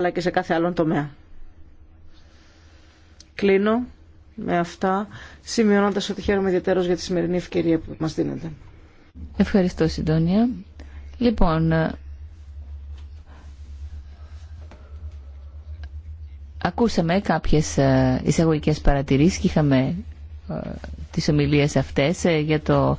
αλλά και σε κάθε άλλον τομέα. Κλείνω με αυτά, σημειώνοντας ότι χαίρομαι ιδιαίτερως για τη σημερινή ευκαιρία που μας δίνεται. Ευχαριστώ, Συντόνια. Λοιπόν, ε, ακούσαμε κάποιες ε, εισαγωγικές παρατηρήσεις και είχαμε ε, τις ομιλίες αυτές για το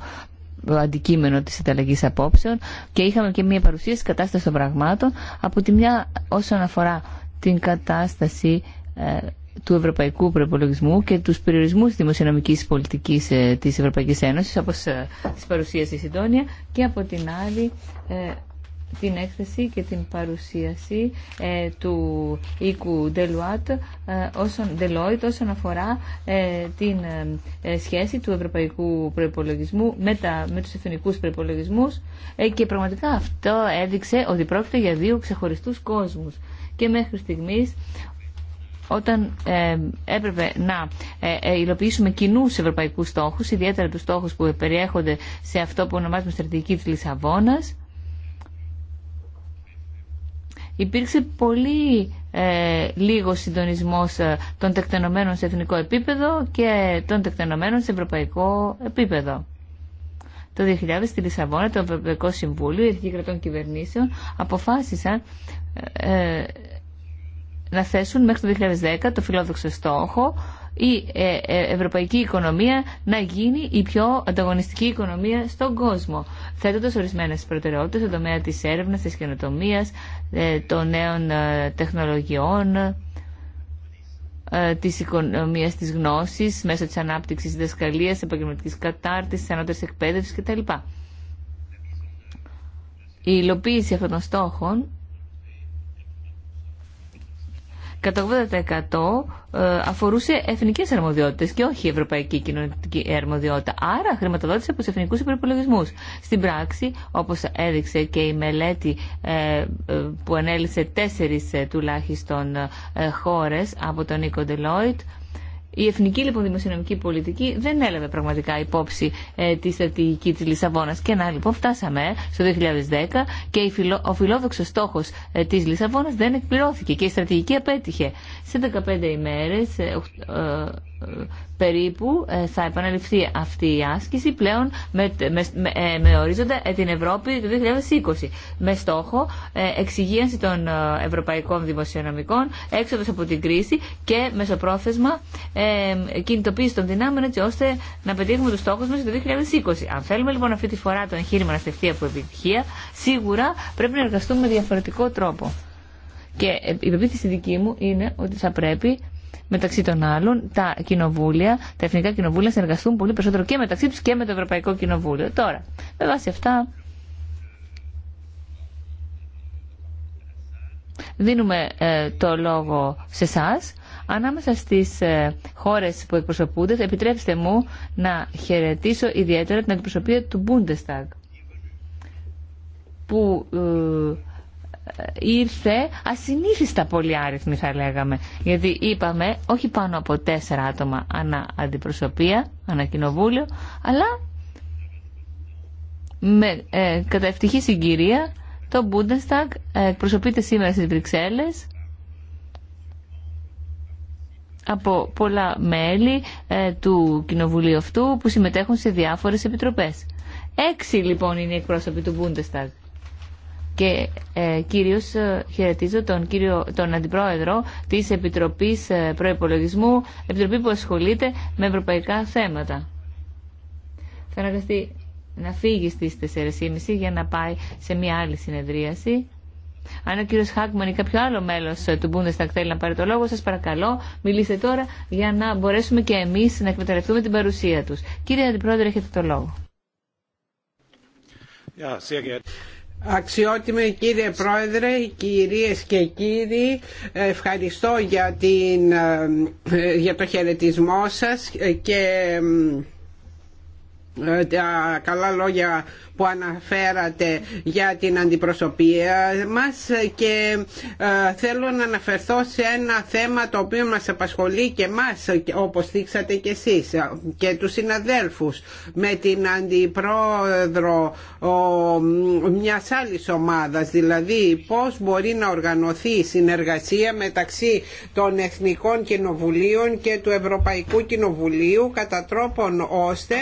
αντικείμενο της ανταλλαγής απόψεων και είχαμε και μια παρουσίαση κατάσταση των πραγμάτων από τη μια όσον αφορά την κατάσταση ε, του ευρωπαϊκού προπολογισμού και τους περιορισμούς δημοσιονομικής πολιτικής ε, της Ευρωπαϊκής Ένωσης όπως ε, τις παρουσίες η Συντόνια και από την άλλη την έκθεση και την παρουσίαση ε, του οίκου Deloitte, ε, όσον, Deloitte όσον αφορά ε, την σχέση του ευρωπαϊκού προϋπολογισμού με, τα, με τους εθνικούς προϋπολογισμούς και πραγματικά αυτό έδειξε ότι πρόκειται για δύο ξεχωριστούς κόσμους. Και μέχρι στιγμής όταν έπρεπε να ε, υλοποιήσουμε κοινού ευρωπαϊκού στόχου, ιδιαίτερα του στόχου που περιέχονται σε αυτό που ονομάζουμε στρατηγική τη Λισαβόνα, Υπήρξε πολύ ε, λίγο συντονισμός ε, των τεκτενομένων σε εθνικό επίπεδο και των τεκτενομένων σε ευρωπαϊκό επίπεδο. Το 2000 στη Λισαβόνα το Ευρωπαϊκό Συμβούλιο, οι αρχικοί Κρατών Κυβερνήσεων αποφάσισαν ε, ε, να θέσουν μέχρι το 2010 το φιλόδοξο στόχο η ε, ε, ευρωπαϊκή οικονομία να γίνει η πιο ανταγωνιστική οικονομία στον κόσμο, θέτοντα ορισμένε προτεραιότητε στον τομέα τη έρευνα, τη καινοτομία, ε, των νέων τεχνολογιών, της οικονομία, τη γνώση, μέσω της ανάπτυξης της επαγγελματική κατάρτιση, της εκπαίδευση κτλ. Η υλοποίηση αυτών των στόχων κατά 80% ε, αφορούσε εθνικέ αρμοδιότητε και όχι ευρωπαϊκή κοινωνική αρμοδιότητα. Άρα χρηματοδότησε από του εθνικού υπερπολογισμού. Στην πράξη, όπω έδειξε και η μελέτη ε, ε, που ανέλησε τέσσερι τουλάχιστον χώρε από τον Νίκο Ντελόιτ, η εθνική λοιπόν δημοσιονομική πολιτική δεν έλαβε πραγματικά υπόψη ε, τη στρατηγική τη Λισαβόνα. Και να λοιπόν φτάσαμε ε, στο 2010 και φιλο... ο φιλόδοξο στόχο ε, τη Λισαβόνα δεν εκπληρώθηκε και η στρατηγική απέτυχε. Σε 15 ημέρε, ε, περίπου ε, θα επαναληφθεί αυτή η άσκηση πλέον με, με, με ε, ορίζοντα ε, την Ευρώπη το 2020 με στόχο εξυγίανση των ευρωπαϊκών δημοσιονομικών, έξοδος από την κρίση και μεσοπρόθεσμα ε, κινητοποίηση των δυνάμεων έτσι ώστε να πετύχουμε τους στόχους μας το 2020. Αν θέλουμε λοιπόν αυτή τη φορά το εγχείρημα να στεφτεί από επιτυχία, σίγουρα πρέπει να εργαστούμε με διαφορετικό τρόπο. Και η πεποίθηση δική μου είναι ότι θα πρέπει Μεταξύ των άλλων, τα κοινοβούλια, τα εθνικά κοινοβούλια συνεργαστούν πολύ περισσότερο και μεταξύ του και με το Ευρωπαϊκό Κοινοβούλιο. Τώρα, με βάση αυτά, δίνουμε ε, το λόγο σε εσά. Ανάμεσα στις ε, χώρες που εκπροσωπούνται, επιτρέψτε μου να χαιρετήσω ιδιαίτερα την αντιπροσωπεία του Bundestag, που ε, ήρθε ασυνήθιστα πολύ άριθμη θα λέγαμε. Γιατί είπαμε όχι πάνω από τέσσερα άτομα ανά αντιπροσωπεία, ανά κοινοβούλιο, αλλά με ε, κατά ευτυχή συγκυρία το Bundestag ε, εκπροσωπείται σήμερα στις Βρυξέλλες από πολλά μέλη ε, του κοινοβουλίου αυτού που συμμετέχουν σε διάφορες επιτροπές. Έξι λοιπόν είναι οι εκπρόσωποι του Bundestag και ε, κυρίως ε, χαιρετίζω τον, κύριο, τον Αντιπρόεδρο της Επιτροπής ε, Προϋπολογισμού, Επιτροπή που ασχολείται με ευρωπαϊκά θέματα. Θα αναγκαστεί να φύγει στις 4.30 για να πάει σε μια άλλη συνεδρίαση. Αν ο κύριος Χάκμαν ή κάποιο άλλο μέλος του Bundestag θέλει να πάρει το λόγο, σας παρακαλώ, μιλήστε τώρα για να μπορέσουμε και εμείς να εκμεταλλευτούμε την παρουσία τους. Κύριε Αντιπρόεδρε, έχετε το λόγο. Αξιότιμε κύριε Πρόεδρε, κυρίες και κύριοι, ευχαριστώ για, την, ε, για το χαιρετισμό σας και ε, ε, τα καλά λόγια που αναφέρατε για την αντιπροσωπεία μας και ε, θέλω να αναφερθώ σε ένα θέμα το οποίο μας απασχολεί και μας όπως δείξατε και εσείς και τους συναδέλφους με την αντιπρόεδρο μιας άλλης ομάδας δηλαδή πώς μπορεί να οργανωθεί η συνεργασία μεταξύ των Εθνικών Κοινοβουλίων και του Ευρωπαϊκού Κοινοβουλίου κατά τρόπον ώστε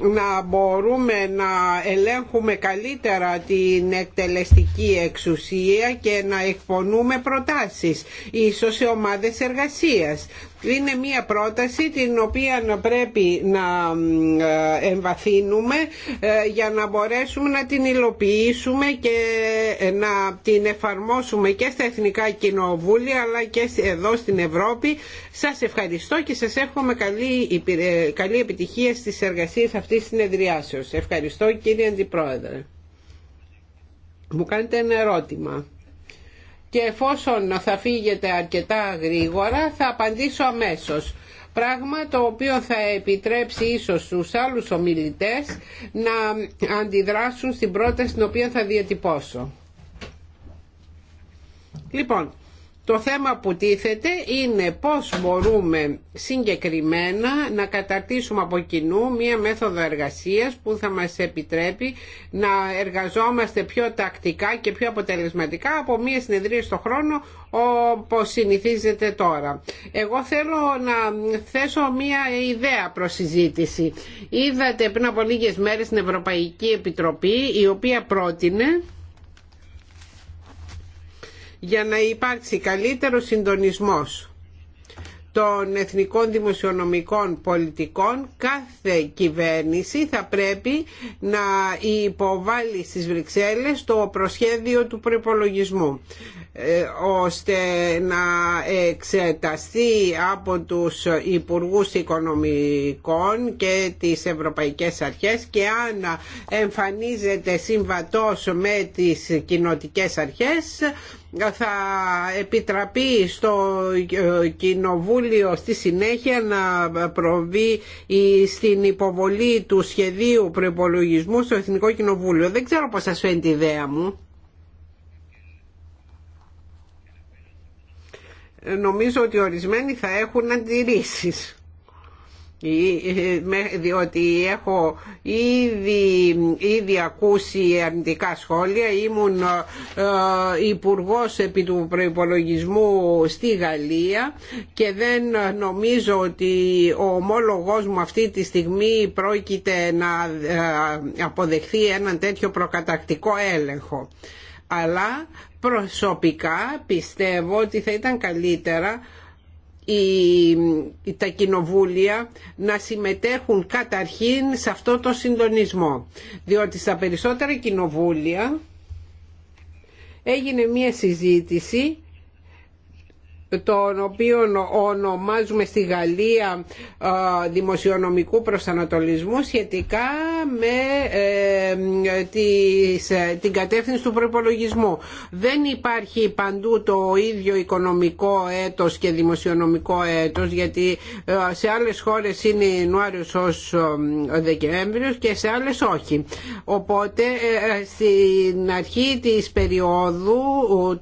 να μπορούμε να ελέγχουμε καλύτερα την εκτελεστική εξουσία και να εκπονούμε προτάσεις, ίσως σε ομάδες εργασίας. Είναι μία πρόταση την οποία πρέπει να ε, εμβαθύνουμε ε, για να μπορέσουμε να την υλοποιήσουμε και ε, να την εφαρμόσουμε και στα Εθνικά Κοινοβούλια αλλά και εδώ στην Ευρώπη. Σας ευχαριστώ και σας εύχομαι καλή, καλή επιτυχία στις εργασίες αυτής της συνεδριάσεως. Ευχαριστώ κύριε Αντιπρόεδρε. Μου κάνετε ένα ερώτημα και εφόσον θα φύγετε αρκετά γρήγορα θα απαντήσω αμέσως πράγμα το οποίο θα επιτρέψει ίσως στους άλλους ομιλητές να αντιδράσουν στην πρόταση την οποία θα διατυπώσω. Λοιπόν, το θέμα που τίθεται είναι πώς μπορούμε συγκεκριμένα να καταρτήσουμε από κοινού μία μέθοδο εργασίας που θα μας επιτρέπει να εργαζόμαστε πιο τακτικά και πιο αποτελεσματικά από μία συνεδρία στο χρόνο όπως συνηθίζεται τώρα. Εγώ θέλω να θέσω μία ιδέα προς συζήτηση. Είδατε πριν από λίγες μέρες την Ευρωπαϊκή Επιτροπή η οποία πρότεινε για να υπάρξει καλύτερο συντονισμός των εθνικών δημοσιονομικών πολιτικών κάθε κυβέρνηση θα πρέπει να υποβάλει στις Βρυξέλλες το προσχέδιο του προπολογισμού ε, ώστε να εξεταστεί από τους Υπουργούς Οικονομικών και τις Ευρωπαϊκές Αρχές και αν εμφανίζεται συμβατός με τις κοινοτικές αρχές θα επιτραπεί στο Κοινοβούλιο στη συνέχεια να προβεί στην υποβολή του σχεδίου προπολογισμού στο Εθνικό Κοινοβούλιο. Δεν ξέρω πώς σας φαίνεται η ιδέα μου. Νομίζω ότι ορισμένοι θα έχουν αντιρρήσεις διότι έχω ήδη, ακούσει αρνητικά σχόλια ήμουν ε, Υπουργό επί του προϋπολογισμού στη Γαλλία και δεν νομίζω ότι ο ομόλογός μου αυτή τη στιγμή πρόκειται να ε, αποδεχθεί έναν τέτοιο προκατακτικό έλεγχο αλλά προσωπικά πιστεύω ότι θα ήταν καλύτερα οι, τα κοινοβούλια να συμμετέχουν καταρχήν σε αυτό το συντονισμό. Διότι στα περισσότερα κοινοβούλια έγινε μια συζήτηση τον οποίο ονομάζουμε στη Γαλλία δημοσιονομικού προσανατολισμού σχετικά με ε, ε, την κατεύθυνση του προπολογισμού. Δεν υπάρχει παντού το ίδιο οικονομικό έτος και δημοσιονομικό έτος γιατί ε, σε άλλες χώρες είναι Ιανουάριος ως Δεκέμβριος και σε άλλες όχι. Οπότε στην αρχή της περίοδου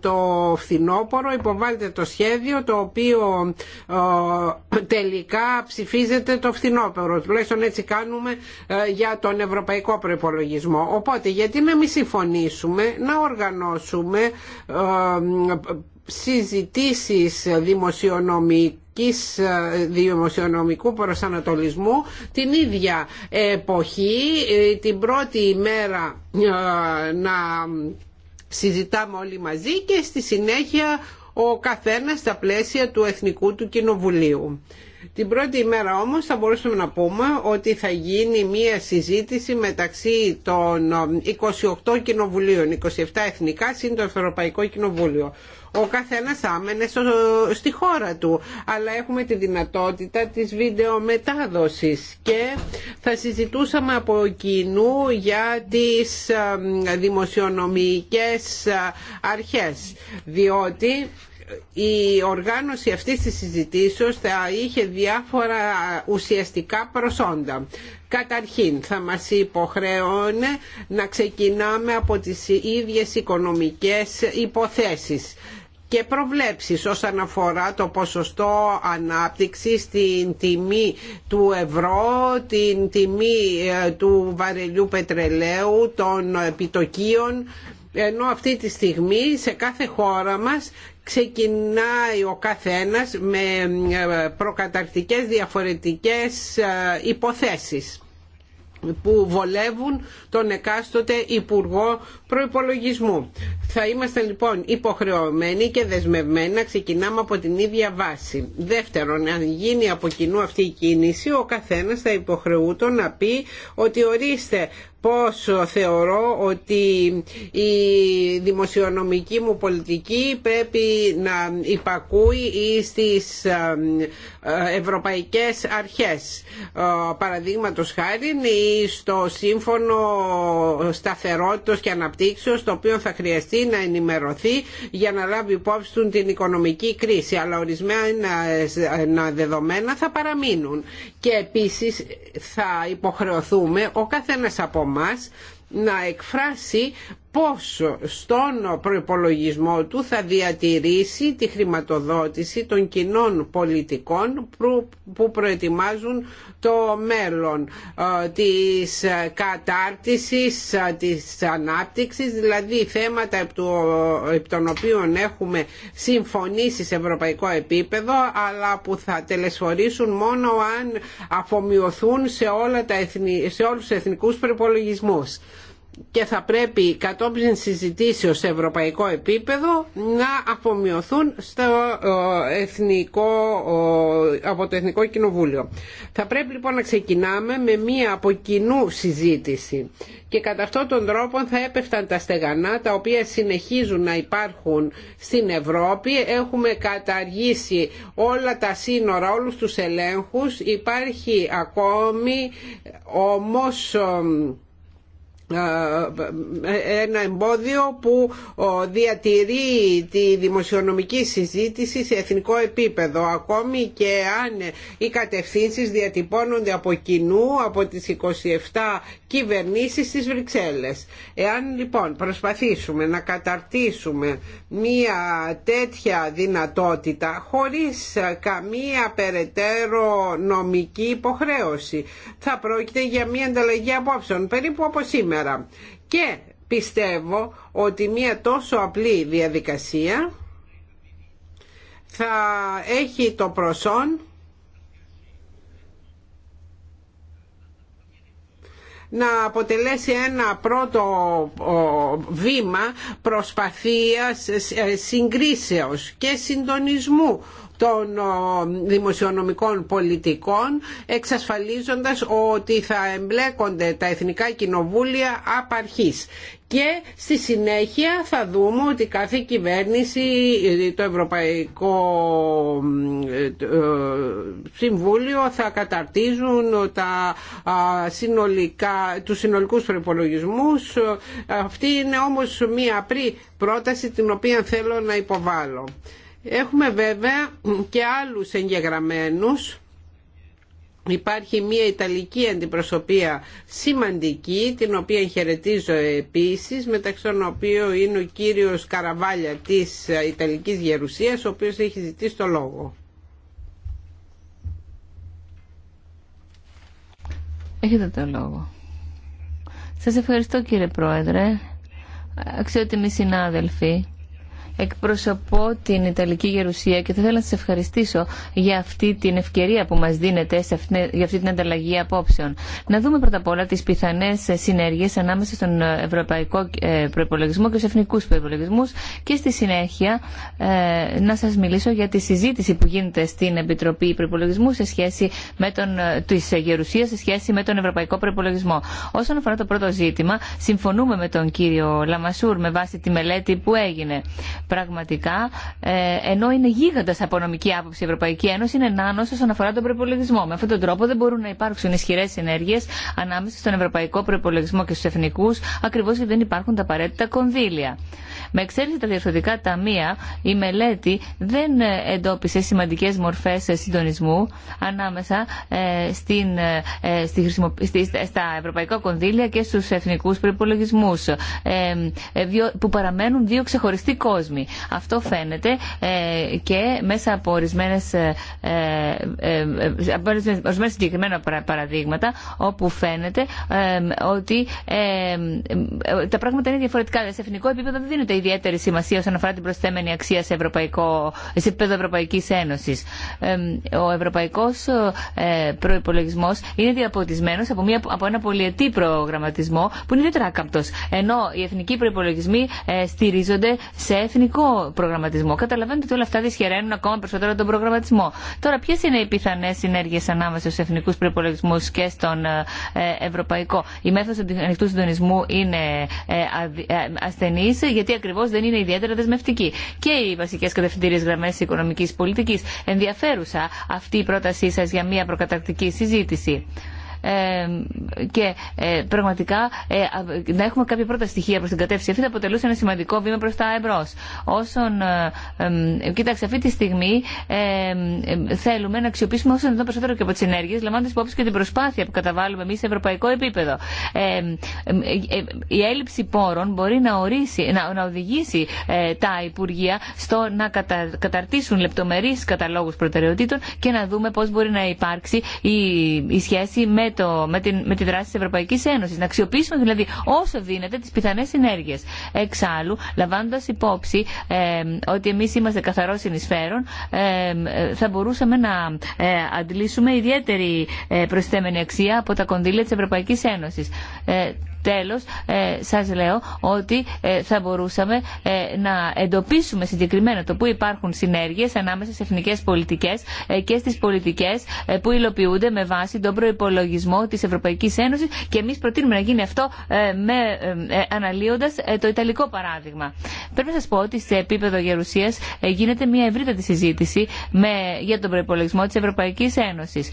το φθινόπωρο υποβάλλεται το σχέδιο το οποίο ε, τελικά ψηφίζεται το φθινόπερο. Τουλάχιστον έτσι κάνουμε ε, για τον ευρωπαϊκό προπολογισμό. Οπότε γιατί να μην συμφωνήσουμε να οργανώσουμε ε, συζητήσεις δημοσιονομικών δημοσιονομικού προσανατολισμού την ίδια εποχή την πρώτη ημέρα να συζητάμε όλοι μαζί και στη συνέχεια ο καθένας στα πλαίσια του Εθνικού του Κοινοβουλίου. Την πρώτη ημέρα όμως θα μπορούσαμε να πούμε ότι θα γίνει μία συζήτηση μεταξύ των 28 ε, κοινοβουλίων, 27 εθνικά συν το Ευρωπαϊκό Κοινοβούλιο. Ο καθένας άμενε στη χώρα του, αλλά έχουμε τη δυνατότητα της βίντεο μετάδοσης και θα συζητούσαμε από κοινού για τις ε, δημοσιονομικές ε, αρχές, διότι η οργάνωση αυτής της συζητήσεως θα είχε διάφορα ουσιαστικά προσόντα. Καταρχήν θα μας υποχρεώνε να ξεκινάμε από τις ίδιες οικονομικές υποθέσεις και προβλέψεις όσον αφορά το ποσοστό ανάπτυξης, την τιμή του ευρώ, την τιμή ε, του βαρελιού πετρελαίου, των επιτοκίων ενώ αυτή τη στιγμή σε κάθε χώρα μας ξεκινάει ο καθένας με ε, προκαταρκτικές διαφορετικές ε, υποθέσεις που βολεύουν τον εκάστοτε Υπουργό Προϋπολογισμού. Θα είμαστε λοιπόν υποχρεωμένοι και δεσμευμένοι να ξεκινάμε από την ίδια βάση. Δεύτερον, αν γίνει από κοινού αυτή η κίνηση, ο καθένας θα υποχρεούτο να πει ότι ορίστε πως θεωρώ ότι η δημοσιονομική μου πολιτική πρέπει να υπακούει στις ε, ε, ευρωπαϊκές αρχές. Ε, παραδείγματος χάρη στο σύμφωνο σταθερότητος και αναπτύξεως το οποίο θα χρειαστεί να ενημερωθεί για να λάβει υπόψη την οικονομική κρίση αλλά ορισμένα δεδομένα θα παραμείνουν και επίσης θα υποχρεωθούμε ο καθένας από μας να εκφράσει πόσο στον προϋπολογισμό του θα διατηρήσει τη χρηματοδότηση των κοινών πολιτικών που προετοιμάζουν το μέλλον ε, της κατάρτισης, ε, της ανάπτυξης, δηλαδή θέματα από των οποίων έχουμε συμφωνήσει σε ευρωπαϊκό επίπεδο αλλά που θα τελεσφορήσουν μόνο αν αφομοιωθούν σε, όλα τα σε όλους τους εθνικούς προϋπολογισμούς και θα πρέπει κατόπιν συζητήσεως σε ευρωπαϊκό επίπεδο να απομειωθούν στο εθνικό, από το Εθνικό Κοινοβούλιο. Θα πρέπει λοιπόν να ξεκινάμε με μία από κοινού συζήτηση και κατά αυτόν τον τρόπο θα έπεφταν τα στεγανά τα οποία συνεχίζουν να υπάρχουν στην Ευρώπη. Έχουμε καταργήσει όλα τα σύνορα, όλους τους ελέγχους. Υπάρχει ακόμη όμως ε, ένα εμπόδιο που διατηρεί τη δημοσιονομική συζήτηση σε εθνικό επίπεδο ακόμη και αν οι κατευθύνσεις διατυπώνονται από κοινού από τις 27 κυβερνήσεις στις Βρυξέλλες. Εάν λοιπόν προσπαθήσουμε να καταρτήσουμε μία τέτοια δυνατότητα χωρίς ε, καμία περαιτέρω νομική υποχρέωση θα πρόκειται για μία ανταλλαγή απόψεων περίπου όπως σήμερα. Και πιστεύω ότι μία τόσο απλή διαδικασία θα έχει το προσόν να αποτελέσει ένα πρώτο βήμα προσπαθίας ε, συγκρίσεως και συντονισμού των δημοσιονομικών πολιτικών εξασφαλίζοντας ότι θα εμπλέκονται τα εθνικά κοινοβούλια απαρχής και στη συνέχεια θα δούμε ότι κάθε κυβέρνηση, το Ευρωπαϊκό ε, ε, Συμβούλιο θα καταρτίζουν τα συνολικά, τους συνολικούς προϋπολογισμούς. Αυτή είναι όμως μία απρή πρόταση την οποία θέλω να υποβάλω. Έχουμε βέβαια και άλλους εγγεγραμμένους Υπάρχει μια Ιταλική αντιπροσωπεία σημαντική, την οποία χαιρετίζω επίσης, μεταξύ των οποίων είναι ο κύριος Καραβάλια της Ιταλικής Γερουσίας, ο οποίος έχει ζητήσει το λόγο. Έχετε το λόγο. Σας ευχαριστώ κύριε Πρόεδρε, αξιότιμοι συνάδελφοι. Εκπροσωπώ την Ιταλική Γερουσία και θα ήθελα να σα ευχαριστήσω για αυτή την ευκαιρία που μα δίνετε σε αυτή, για αυτή την ανταλλαγή απόψεων. Να δούμε πρώτα απ' όλα τι πιθανέ συνέργειε ανάμεσα στον ευρωπαϊκό ε, προπολογισμό και στου Εθνικού προπολογισμού και στη συνέχεια ε, να σα μιλήσω για τη συζήτηση που γίνεται στην Επιτροπή Προπολογισμού σε σχέση με τον, ε, της Γερουσίας σε σχέση με τον ευρωπαϊκό προπολογισμό. Όσον αφορά το πρώτο ζήτημα, συμφωνούμε με τον κύριο Λαμασούρ με βάση τη μελέτη που έγινε πραγματικά, ε, ενώ είναι γίγαντα από νομική άποψη η Ευρωπαϊκή Ένωση, είναι νάνο όσον αφορά τον προπολογισμό. Με αυτόν τον τρόπο δεν μπορούν να υπάρξουν ισχυρέ συνέργειε ανάμεσα στον Ευρωπαϊκό Προπολογισμό και στου Εθνικού, ακριβώ γιατί δεν υπάρχουν τα απαραίτητα κονδύλια. Με εξαίρεση τα διορθωτικά ταμεία, η μελέτη δεν ε, εντόπισε σημαντικέ μορφέ ε, συντονισμού ανάμεσα στην, στη, στα ευρωπαϊκά κονδύλια και στου εθνικού προπολογισμού, που παραμένουν δύο ξεχωριστοί κόσμοι. Αυτό φαίνεται ε, και μέσα από ορισμένε ε, ε, συγκεκριμένα παραδείγματα όπου φαίνεται ότι τα πράγματα είναι διαφορετικά. Σε εθνικό επίπεδο δεν δίνεται ιδιαίτερη σημασία όσον αφορά την προσθέμενη αξία σε, ευρωπαϊκό, επίπεδο Ευρωπαϊκή Ένωση. Ο ευρωπαϊκό προπολογισμό είναι διαποτισμένο από, από ένα πολιετή προγραμματισμό που είναι ιδιαίτερα άκαμπτο. Ενώ οι εθνικοί προπολογισμοί στηρίζονται σε εθνικό εθνικό προγραμματισμό. Καταλαβαίνετε ότι όλα αυτά δυσχεραίνουν ακόμα περισσότερο τον προγραμματισμό. Τώρα, ποιε είναι οι πιθανέ συνέργειε ανάμεσα στου εθνικού προπολογισμού και στον ε, ε, ευρωπαϊκό. Η μέθοδο του ανοιχτού συντονισμού είναι ε, ασθενή, γιατί ακριβώ δεν είναι ιδιαίτερα δεσμευτική. Και οι βασικέ κατευθυντήριε γραμμέ οικονομική πολιτική. Ενδιαφέρουσα αυτή η πρότασή σα για μια προκατακτική συζήτηση. Ε, και ε, πραγματικά ε, να έχουμε κάποια πρώτα στοιχεία προ την κατεύθυνση αυτή θα αποτελούσε ένα σημαντικό βήμα προ τα εμπρό. Όσον, κοίταξε, αυτή τη στιγμή θέλουμε να αξιοποιήσουμε όσο δυνατόν περισσότερο και από τι ενέργειε. λαμβάνοντα υπόψη και την προσπάθεια που καταβάλουμε εμεί σε ευρωπαϊκό επίπεδο. η έλλειψη πόρων μπορεί να, ορίσει, να, να οδηγήσει τα Υπουργεία στο να κατα, καταρτήσουν λεπτομερεί καταλόγου προτεραιοτήτων και να δούμε πώ μπορεί να υπάρξει η, η σχέση με με, το, με, την, με τη δράση τη Ευρωπαϊκή Ένωση. Να αξιοποιήσουμε δηλαδή όσο δίνεται τι πιθανέ συνέργειε. Εξάλλου, λαμβάνοντα υπόψη ε, ότι εμεί είμαστε καθαρό συνεισφέρον, ε, θα μπορούσαμε να ε, αντλήσουμε ιδιαίτερη ε, προστέμενη αξία από τα κονδύλια τη Ευρωπαϊκή Ένωση. Ε, Τέλος, ε, σας λέω ότι ε, θα μπορούσαμε ε, να εντοπίσουμε συγκεκριμένα το που υπάρχουν συνέργειες ανάμεσα σε εθνικές πολιτικές και στις πολιτικές που υλοποιούνται με βάση τον προϋπολογισμό της Ευρωπαϊκής Ένωσης και εμείς προτείνουμε να γίνει αυτό με, αναλύοντας το Ιταλικό παράδειγμα. Πρέπει να σας πω ότι σε επίπεδο γερουσίας γίνεται μια ευρύτατη συζήτηση με, για τον προϋπολογισμό της Ευρωπαϊκής Ένωσης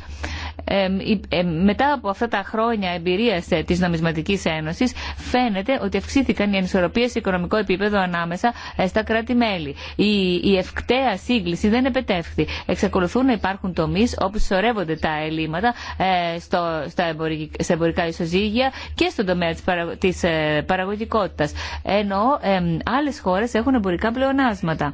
μετά από αυτά τα χρόνια εμπειρία ε, τη Νομισματική Ένωση, φαίνεται ότι αυξήθηκαν οι ανισορροπίε σε οικονομικό επίπεδο ανάμεσα ε, στα κράτη-μέλη. Η, η ευκταία σύγκληση δεν επετεύχθη. Εξακολουθούν να υπάρχουν τομεί όπου συσσωρεύονται τα ελλείμματα ε, στα, εμπορικά ισοζύγια και στον τομέα τη παραγωγικότητας παραγωγικότητα. Ενώ ε, άλλε χώρε έχουν εμπορικά πλεονάσματα.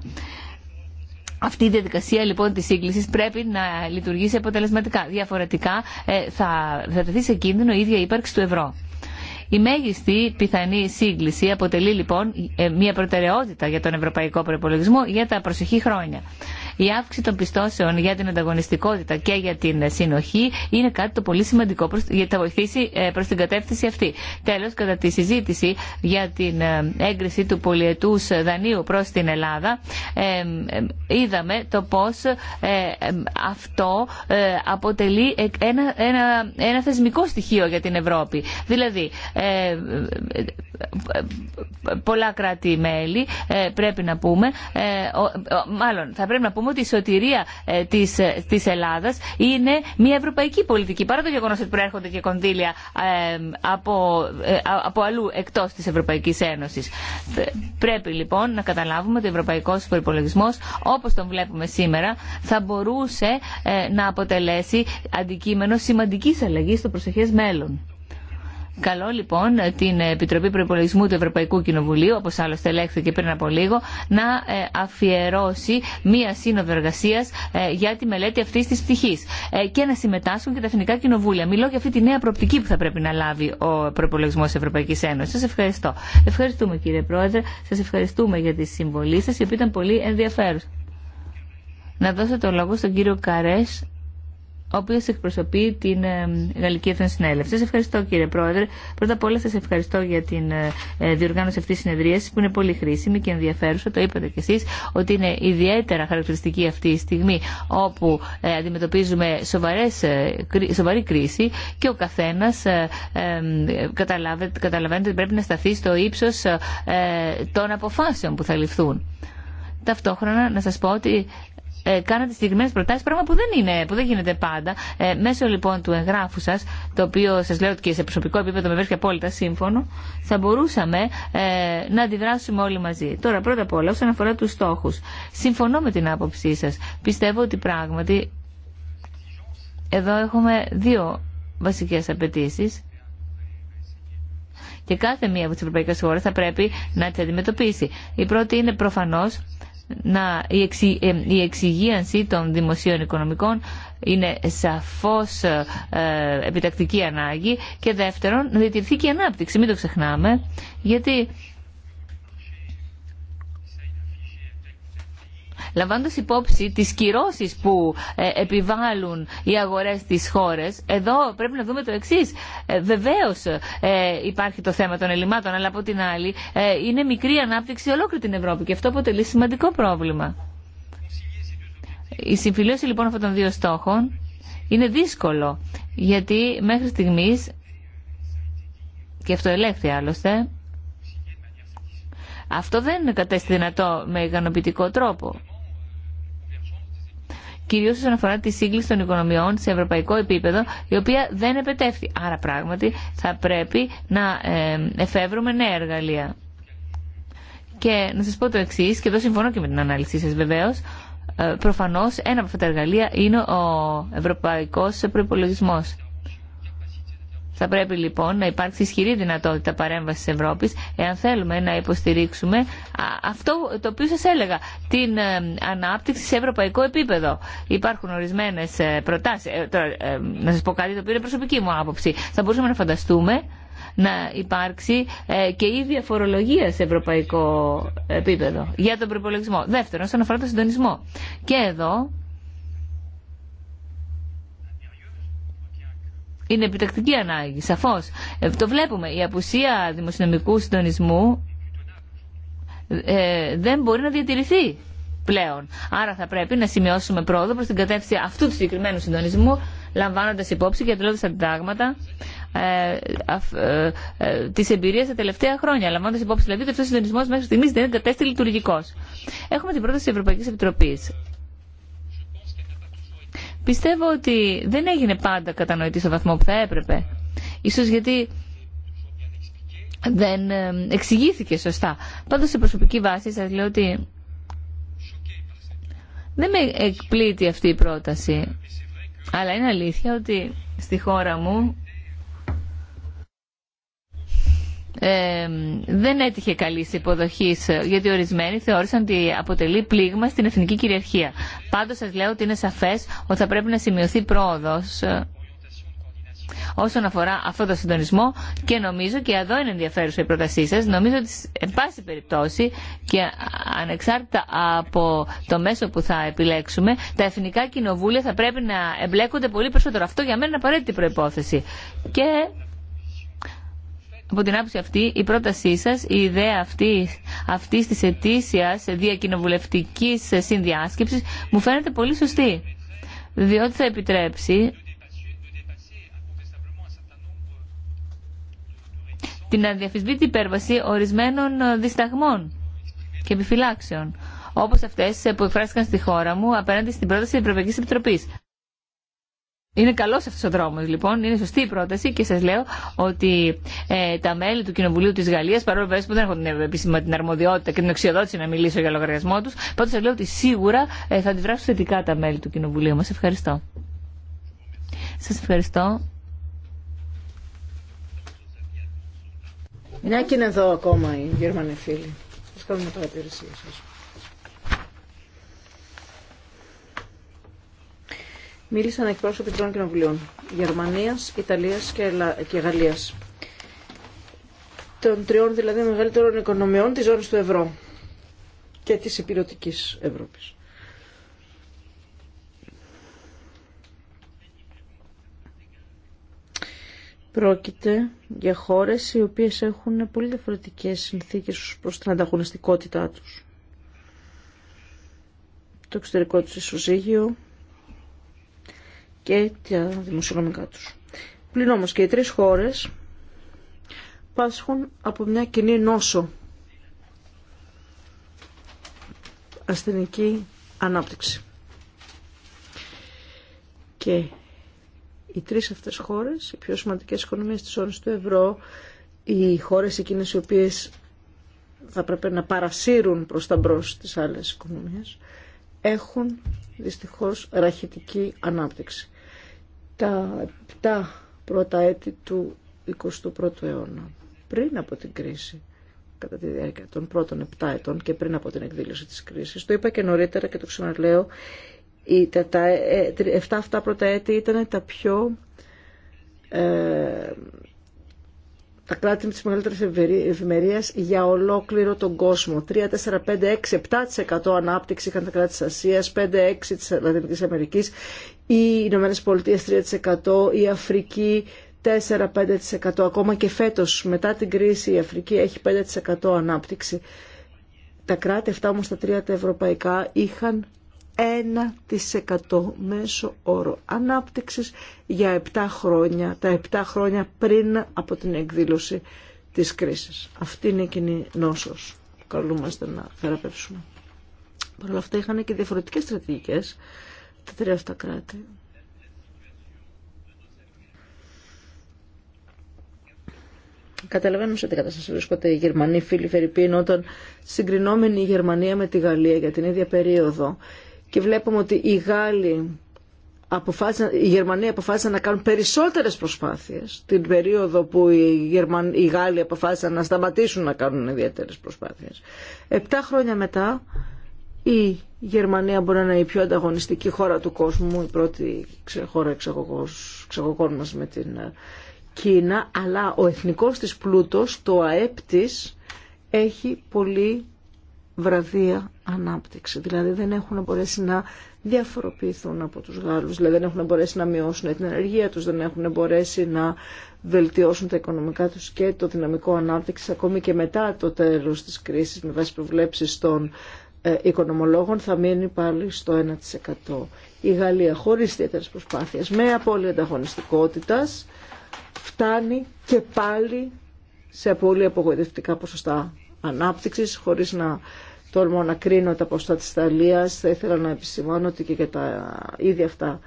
Αυτή η διαδικασία λοιπόν τη σύγκληση πρέπει να λειτουργήσει αποτελεσματικά. Διαφορετικά ε, θα, θα τεθεί σε κίνδυνο η ίδια ύπαρξη του ευρώ. Η μέγιστη πιθανή σύγκληση αποτελεί λοιπόν ε, μια προτεραιότητα για τον ευρωπαϊκό προπολογισμό για τα προσεχή χρόνια. Η αύξηση των πιστώσεων για την ανταγωνιστικότητα και για την συνοχή είναι κάτι το πολύ σημαντικό γιατί θα βοηθήσει ε, προ την κατεύθυνση αυτή. Τέλο, κατά τη συζήτηση για την ε, έγκριση του πολιετού δανείου προ την Ελλάδα, ε, είδαμε το πώ αυτό αποτελεί ένα, ένα, ένα θεσμικό στοιχείο για την Ευρώπη. Δηλαδή, πολλά κράτη-μέλη πρέπει να πούμε, μάλλον θα πρέπει να πούμε μου ότι η σωτηρία ε, της, ε, της Ελλάδας είναι μια ευρωπαϊκή πολιτική, παρά το γεγονός ότι προέρχονται και κονδύλια ε, από, ε, από αλλού εκτός της Ευρωπαϊκής Ένωσης. Πρέπει λοιπόν να καταλάβουμε ότι ο ευρωπαϊκός προπολογισμό, όπως τον βλέπουμε σήμερα, θα μπορούσε να αποτελέσει αντικείμενο σημαντικής αλλαγής στο προσεχές μέλλον. Καλό λοιπόν την Επιτροπή Προπολογισμού του Ευρωπαϊκού Κοινοβουλίου, όπω άλλωστε ελέγχθηκε πριν από λίγο, να ε, αφιερώσει μία σύνοδο εργασία ε, για τη μελέτη αυτή τη πτυχή ε, και να συμμετάσχουν και τα εθνικά κοινοβούλια. Μιλώ για αυτή τη νέα προοπτική που θα πρέπει να λάβει ο προπολογισμό τη Ευρωπαϊκή Ένωση. Σα ευχαριστώ. Ευχαριστούμε κύριε Πρόεδρε, σα ευχαριστούμε για τη συμβολή σα, η οποία ήταν πολύ ενδιαφέρουσα. Να δώσω το λόγο στον κύριο Καρέ ο οποίο εκπροσωπεί την ε, Γαλλική Συνέλευση. Σα ευχαριστώ κύριε Πρόεδρε. Πρώτα απ' όλα σα ευχαριστώ για την ε, ε, διοργάνωση αυτή τη συνεδρία που είναι πολύ χρήσιμη και ενδιαφέρουσα. Το είπατε κι εσεί ότι είναι ιδιαίτερα χαρακτηριστική αυτή η στιγμή όπου αντιμετωπίζουμε σοβαρές, σοβαρή κρίση και ο καθένα καταλαβαίνει ότι πρέπει να σταθεί στο ύψο των αποφάσεων που θα ληφθούν. Ταυτόχρονα να σας πω ότι ε, κάνατε συγκεκριμένε προτάσει, πράγμα που δεν, είναι, που δεν γίνεται πάντα. Ε, μέσω λοιπόν του εγγράφου σα, το οποίο σα λέω ότι και σε προσωπικό επίπεδο με βρίσκει απόλυτα σύμφωνο, θα μπορούσαμε ε, να αντιδράσουμε όλοι μαζί. Τώρα, πρώτα απ' όλα, όσον αφορά του στόχου. Συμφωνώ με την άποψή σα. Πιστεύω ότι πράγματι εδώ έχουμε δύο βασικέ απαιτήσει. Και κάθε μία από τι ευρωπαϊκέ χώρε θα πρέπει να τι αντιμετωπίσει. Η πρώτη είναι προφανώ να, η, εξη, ε, εξυγίανση των δημοσίων οικονομικών είναι σαφώς ε, επιτακτική ανάγκη και δεύτερον να διατηρηθεί και η ανάπτυξη, μην το ξεχνάμε, γιατί Λαμβάνοντας υπόψη τις κυρώσεις που ε, επιβάλλουν οι αγορές στις χώρες, εδώ πρέπει να δούμε το εξής. Ε, βεβαίως ε, υπάρχει το θέμα των ελλημάτων, αλλά από την άλλη είναι μικρή ανάπτυξη ολόκληρη την Ευρώπη και αυτό αποτελεί σημαντικό πρόβλημα. Η συμφιλίωση λοιπόν αυτών των δύο στόχων είναι δύσκολο, γιατί μέχρι στιγμή και αυτό ελέγχθη άλλωστε, αυτό δεν κατέστη δυνατό με ικανοποιητικό τρόπο κυρίω όσον αφορά τη σύγκληση των οικονομιών σε ευρωπαϊκό επίπεδο, η οποία δεν επετεύχθη. Άρα πράγματι θα πρέπει να εφεύρουμε νέα εργαλεία. Και να σα πω το εξή, και εδώ συμφωνώ και με την ανάλυση σας βεβαίως, ε, προφανώς ένα από αυτά τα εργαλεία είναι ο ευρωπαϊκός προπολογισμό. Θα πρέπει λοιπόν να υπάρξει ισχυρή δυνατότητα παρέμβαση τη Ευρώπη, εάν θέλουμε να υποστηρίξουμε αυτό το οποίο σα έλεγα, την ε, ανάπτυξη σε ευρωπαϊκό επίπεδο. Υπάρχουν ορισμένε προτάσει. Ε, ε, να σα πω κάτι το οποίο είναι προσωπική μου άποψη. Θα μπορούσαμε να φανταστούμε να υπάρξει και ίδια διαφορολογία σε ευρωπαϊκό επίπεδο για τον προπολογισμό. Δεύτερον, όσον αφορά τον συντονισμό. Και εδώ είναι επιτακτική ανάγκη, σαφώ. Ε, το βλέπουμε. Η απουσία δημοσιονομικού συντονισμού ε, δεν μπορεί να διατηρηθεί πλέον. Άρα θα πρέπει να σημειώσουμε πρόοδο προ την κατεύθυνση αυτού του συγκεκριμένου συντονισμού, λαμβάνοντα υπόψη και τελώντα αντιτάγματα διδάγματα ε, ε τη εμπειρία τα τελευταία χρόνια. Λαμβάνοντα υπόψη δηλαδή ότι αυτό ο συντονισμό μέχρι στιγμή δεν κατέστη λειτουργικό. Έχουμε την πρόταση τη Ευρωπαϊκή Επιτροπή. Πιστεύω ότι δεν έγινε πάντα κατανοητή στο βαθμό που θα έπρεπε. Ίσως γιατί δεν ε, εξηγήθηκε σωστά. Πάντως σε προσωπική βάση σας λέω ότι δεν με εκπλήττει αυτή η πρόταση. Αλλά είναι αλήθεια ότι στη χώρα μου ε, δεν έτυχε καλή υποδοχή, ε, γιατί ορισμένοι θεώρησαν ότι αποτελεί πλήγμα στην εθνική κυριαρχία. Πάντω σα λέω ότι είναι σαφέ ότι θα πρέπει να σημειωθεί πρόοδο ε, όσον αφορά αυτό το συντονισμό και νομίζω και εδώ είναι ενδιαφέρουσα η πρότασή σα. Νομίζω ότι, εν πάση περιπτώσει, και ανεξάρτητα από το μέσο που θα επιλέξουμε, τα εθνικά κοινοβούλια θα πρέπει να εμπλέκονται πολύ περισσότερο. Αυτό για μένα είναι απαραίτητη προπόθεση. Και από την άποψη αυτή, η πρότασή σα, η ιδέα αυτή αυτής της ετήσιας διακοινοβουλευτικής συνδιάσκεψης μου φαίνεται πολύ σωστή. Διότι θα επιτρέψει την αδιαφυσβήτη υπέρβαση ορισμένων δισταγμών και επιφυλάξεων, Όπω αυτέ που εκφράστηκαν στη χώρα μου απέναντι στην πρόταση τη Ευρωπαϊκή επιτροπή. Είναι καλό αυτό ο δρόμο λοιπόν, είναι σωστή η πρόταση και σα λέω ότι ε, τα μέλη του Κοινοβουλίου τη Γαλλία, παρόλο που δεν έχω την επίσημα την αρμοδιότητα και την αξιοδότηση να μιλήσω για λογαριασμό του, πάντω σα λέω ότι σίγουρα ε, θα αντιδράσουν θετικά τα μέλη του Κοινοβουλίου μα. Ευχαριστώ. Σα ευχαριστώ. Μια και εδώ ακόμα οι Γερμανοί φίλοι. Σα κάνουμε ρησία σας. μίλησαν εκπρόσωποι τριών κοινοβουλίων Γερμανίας, Ιταλίας και, και Γαλλίας των τριών δηλαδή μεγαλύτερων οικονομιών της ζώνης του ευρώ και της υπηρετικής Ευρώπης. Πρόκειται για χώρες οι οποίες έχουν πολύ διαφορετικές συνθήκες προς την ανταγωνιστικότητά τους. Το εξωτερικό τους ισοζύγιο, και τα δημοσιονομικά τους. Πλην όμως και οι τρεις χώρες πάσχουν από μια κοινή νόσο ασθενική ανάπτυξη. Και οι τρεις αυτές χώρες, οι πιο σημαντικές οικονομίες της όρης του ευρώ, οι χώρες εκείνες οι οποίες θα πρέπει να παρασύρουν προς τα μπρος τις άλλες οικονομίες, έχουν δυστυχώς ραχητική ανάπτυξη τα 7 πρώτα έτη του 21ου αιώνα, πριν από την κρίση, κατά τη διάρκεια των πρώτων 7 ετών και πριν από την εκδήλωση της κρίσης, το είπα και νωρίτερα και το ξαναλέω, τα, τα 7 αυτά πρώτα έτη ήταν τα πιο... Ε, τα κράτη με τις μεγαλύτερες για ολόκληρο τον κόσμο. 3, 4, 5, 6, 7% ανάπτυξη είχαν τα κράτη της Ασίας, 5, 6% της Λατινικής Αμερικής οι Ηνωμένες Πολιτείες 3%, η Αφρική 4-5%. Ακόμα και φέτος μετά την κρίση η Αφρική έχει 5% ανάπτυξη. Τα κράτη αυτά όμως τα τρία τα ευρωπαϊκά είχαν 1% μέσο όρο ανάπτυξης για 7 χρόνια, τα 7 χρόνια πριν από την εκδήλωση της κρίσης. Αυτή είναι η κοινή νόσος που καλούμαστε να θεραπεύσουμε. Παρ' όλα αυτά είχαν και διαφορετικές στρατηγικές τα τρία αυτά κράτη. Καταλαβαίνω σε τι κατάσταση βρίσκονται οι Γερμανοί φίλοι Φερρυπίν όταν συγκρινόμενη η Γερμανία με τη Γαλλία για την ίδια περίοδο και βλέπουμε ότι οι Γάλλοι αποφάσισαν, οι Γερμανοί αποφάσισαν να κάνουν περισσότερες προσπάθειες την περίοδο που οι, Γερμαν, οι Γάλλοι αποφάσισαν να σταματήσουν να κάνουν ιδιαίτερες προσπάθειες. Επτά χρόνια μετά η Γερμανία μπορεί να είναι η πιο ανταγωνιστική χώρα του κόσμου, η πρώτη χώρα εξαγωγών μας με την ε, Κίνα, αλλά ο εθνικός της πλούτος, το ΑΕΠ της, έχει πολύ βραδία ανάπτυξη. Δηλαδή δεν έχουν μπορέσει να διαφοροποιηθούν από τους Γάλλους, δηλαδή δεν έχουν μπορέσει να μειώσουν την ενεργεία τους, δεν έχουν μπορέσει να βελτιώσουν τα οικονομικά τους και το δυναμικό ανάπτυξη, ακόμη και μετά το τέλος της κρίσης με βάση προβλέψεις των ε, οικονομολόγων θα μείνει πάλι στο 1%. Η Γαλλία χωρίς ιδιαίτερες προσπάθειες, με απώλεια ανταγωνιστικότητας, φτάνει και πάλι σε πολύ απογοητευτικά ποσοστά ανάπτυξης, χωρίς να τολμώ να κρίνω τα ποσοστά της Ιταλίας. Θα ήθελα να επισημάνω ότι και για τα ίδια αυτά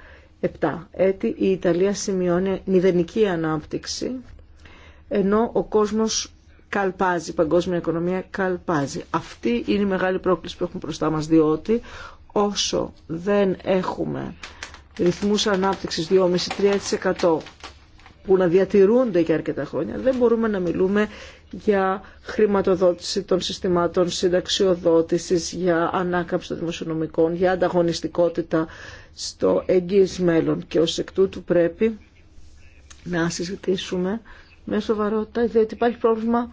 7 έτη η Ιταλία σημειώνει μηδενική ανάπτυξη, ενώ ο κόσμος καλπάζει, η παγκόσμια οικονομία καλπάζει. Αυτή είναι η μεγάλη πρόκληση που έχουμε μπροστά μας, διότι όσο δεν έχουμε ρυθμούς ανάπτυξης 2,5-3% που να διατηρούνται για αρκετά χρόνια, δεν μπορούμε να μιλούμε για χρηματοδότηση των συστημάτων συνταξιοδότησης, για ανάκαμψη των δημοσιονομικών, για ανταγωνιστικότητα στο εγγύης μέλλον. Και ως εκ τούτου πρέπει να συζητήσουμε με σοβαρότητα, διότι υπάρχει πρόβλημα,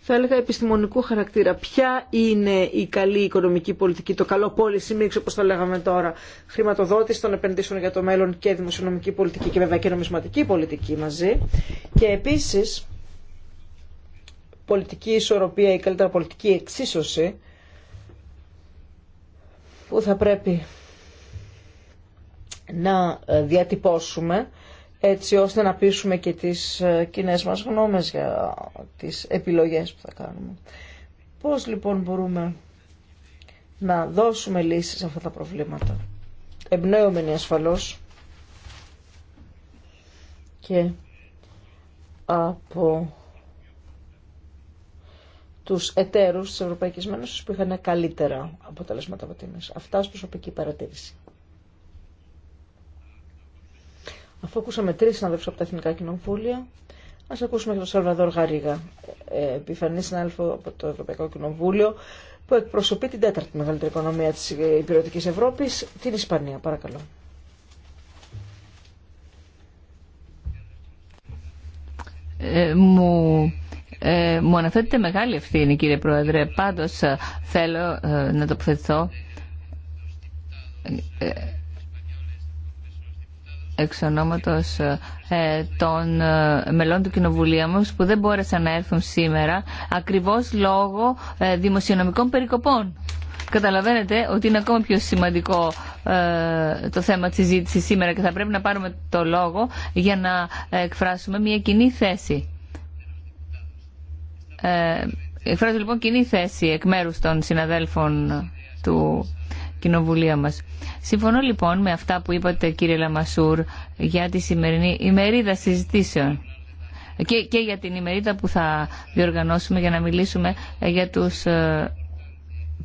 θα έλεγα, επιστημονικού χαρακτήρα. Ποια είναι η καλή οικονομική πολιτική, το καλό policy mix, όπω το λέγαμε τώρα, χρηματοδότηση των επενδύσεων για το μέλλον και δημοσιονομική πολιτική και βέβαια και νομισματική πολιτική μαζί. Και επίση, πολιτική ισορροπία ή καλύτερα πολιτική εξίσωση, που θα πρέπει να διατυπώσουμε έτσι ώστε να πείσουμε και τις ε, κοινέ μας γνώμες για τις επιλογές που θα κάνουμε. Πώς λοιπόν μπορούμε να δώσουμε λύσεις σε αυτά τα προβλήματα. Εμπνέομενοι ασφαλώς και από τους εταίρους της Ευρωπαϊκής Μένωσης που είχαν καλύτερα αποτελέσματα από τίμες. Αυτά ως προσωπική παρατήρηση. Αφού ακούσαμε τρεις συνάδελφου από τα Εθνικά Κοινοβούλια, ας ακούσουμε και τον Σαλβαδόρ Γαρίγα, ε, επιφανή συνάδελφο από το Ευρωπαϊκό Κοινοβούλιο, που εκπροσωπεί την τέταρτη μεγαλύτερη οικονομία της ε, υπηρετική Ευρώπης, την Ισπανία. Παρακαλώ. Ε, μου ε, αναφέρετε μεγάλη ευθύνη κύριε Πρόεδρε. Πάντως ε, θέλω να τοποθετηθώ εξ ονόματος ε, των ε, μελών του Κοινοβουλίου μας που δεν μπόρεσαν να έρθουν σήμερα ακριβώς λόγω ε, δημοσιονομικών περικοπών. Καταλαβαίνετε ότι είναι ακόμα πιο σημαντικό το θέμα της συζήτησης σήμερα και θα πρέπει να πάρουμε το λόγο για να εκφράσουμε μια κοινή θέση. Εκφράζω λοιπόν κοινή θέση εκ μέρους των συναδέλφων του κοινοβουλία μας. Συμφωνώ λοιπόν με αυτά που είπατε κύριε Λαμασούρ για τη σημερινή ημερίδα συζητήσεων και, και για την ημερίδα που θα διοργανώσουμε για να μιλήσουμε ε, για τους ε,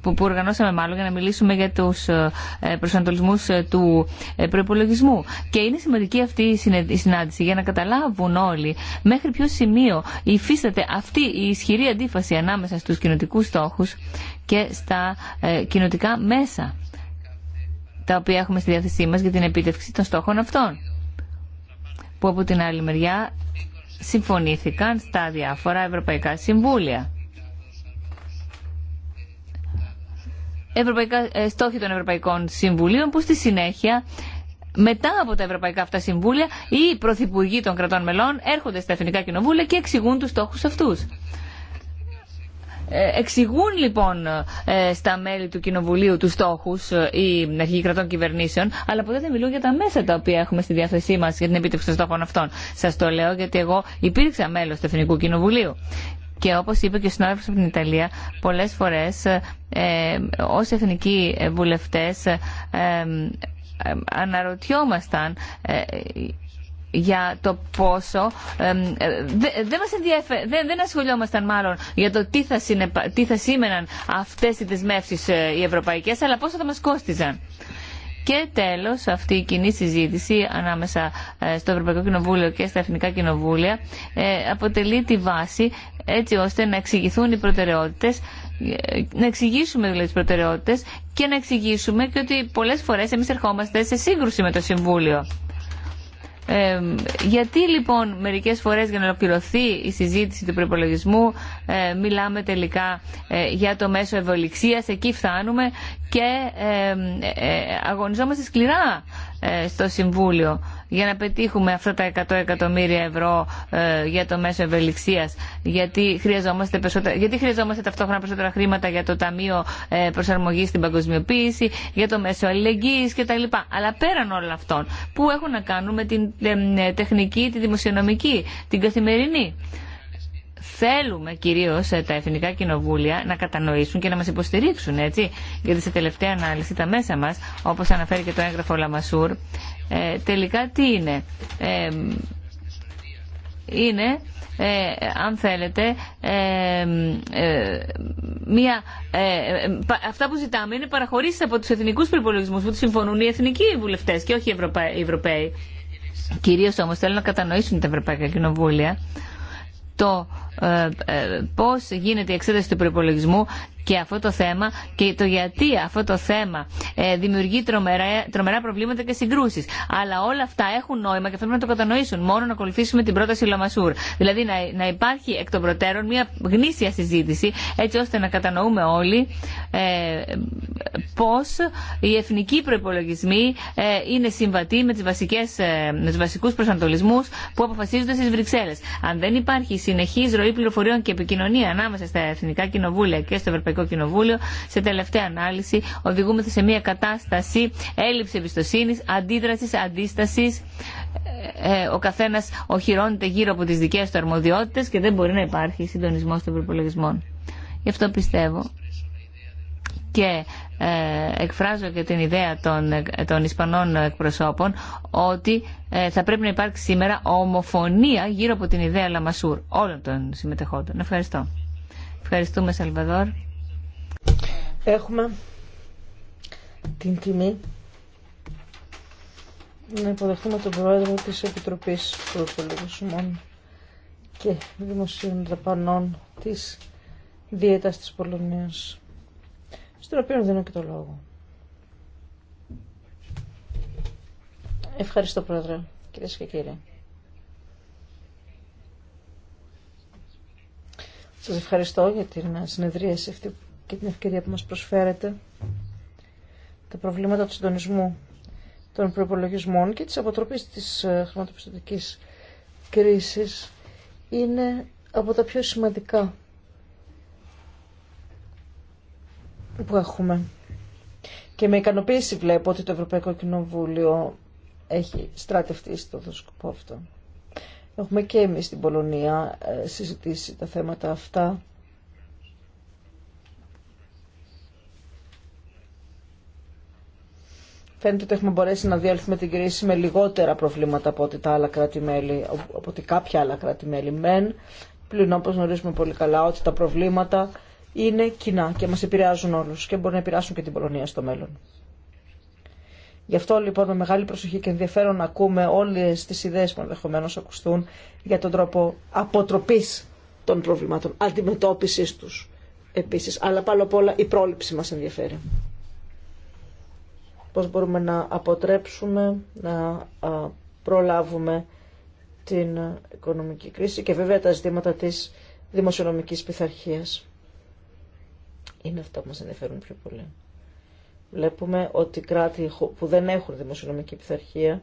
που, που οργανώσαμε μάλλον για να μιλήσουμε για τους ε, προσανατολισμούς ε, του ε, προπολογισμού. Και είναι σημαντική αυτή η συνάντηση για να καταλάβουν όλοι μέχρι ποιο σημείο υφίσταται αυτή η ισχυρή αντίφαση ανάμεσα στους κοινοτικού στόχου και στα κοινοτικά μέσα τα οποία έχουμε στη διάθεσή μας για την επίτευξη των στόχων αυτών που από την άλλη μεριά συμφωνήθηκαν στα διάφορα ευρωπαϊκά συμβούλια. Ε, στόχοι των Ευρωπαϊκών Συμβουλίων που στη συνέχεια μετά από τα ευρωπαϊκά αυτά συμβούλια οι πρωθυπουργοί των κρατών μελών έρχονται στα εθνικά κοινοβούλια και εξηγούν τους στόχους αυτούς. Ε, εξηγούν λοιπόν ε, στα μέλη του Κοινοβουλίου του στόχου οι αρχηγοί κρατών κυβερνήσεων, αλλά ποτέ δεν μιλούν για τα μέσα τα οποία έχουμε στη διάθεσή μα για την επίτευξη των στόχων αυτών. Σα το λέω γιατί εγώ υπήρξα μέλο του Εθνικού Κοινοβουλίου και όπω είπε και ο συνάδελφο από την Ιταλία, πολλέ φορέ ε, ε ω εθνικοί βουλευτέ ε, αναρωτιόμασταν ε, για το πόσο. δεν δε δεν, ασχολιόμασταν μάλλον για το τι θα, συνεπα, τι θα σήμεναν αυτές οι δεσμεύσεις ε, οι ευρωπαϊκές, αλλά πόσο θα μας κόστιζαν. Και τέλο, αυτή η κοινή συζήτηση ανάμεσα ε, στο Ευρωπαϊκό Κοινοβούλιο και στα Εθνικά Κοινοβούλια ε, αποτελεί τη βάση έτσι ώστε να εξηγηθούν οι προτεραιότητε, ε, να εξηγήσουμε δηλαδή τι προτεραιότητε και να εξηγήσουμε και ότι πολλές φορές εμεί ερχόμαστε σε σύγκρουση με το Συμβούλιο γιατί λοιπόν μερικές φορές για να ολοκληρωθεί η συζήτηση του προπολογισμού ε, μιλάμε τελικά ε, για το μέσο ευοληξίας, εκεί φτάνουμε και ε, αγωνιζόμαστε σκληρά στο Συμβούλιο για να πετύχουμε αυτά τα 100 εκατομμύρια ευρώ ε, για το μέσο ευελιξία, γιατί, χρειαζόμαστε γιατί χρειαζόμαστε ταυτόχρονα περισσότερα χρήματα για το Ταμείο ε, Προσαρμογή στην Παγκοσμιοποίηση, για το μέσο αλληλεγγύη κτλ. Αλλά πέραν όλων αυτών, που έχουν να κάνουν με την ε, ε, τεχνική, τη δημοσιονομική, την καθημερινή. Θέλουμε κυρίω τα εθνικά κοινοβούλια να κατανοήσουν και να μα υποστηρίξουν, έτσι. Γιατί σε τελευταία ανάλυση τα μέσα μα, όπω αναφέρει και το έγγραφο Λαμασούρ, ε, τελικά τι είναι. Ε, είναι ε, αν θέλετε, ε, ε μια, ε, ε, αυτά που ζητάμε είναι παραχωρήσει από του εθνικού προπολογισμού που τους συμφωνούν οι εθνικοί βουλευτέ και όχι οι, Ευρωπαίοι. Κυρίω όμω θέλω να κατανοήσουν τα Ευρωπαϊκά Κοινοβούλια το ε, πώ γίνεται η εξέταση του προπολογισμού και αυτό το θέμα και το γιατί αυτό το θέμα ε, δημιουργεί τρομερά, τρομερά προβλήματα και συγκρούσει. Αλλά όλα αυτά έχουν νόημα και θέλουμε να το κατανοήσουν. Μόνο να ακολουθήσουμε την πρόταση Λαμασούρ. Δηλαδή να, να υπάρχει εκ των προτέρων μια γνήσια συζήτηση έτσι ώστε να κατανοούμε όλοι ε, πώ οι εθνικοί προπολογισμοί ε, είναι συμβατοί με, τις βασικές, ε, του βασικού προσανατολισμού που αποφασίζονται στι Βρυξέλλε. Αν δεν υπάρχει συνεχή ροή πληροφοριών και επικοινωνία ανάμεσα στα εθνικά κοινοβούλια και στο Ευρωπαϊκό Ευρωπαϊκό Κοινοβούλιο, σε τελευταία ανάλυση οδηγούμεθα σε μια κατάσταση έλλειψη εμπιστοσύνη, αντίδραση, αντίσταση. Ε, ε, ο καθένα οχυρώνεται γύρω από τι δικέ του αρμοδιότητε και δεν μπορεί να υπάρχει συντονισμό των προπολογισμών. Γι' αυτό πιστεύω και ε, εκφράζω και την ιδέα των, των Ισπανών εκπροσώπων ότι ε, θα πρέπει να υπάρξει σήμερα ομοφωνία γύρω από την ιδέα Λαμασούρ όλων των συμμετεχόντων. Ευχαριστώ. Ευχαριστούμε Σαλβαδόρ έχουμε την τιμή να υποδεχτούμε τον Πρόεδρο της Επιτροπής Προπολογισμών και Δημοσίων Δαπανών της Δίαιτας της Πολωνίας, στον οποίο δίνω και το λόγο. Ευχαριστώ Πρόεδρε, κυρίε και κύριοι. Σας ευχαριστώ για την συνεδρίαση αυτή και την ευκαιρία που μας προσφέρεται τα προβλήματα του συντονισμού των προπολογισμών και της αποτροπής της ε, χρηματοπιστωτικής κρίσης είναι από τα πιο σημαντικά που έχουμε. Και με ικανοποίηση βλέπω ότι το Ευρωπαϊκό Κοινοβούλιο έχει στρατευτεί στο σκοπό αυτό. Έχουμε και εμείς στην Πολωνία ε, συζητήσει τα θέματα αυτά Φαίνεται ότι έχουμε μπορέσει να διέλθουμε την κρίση με λιγότερα προβλήματα από ότι, τα άλλα κράτη-μέλη, από ότι κάποια άλλα κράτη-μέλη. Μεν, πλην όπω γνωρίζουμε πολύ καλά, ότι τα προβλήματα είναι κοινά και μα επηρεάζουν όλου και μπορεί να επηρεάσουν και την Πολωνία στο μέλλον. Γι' αυτό λοιπόν με μεγάλη προσοχή και ενδιαφέρον να ακούμε όλε τι ιδέε που ενδεχομένω ακουστούν για τον τρόπο αποτροπή των προβλημάτων, αντιμετώπιση του επίση. Αλλά πάνω απ' όλα η πρόληψη μα ενδιαφέρει πώς μπορούμε να αποτρέψουμε, να προλάβουμε την οικονομική κρίση και βέβαια τα ζητήματα της δημοσιονομικής πειθαρχία. Είναι αυτά που μας ενδιαφέρουν πιο πολύ. Βλέπουμε ότι κράτη που δεν έχουν δημοσιονομική πειθαρχία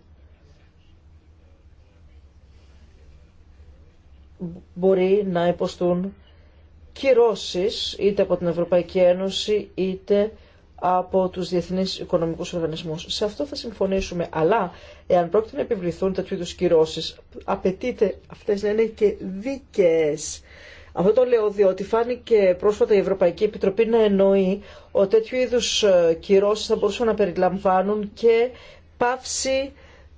μπορεί να υποστούν κυρώσεις είτε από την Ευρωπαϊκή Ένωση είτε από τους διεθνείς οικονομικούς οργανισμούς. Σε αυτό θα συμφωνήσουμε, αλλά εάν πρόκειται να επιβληθούν τέτοιου είδους κυρώσεις, απαιτείται αυτές να είναι και δίκαιες. Αυτό το λέω διότι φάνηκε πρόσφατα η Ευρωπαϊκή Επιτροπή να εννοεί ότι τέτοιου είδους ε, κυρώσεις θα μπορούσαν να περιλαμβάνουν και πάυση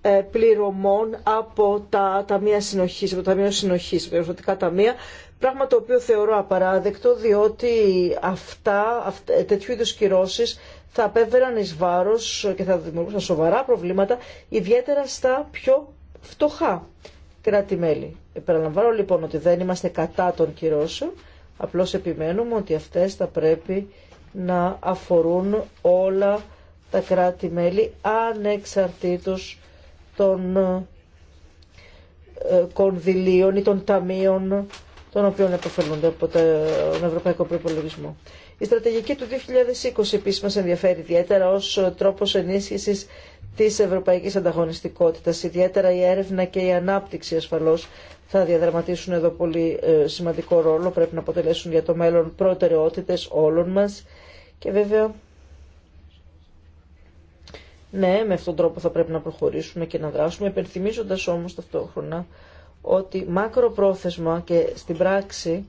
ε, πληρωμών από τα ταμεία συνοχής, από τα ταμεία συνοχής, περιοριστικά ταμεία, πράγμα το οποίο θεωρώ απαράδεκτο διότι αυτά, αυτά ε, τέτοιου είδους κυρώσεις θα απέβαιναν εις βάρος και θα δημιουργούσαν σοβαρά προβλήματα, ιδιαίτερα στα πιο φτωχά κράτη-μέλη. Επαναλαμβάνω λοιπόν ότι δεν είμαστε κατά των κυρώσεων, απλώς επιμένουμε ότι αυτές θα πρέπει να αφορούν όλα τα κράτη-μέλη ανεξαρτήτως των ε, κονδυλίων ή των ταμείων των οποίων επωφελούνται από τον Ευρωπαϊκό Προπολογισμό. Η στρατηγική του 2020 επίσης μας ενδιαφέρει ιδιαίτερα ως τρόπος ενίσχυσης της ευρωπαϊκής ανταγωνιστικότητας. Ιδιαίτερα η έρευνα και η ανάπτυξη ασφαλώς θα διαδραματίσουν εδώ πολύ ε, σημαντικό ρόλο, πρέπει να αποτελέσουν για το μέλλον προτεραιότητες όλων μας και βέβαια ναι, με αυτόν τον τρόπο θα πρέπει να προχωρήσουμε και να δράσουμε, υπενθυμίζοντα όμως ταυτόχρονα ότι μακροπρόθεσμα και στην πράξη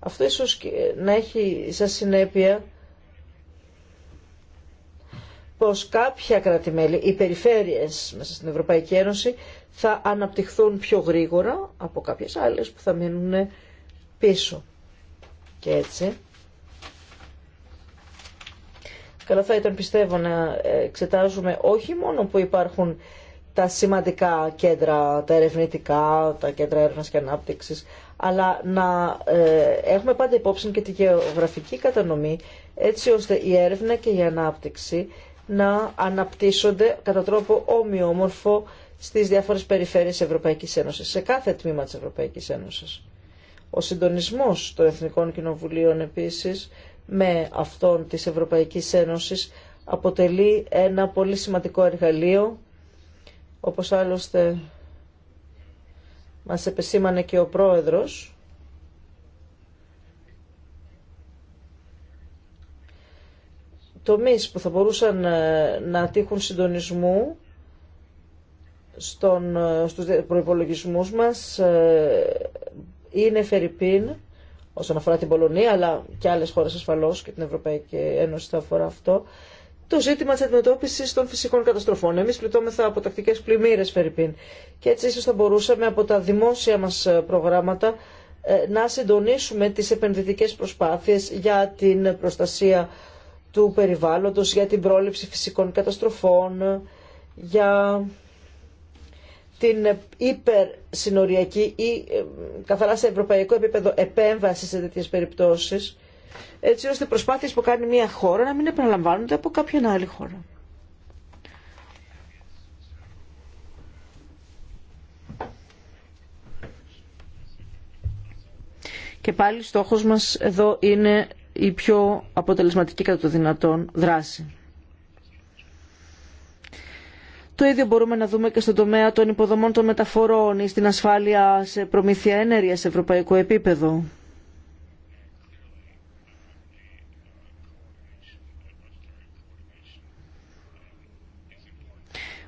αυτό ίσως να έχει σαν συνέπεια πως κάποια οι περιφέρειες μέσα στην Ευρωπαϊκή Ένωση θα αναπτυχθούν πιο γρήγορα από κάποιες άλλες που θα μείνουν πίσω. Και έτσι Καλό θα ήταν πιστεύω να εξετάζουμε όχι μόνο που υπάρχουν τα σημαντικά κέντρα, τα ερευνητικά, τα κέντρα έρευνας και ανάπτυξης, αλλά να ε, έχουμε πάντα υπόψη και τη γεωγραφική κατανομή, έτσι ώστε η έρευνα και η ανάπτυξη να αναπτύσσονται κατά τρόπο ομοιόμορφο στις διάφορες περιφέρειες Ευρωπαϊκής Ένωσης, σε κάθε τμήμα της Ευρωπαϊκής Ένωσης. Ο συντονισμός των Εθνικών Κοινοβουλίων επίσης με αυτόν της Ευρωπαϊκής Ένωσης αποτελεί ένα πολύ σημαντικό εργαλείο όπως άλλωστε μας επεσήμανε και ο πρόεδρος τομείς που θα μπορούσαν ε, να τύχουν συντονισμού στον, ε, στους προϋπολογισμούς μας ε, είναι Φερρυπίν όσον αφορά την Πολωνία, αλλά και άλλες χώρες ασφαλώς και την Ευρωπαϊκή Ένωση θα αφορά αυτό, το ζήτημα της αντιμετώπισης των φυσικών καταστροφών. Εμείς πληττόμεθα από τακτικές πλημμύρες, Φερρυπίν. Και έτσι ίσως θα μπορούσαμε από τα δημόσια μας ε, προγράμματα ε, να συντονίσουμε τις επενδυτικές προσπάθειες για την προστασία του περιβάλλοντος, για την πρόληψη φυσικών καταστροφών, για την υπερσυνοριακή ή ε, καθαρά σε ευρωπαϊκό επίπεδο επέμβαση σε τέτοιες περιπτώσεις έτσι ώστε προσπάθειες που κάνει μια χώρα να μην επαναλαμβάνονται από κάποια άλλη χώρα. Και πάλι στόχος μας εδώ είναι η πιο αποτελεσματική κατά το δυνατόν δράση. Το ίδιο μπορούμε να δούμε και στον τομέα των υποδομών των μεταφορών ή στην ασφάλεια σε προμήθεια ενέργειας σε ευρωπαϊκό επίπεδο.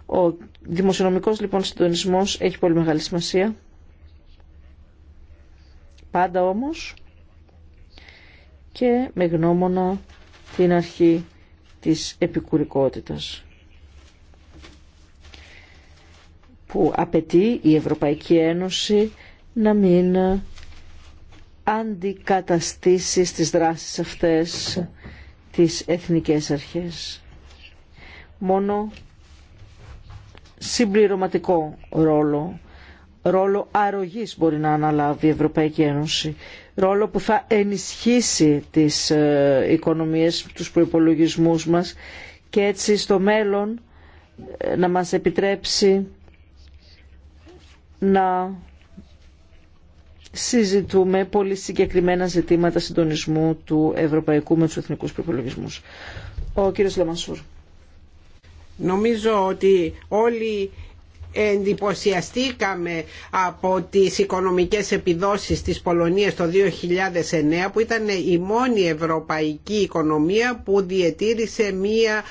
Ο δημοσιονομικός λοιπόν συντονισμός έχει πολύ μεγάλη σημασία. Πάντα όμως και με γνώμονα την αρχή της επικουρικότητας. που απαιτεί η Ευρωπαϊκή Ένωση να μην αντικαταστήσει στις δράσεις αυτές τις εθνικές αρχές. Μόνο συμπληρωματικό ρόλο, ρόλο αρρωγής μπορεί να αναλάβει η Ευρωπαϊκή Ένωση, ρόλο που θα ενισχύσει τις ε, οικονομίες, τους προϋπολογισμούς μας και έτσι στο μέλλον ε, να μας επιτρέψει να συζητούμε πολύ συγκεκριμένα ζητήματα συντονισμού του ευρωπαϊκού με τους εθνικούς προπολογισμούς. Ο κύριος Λαμασούρ. Νομίζω ότι όλοι εντυπωσιαστήκαμε από τις οικονομικές επιδόσεις της Πολωνίας το 2009 που ήταν η μόνη ευρωπαϊκή οικονομία που διετήρησε μία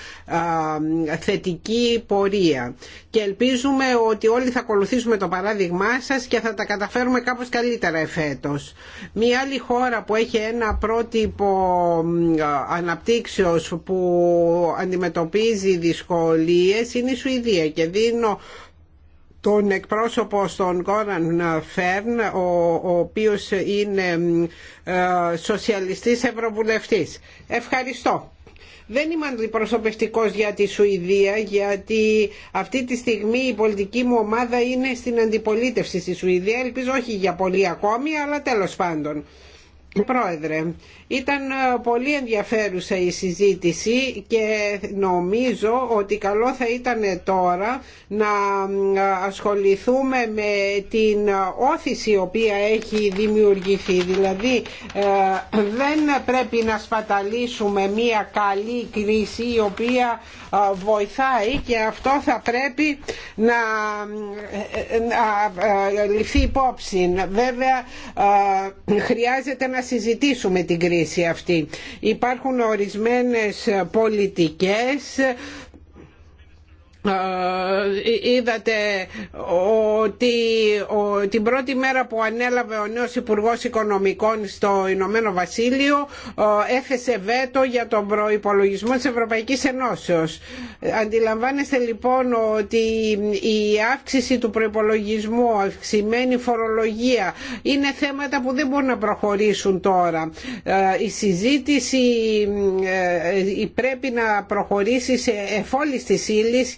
θετική πορεία και ελπίζουμε ότι όλοι θα ακολουθήσουμε το παράδειγμά σας και θα τα καταφέρουμε κάπως καλύτερα εφέτος. Μία άλλη χώρα που έχει ένα πρότυπο αναπτύξεως που αντιμετωπίζει δυσκολίες είναι η Σουηδία και δίνω τον εκπρόσωπο στον Γκόραν Φέρν, ο, ο οποίος είναι ε, σοσιαλιστής ευρωβουλευτής. Ευχαριστώ. Δεν είμαι αντιπροσωπευτικός για τη Σουηδία γιατί αυτή τη στιγμή η πολιτική μου ομάδα είναι στην αντιπολίτευση στη Σουηδία. Ελπίζω όχι για πολύ ακόμη αλλά τέλος πάντων. Πρόεδρε, ήταν ε, πολύ ενδιαφέρουσα η συζήτηση και νομίζω ότι καλό θα ήταν τώρα να ασχοληθούμε με την όθηση η οποία έχει δημιουργηθεί. Δηλαδή ε, δεν πρέπει να σπαταλήσουμε μια καλή κρίση η οποία ε, βοηθάει και αυτό θα πρέπει να, να ληφθεί υπόψη. Βέβαια χρειάζεται να συζητήσουμε την κρίση κίνηση αυτή. Υπάρχουν ορισμένες πολιτικές είδατε ότι την πρώτη μέρα που ανέλαβε ο νέος Υπουργός Οικονομικών στο Ηνωμένο Βασίλειο έφεσε βέτο για τον προϋπολογισμό της Ευρωπαϊκής Ενώσεως. Αντιλαμβάνεστε λοιπόν ότι η αύξηση του προϋπολογισμού, αυξημένη φορολογία είναι θέματα που δεν μπορούν να προχωρήσουν τώρα. Η συζήτηση ε, ε, πρέπει να προχωρήσει σε εφόλης της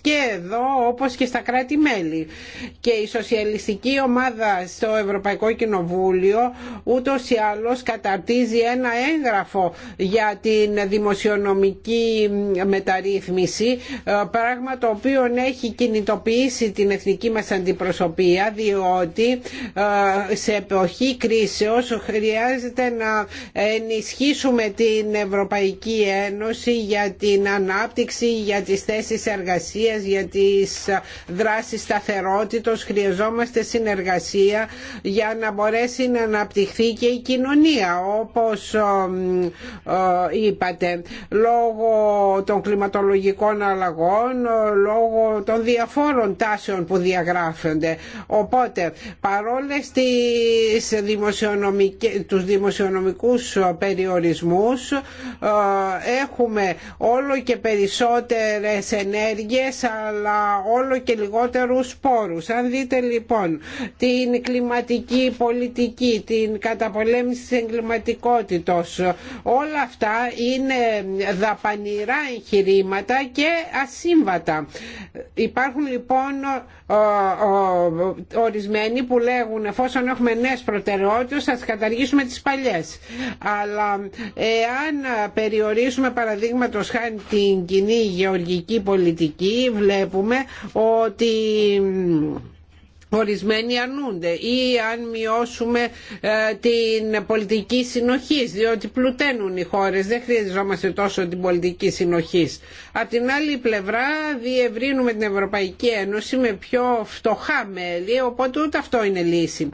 και και εδώ όπως και στα κράτη-μέλη. Και η σοσιαλιστική ομάδα στο Ευρωπαϊκό Κοινοβούλιο ούτως ή άλλως καταρτίζει ένα έγγραφο για την δημοσιονομική μεταρρύθμιση ε, πράγμα το οποίο έχει κινητοποιήσει την εθνική μας αντιπροσωπεία διότι ε, σε εποχή κρίσεως χρειάζεται να ενισχύσουμε την Ευρωπαϊκή Ένωση για την ανάπτυξη, για τις θέσεις εργασίας, για τις δράσεις σταθερότητος, χρειαζόμαστε συνεργασία για να μπορέσει να αναπτυχθεί και η κοινωνία όπως ε, ε, είπατε λόγω των κλιματολογικών αλλαγών, ε, λόγω των διαφόρων τάσεων που διαγράφονται. Οπότε παρόλες τις τους δημοσιονομικούς περιορισμούς έχουμε όλο και περισσότερες ενέργειες αλλά όλο και λιγότερους σπόρους. Αν δείτε λοιπόν την κλιματική πολιτική, την καταπολέμηση της εγκληματικότητος, όλα αυτά είναι δαπανηρά εγχειρήματα και ασύμβατα. Υπάρχουν λοιπόν ορισμένοι που λέγουν εφόσον έχουμε νέες προτεραιότητες θα καταργήσουμε τις παλιές. Αλλά εάν περιορίσουμε παραδείγματος χάνει την κοινή γεωργική πολιτική βλέπουμε ότι ορισμένοι αρνούνται ή αν μειώσουμε ε, την πολιτική συνοχή, διότι πλουταίνουν οι χώρες δεν χρειαζόμαστε τόσο την πολιτική συνοχής απ' την άλλη πλευρά διευρύνουμε την Ευρωπαϊκή Ένωση με πιο φτωχά μέλη οπότε ούτε αυτό είναι λύση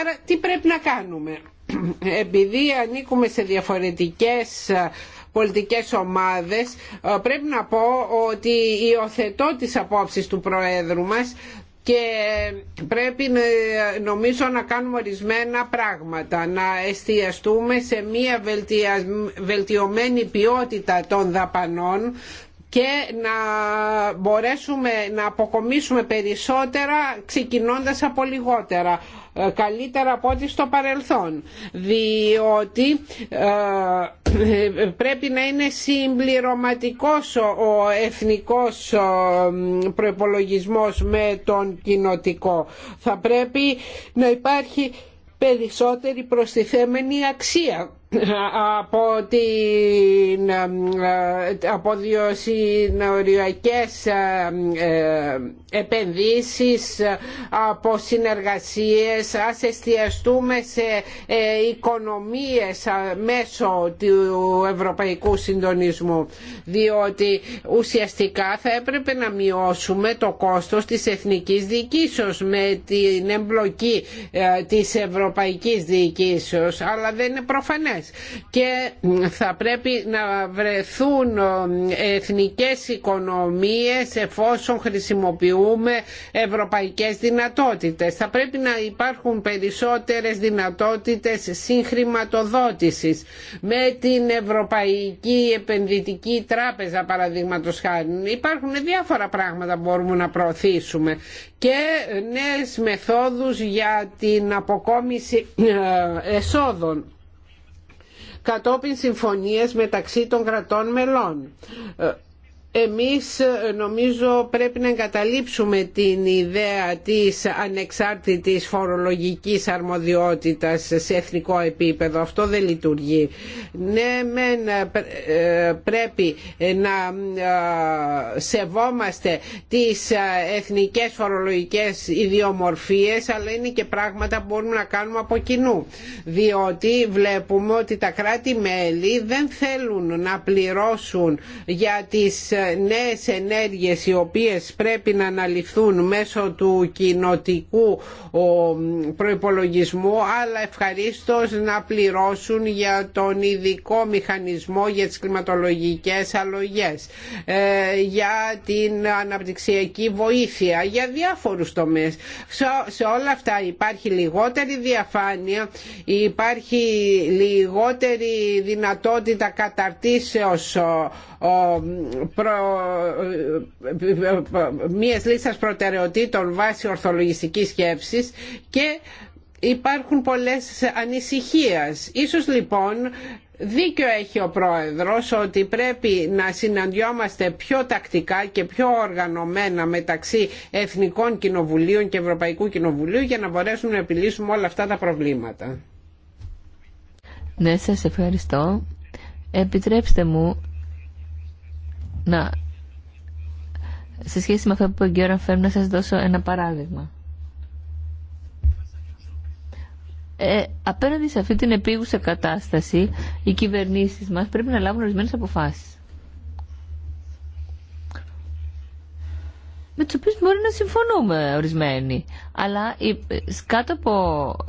άρα τι πρέπει να κάνουμε επειδή ανήκουμε σε διαφορετικές πολιτικές ομάδες ε, πρέπει να πω ότι υιοθετώ τις απόψεις του Προέδρου μας και πρέπει νομίζω να κάνουμε ορισμένα πράγματα να εστιαστούμε σε μια βελτιωμένη ποιότητα των δαπανών και να μπορέσουμε να αποκομίσουμε περισσότερα ξεκινώντας από λιγότερα ε, καλύτερα από ό,τι στο παρελθόν διότι ε, ε, πρέπει να είναι συμπληρωματικός ο εθνικός προϋπολογισμός με τον κοινοτικό θα πρέπει να υπάρχει περισσότερη προστιθέμενη αξία από, την, ε, από συνοριακές ε, ε, επενδύσεις, από συνεργασίες. Ας εστιαστούμε σε οικονομίες μέσω του ευρωπαϊκού συντονισμού, διότι ουσιαστικά θα έπρεπε να μειώσουμε το κόστος της εθνικής διοικήσεως με την εμπλοκή της ευρωπαϊκής διοικήσεως, αλλά δεν είναι προφανές και θα πρέπει να βρεθούν ε, εθνικές οικονομίες εφόσον χρησιμοποιούμε ευρωπαϊκές δυνατότητες. Θα πρέπει να υπάρχουν περισσότερες δυνατότητες συγχρηματοδότησης με την Ευρωπαϊκή Επενδυτική Τράπεζα παραδείγματος χάρη. Υπάρχουν διάφορα πράγματα που μπορούμε να προωθήσουμε και νέες μεθόδους για την αποκόμιση ε, εσόδων κατόπιν συμφωνίες μεταξύ των κρατών μελών. Ε, εμείς ε, νομίζω πρέπει να εγκαταλείψουμε την ιδέα της ανεξάρτητης φορολογικής αρμοδιότητας σε εθνικό επίπεδο. Αυτό δεν λειτουργεί. Ναι, ε, ε, πρέπει να σεβόμαστε τις εθνικές φορολογικές ιδιομορφίες, αλλά είναι και πράγματα που μπορούμε να κάνουμε από κοινού. Διότι βλέπουμε ότι τα κράτη-μέλη δεν θέλουν να πληρώσουν για τις νέες ενέργειες οι οποίες πρέπει να αναλυθούν μέσω του κοινοτικού προϋπολογισμού αλλά ευχαρίστως να πληρώσουν για τον ειδικό μηχανισμό για τις κλιματολογικές αλλογές ε, για την αναπτυξιακή βοήθεια για διάφορους τομείς σε όλα αυτά υπάρχει λιγότερη διαφάνεια υπάρχει λιγότερη δυνατότητα καταρτήσεως προ μίας λίστας προτεραιοτήτων βάσει ορθολογιστικής σκέψης και υπάρχουν πολλές ανησυχίες. Ίσως λοιπόν Δίκιο έχει ο Πρόεδρος ότι πρέπει να συναντιόμαστε πιο τακτικά και πιο οργανωμένα μεταξύ Εθνικών Κοινοβουλίων και Ευρωπαϊκού Κοινοβουλίου για να μπορέσουμε να επιλύσουμε όλα αυτά τα προβλήματα. Ναι, σας ευχαριστώ. Επιτρέψτε μου να σε σχέση με αυτό που είπε ο Φέρμ να σας δώσω ένα παράδειγμα. Ε, απέναντι σε αυτή την επίγουσα κατάσταση, οι κυβερνήσεις μας πρέπει να λάβουν ορισμένε αποφάσεις. με τους οποίους μπορεί να συμφωνούμε ορισμένοι, αλλά κάτω από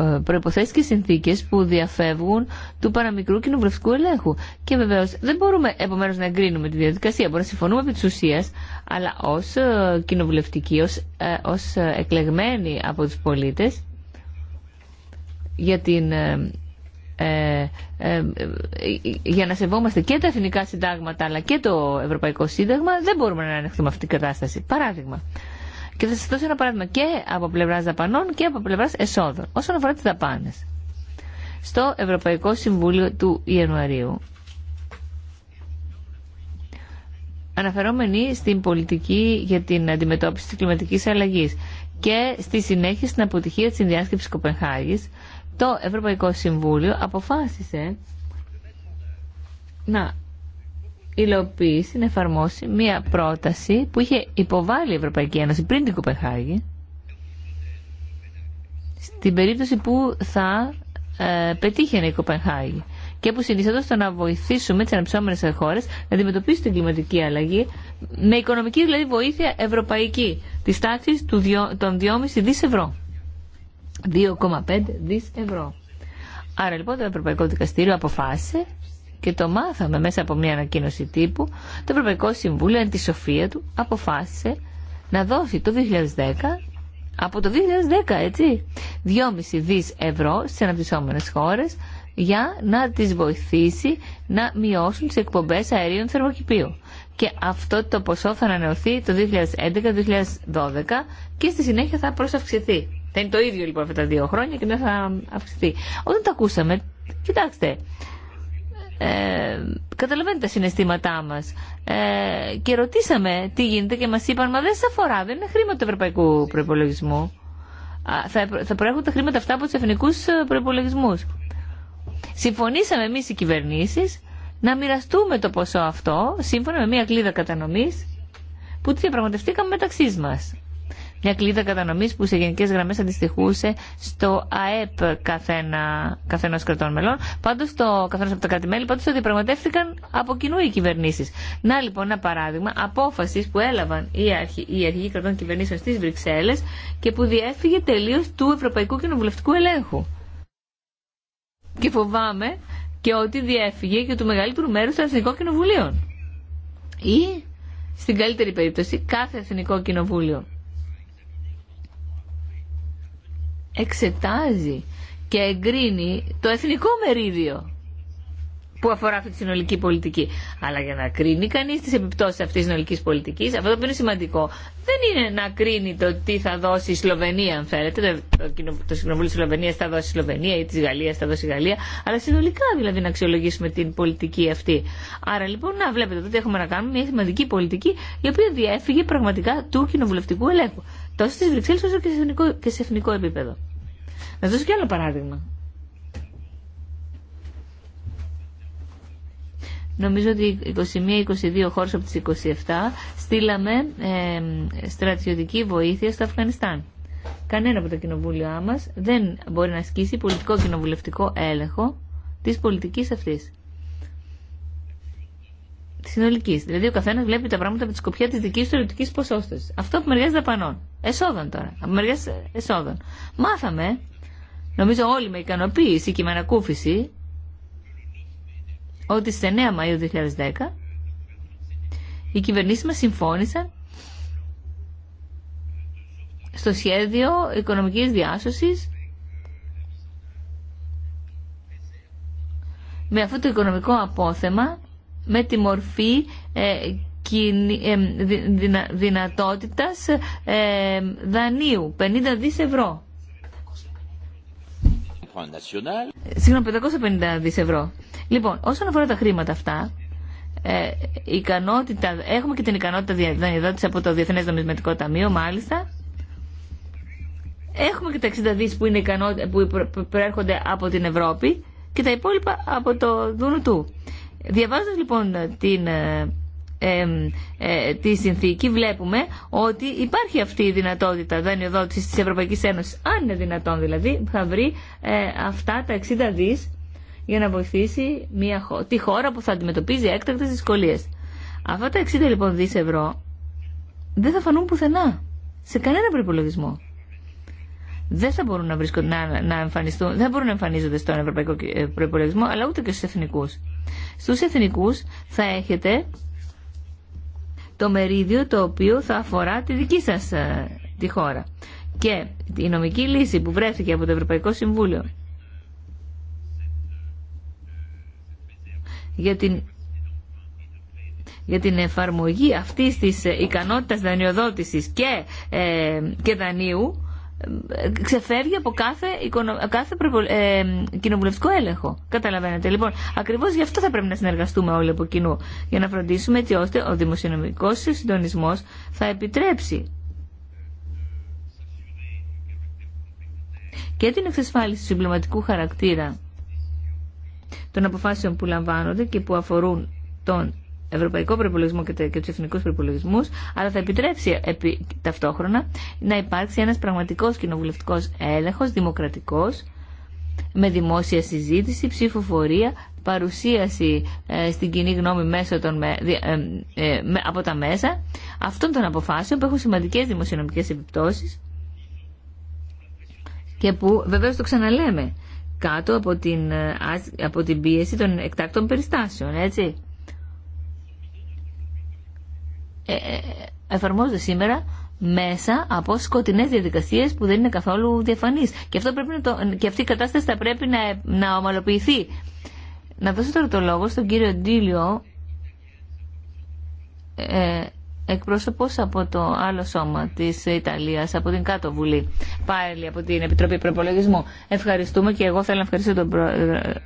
ε, προϋποθέσεις και συνθήκες που διαφεύγουν του παραμικρού κοινοβουλευτικού ελέγχου. Και βεβαίως δεν μπορούμε επομένως να εγκρίνουμε τη διαδικασία, μπορούμε να συμφωνούμε επί της ουσίας, αλλά ως ε, κοινοβουλευτικοί, ως, ε, ως εκλεγμένοι από τους πολίτες για την ε, ε, για να σεβόμαστε και τα εθνικά συντάγματα αλλά και το Ευρωπαϊκό Σύνταγμα δεν μπορούμε να ανεχθούμε αυτή την κατάσταση. Παράδειγμα. Και θα σα δώσω ένα παράδειγμα και από πλευρά δαπανών και από πλευρά εσόδων. Όσον αφορά τι δαπάνε. Στο Ευρωπαϊκό Συμβούλιο του Ιανουαρίου αναφερόμενοι στην πολιτική για την αντιμετώπιση της κλιματικής αλλαγής και στη συνέχεια στην αποτυχία της συνδιάσκεψης Κοπενχάγης το Ευρωπαϊκό Συμβούλιο αποφάσισε να υλοποιήσει, να εφαρμόσει μία πρόταση που είχε υποβάλει η Ευρωπαϊκή Ένωση πριν την Κοπεχάγη στην περίπτωση που θα ε, πετύχαινε η Κοπενχάγη και που συνιστάται στο να βοηθήσουμε τι αναψώμενε χώρε να αντιμετωπίσουν την κλιματική αλλαγή με οικονομική δηλαδή βοήθεια ευρωπαϊκή τη τάξη των 2,5 δι ευρώ. 2,5 δις ευρώ. Άρα λοιπόν το Ευρωπαϊκό Δικαστήριο αποφάσισε και το μάθαμε μέσα από μια ανακοίνωση τύπου, το Ευρωπαϊκό Συμβούλιο εν τη σοφία του αποφάσισε να δώσει το 2010, από το 2010 έτσι, 2,5 δις ευρώ στις αναπτυσσόμενες χώρες για να τις βοηθήσει να μειώσουν τις εκπομπές αερίων θερμοκηπίου. Και αυτό το ποσό θα ανανεωθεί το 2011-2012 και στη συνέχεια θα προσαυξηθεί. Θα είναι το ίδιο λοιπόν αυτά τα δύο χρόνια και δεν θα αυξηθεί. Όταν τα ακούσαμε, κοιτάξτε, ε, καταλαβαίνετε τα συναισθήματά μα. Ε, και ρωτήσαμε τι γίνεται και μα είπαν, μα δεν σα αφορά, δεν είναι χρήμα του ευρωπαϊκού προπολογισμού. Θα, θα προέρχονται τα χρήματα αυτά από του εθνικού ε, προπολογισμού. Συμφωνήσαμε εμεί οι κυβερνήσει να μοιραστούμε το ποσό αυτό σύμφωνα με μια κλίδα κατανομή που τη διαπραγματευτήκαμε μεταξύ μα μια κλίδα κατανομή που σε γενικέ γραμμέ αντιστοιχούσε στο ΑΕΠ καθένα, κρατών μελών. Πάντως το καθένα από τα κράτη-μέλη πάντως το διαπραγματεύτηκαν από κοινού οι κυβερνήσεις. Να λοιπόν ένα παράδειγμα απόφαση που έλαβαν οι, αρχι, οι αρχηγοί κρατών κυβερνήσεων στι Βρυξέλλες και που διέφυγε τελείω του Ευρωπαϊκού Κοινοβουλευτικού Ελέγχου. Και φοβάμαι και ότι διέφυγε και του μεγαλύτερου μέρου των εθνικών κοινοβουλίων. Ή, στην καλύτερη περίπτωση, κάθε εθνικό κοινοβούλιο εξετάζει και εγκρίνει το εθνικό μερίδιο που αφορά αυτή τη συνολική πολιτική. Αλλά για να κρίνει κανεί τι επιπτώσει αυτή τη συνολική πολιτική, αυτό που είναι σημαντικό δεν είναι να κρίνει το τι θα δώσει η Σλοβενία, αν θέλετε. Το, το τη Σλοβενία θα δώσει η Σλοβενία ή τη Γαλλία θα δώσει η Γαλλία. Αλλά συνολικά δηλαδή να αξιολογήσουμε την πολιτική αυτή. Άρα λοιπόν να βλέπετε ότι έχουμε να κάνουμε μια σημαντική πολιτική η οποία διέφυγε πραγματικά του κοινοβουλευτικού ελέγχου τόσο στις Βρυξέλλες όσο και σε εθνικό, και σε επίπεδο. Να δώσω και άλλο παράδειγμα. Νομίζω ότι 21-22 χώρες από τις 27 στείλαμε στρατιωτική βοήθεια στο Αφγανιστάν. Κανένα από τα κοινοβούλια μας δεν μπορεί να ασκήσει πολιτικό κοινοβουλευτικό έλεγχο της πολιτικής αυτής. Δηλαδή ο καθένα βλέπει τα πράγματα με τη σκοπιά τη δική του ερωτική ποσότητα. Αυτό από μεριά δαπανών. Εσόδων τώρα. Από μεριά εσόδων. Μάθαμε, νομίζω όλοι με ικανοποίηση και με ανακούφιση, ότι στι 9 Μαου 2010 οι κυβερνήσει μα συμφώνησαν στο σχέδιο οικονομικής διάσωσης με αυτό το οικονομικό απόθεμα με τη μορφή ε, ε, δυνατότητας ε, δανείου 50 δις ευρώ. Συγγνώμη, 550 δις ευρώ. Λοιπόν, όσον αφορά τα χρήματα αυτά, ε, ικανότητα, έχουμε και την ικανότητα δανειοδότηση από το Διεθνές Νομισματικό Ταμείο, μάλιστα. Έχουμε και τα 60 δις που, είναι ικανότητα, που προέρχονται από την Ευρώπη και τα υπόλοιπα από το Δούνου Διαβάζοντας λοιπόν την, ε, ε, ε, τη συνθήκη βλέπουμε ότι υπάρχει αυτή η δυνατότητα δανειοδότησης της Ευρωπαϊκής Ένωσης αν είναι δυνατόν δηλαδή θα βρει ε, αυτά τα 60 δις για να βοηθήσει μια, τη χώρα που θα αντιμετωπίζει έκτακτες δυσκολίες. Αυτά τα 60 λοιπόν δις ευρώ δεν θα φανούν πουθενά σε κανένα προπολογισμό. Δεν θα μπορούν να, βρίσκονται, να, να εμφανιστούν, δεν μπορούν να εμφανίζονται στον ευρωπαϊκό προπολογισμό αλλά ούτε και στου εθνικού. Στους εθνικούς θα έχετε το μερίδιο το οποίο θα αφορά τη δική σας ε, τη χώρα. Και η νομική λύση που βρέθηκε από το Ευρωπαϊκό Συμβούλιο για την, για την εφαρμογή αυτής της ικανότητας δανειοδότησης και, ε, και δανείου ξεφεύγει από κάθε, κάθε ε, κοινοβουλευτικό έλεγχο. Καταλαβαίνετε. Λοιπόν, ακριβώς γι' αυτό θα πρέπει να συνεργαστούμε όλοι από κοινού. Για να φροντίσουμε έτσι ώστε ο δημοσιονομικός συντονισμός θα επιτρέψει και την εξασφάλιση συμπληρωματικού χαρακτήρα των αποφάσεων που λαμβάνονται και που αφορούν τον ευρωπαϊκό προπολογισμό και, και του εθνικού προπολογισμού, αλλά θα επιτρέψει επί, ταυτόχρονα να υπάρξει ένα πραγματικό κοινοβουλευτικό έλεγχο, δημοκρατικό, με δημόσια συζήτηση, ψηφοφορία, παρουσίαση ε, στην κοινή γνώμη μέσω των, ε, ε, από τα μέσα αυτών των αποφάσεων που έχουν σημαντικές δημοσιονομικές επιπτώσει. και που βεβαίω το ξαναλέμε κάτω από την, από την πίεση των εκτάκτων περιστάσεων, έτσι. Ε, ε, εφαρμόζονται σήμερα μέσα από σκοτεινέ διαδικασίε που δεν είναι καθόλου διαφανεί. Και, αυτό πρέπει το, και αυτή η κατάσταση θα πρέπει να, να ομαλοποιηθεί. Να δώσω τώρα το λόγο στον κύριο Ντίλιο, ε, εκπρόσωπος από το άλλο σώμα της Ιταλίας, από την Κάτω Βουλή, πάλι από την Επιτροπή Προπολογισμού. Ευχαριστούμε και εγώ θέλω να ευχαριστήσω τον,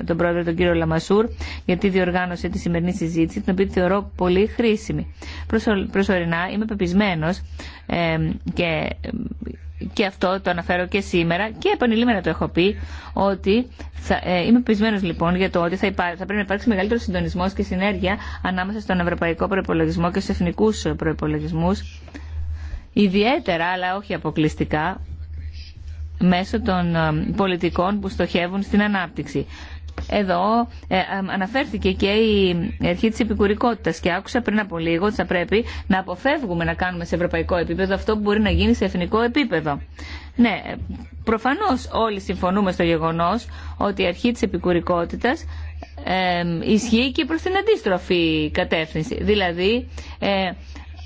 τον πρόεδρο, τον κύριο Λαμασούρ, για τη διοργάνωση της σημερινής συζήτηση, την οποία θεωρώ πολύ χρήσιμη. Προσωρινά είμαι πεπισμένος ε, και και αυτό το αναφέρω και σήμερα και επανειλημμένα το έχω πει ότι θα, ε, είμαι πεισμένο λοιπόν για το ότι θα, θα πρέπει να υπάρξει μεγαλύτερο συντονισμό και συνέργεια ανάμεσα στον ευρωπαϊκό προπολογισμό και στου εθνικού προπολογισμού. Ιδιαίτερα, αλλά όχι αποκλειστικά, μέσω των ε, πολιτικών που στοχεύουν στην ανάπτυξη. Εδώ ε, αναφέρθηκε και η αρχή της επικουρικότητας και άκουσα πριν από λίγο ότι θα πρέπει να αποφεύγουμε να κάνουμε σε ευρωπαϊκό επίπεδο αυτό που μπορεί να γίνει σε εθνικό επίπεδο. Ναι, ε, προφανώς όλοι συμφωνούμε στο γεγονός ότι η αρχή της επικουρικότητας ε, ισχύει και προς την αντίστροφη κατεύθυνση. Δηλαδή, ε,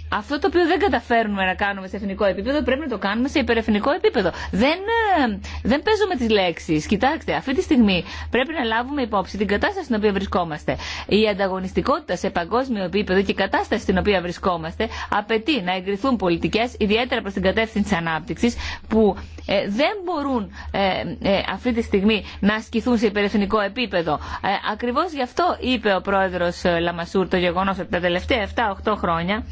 αυτό το οποίο δεν καταφέρνουμε να κάνουμε σε εθνικό επίπεδο πρέπει να το κάνουμε σε υπερεθνικό επίπεδο. Δεν, ε, δεν παίζουμε τι λέξει. Κοιτάξτε, αυτή τη στιγμή πρέπει να λάβουμε υπόψη την κατάσταση στην οποία βρισκόμαστε. Η ανταγωνιστικότητα σε παγκόσμιο επίπεδο και η κατάσταση στην οποία βρισκόμαστε απαιτεί να εγκριθούν πολιτικέ, ιδιαίτερα προ την κατεύθυνση τη ανάπτυξη, που ε, δεν μπορούν ε, ε, αυτή τη στιγμή να ασκηθούν σε υπερεθνικό επίπεδο. Ακριβώ γι' αυτό είπε ο πρόεδρο Λαμασούρ το γεγονό ότι τα τελευταία 7-8 χρόνια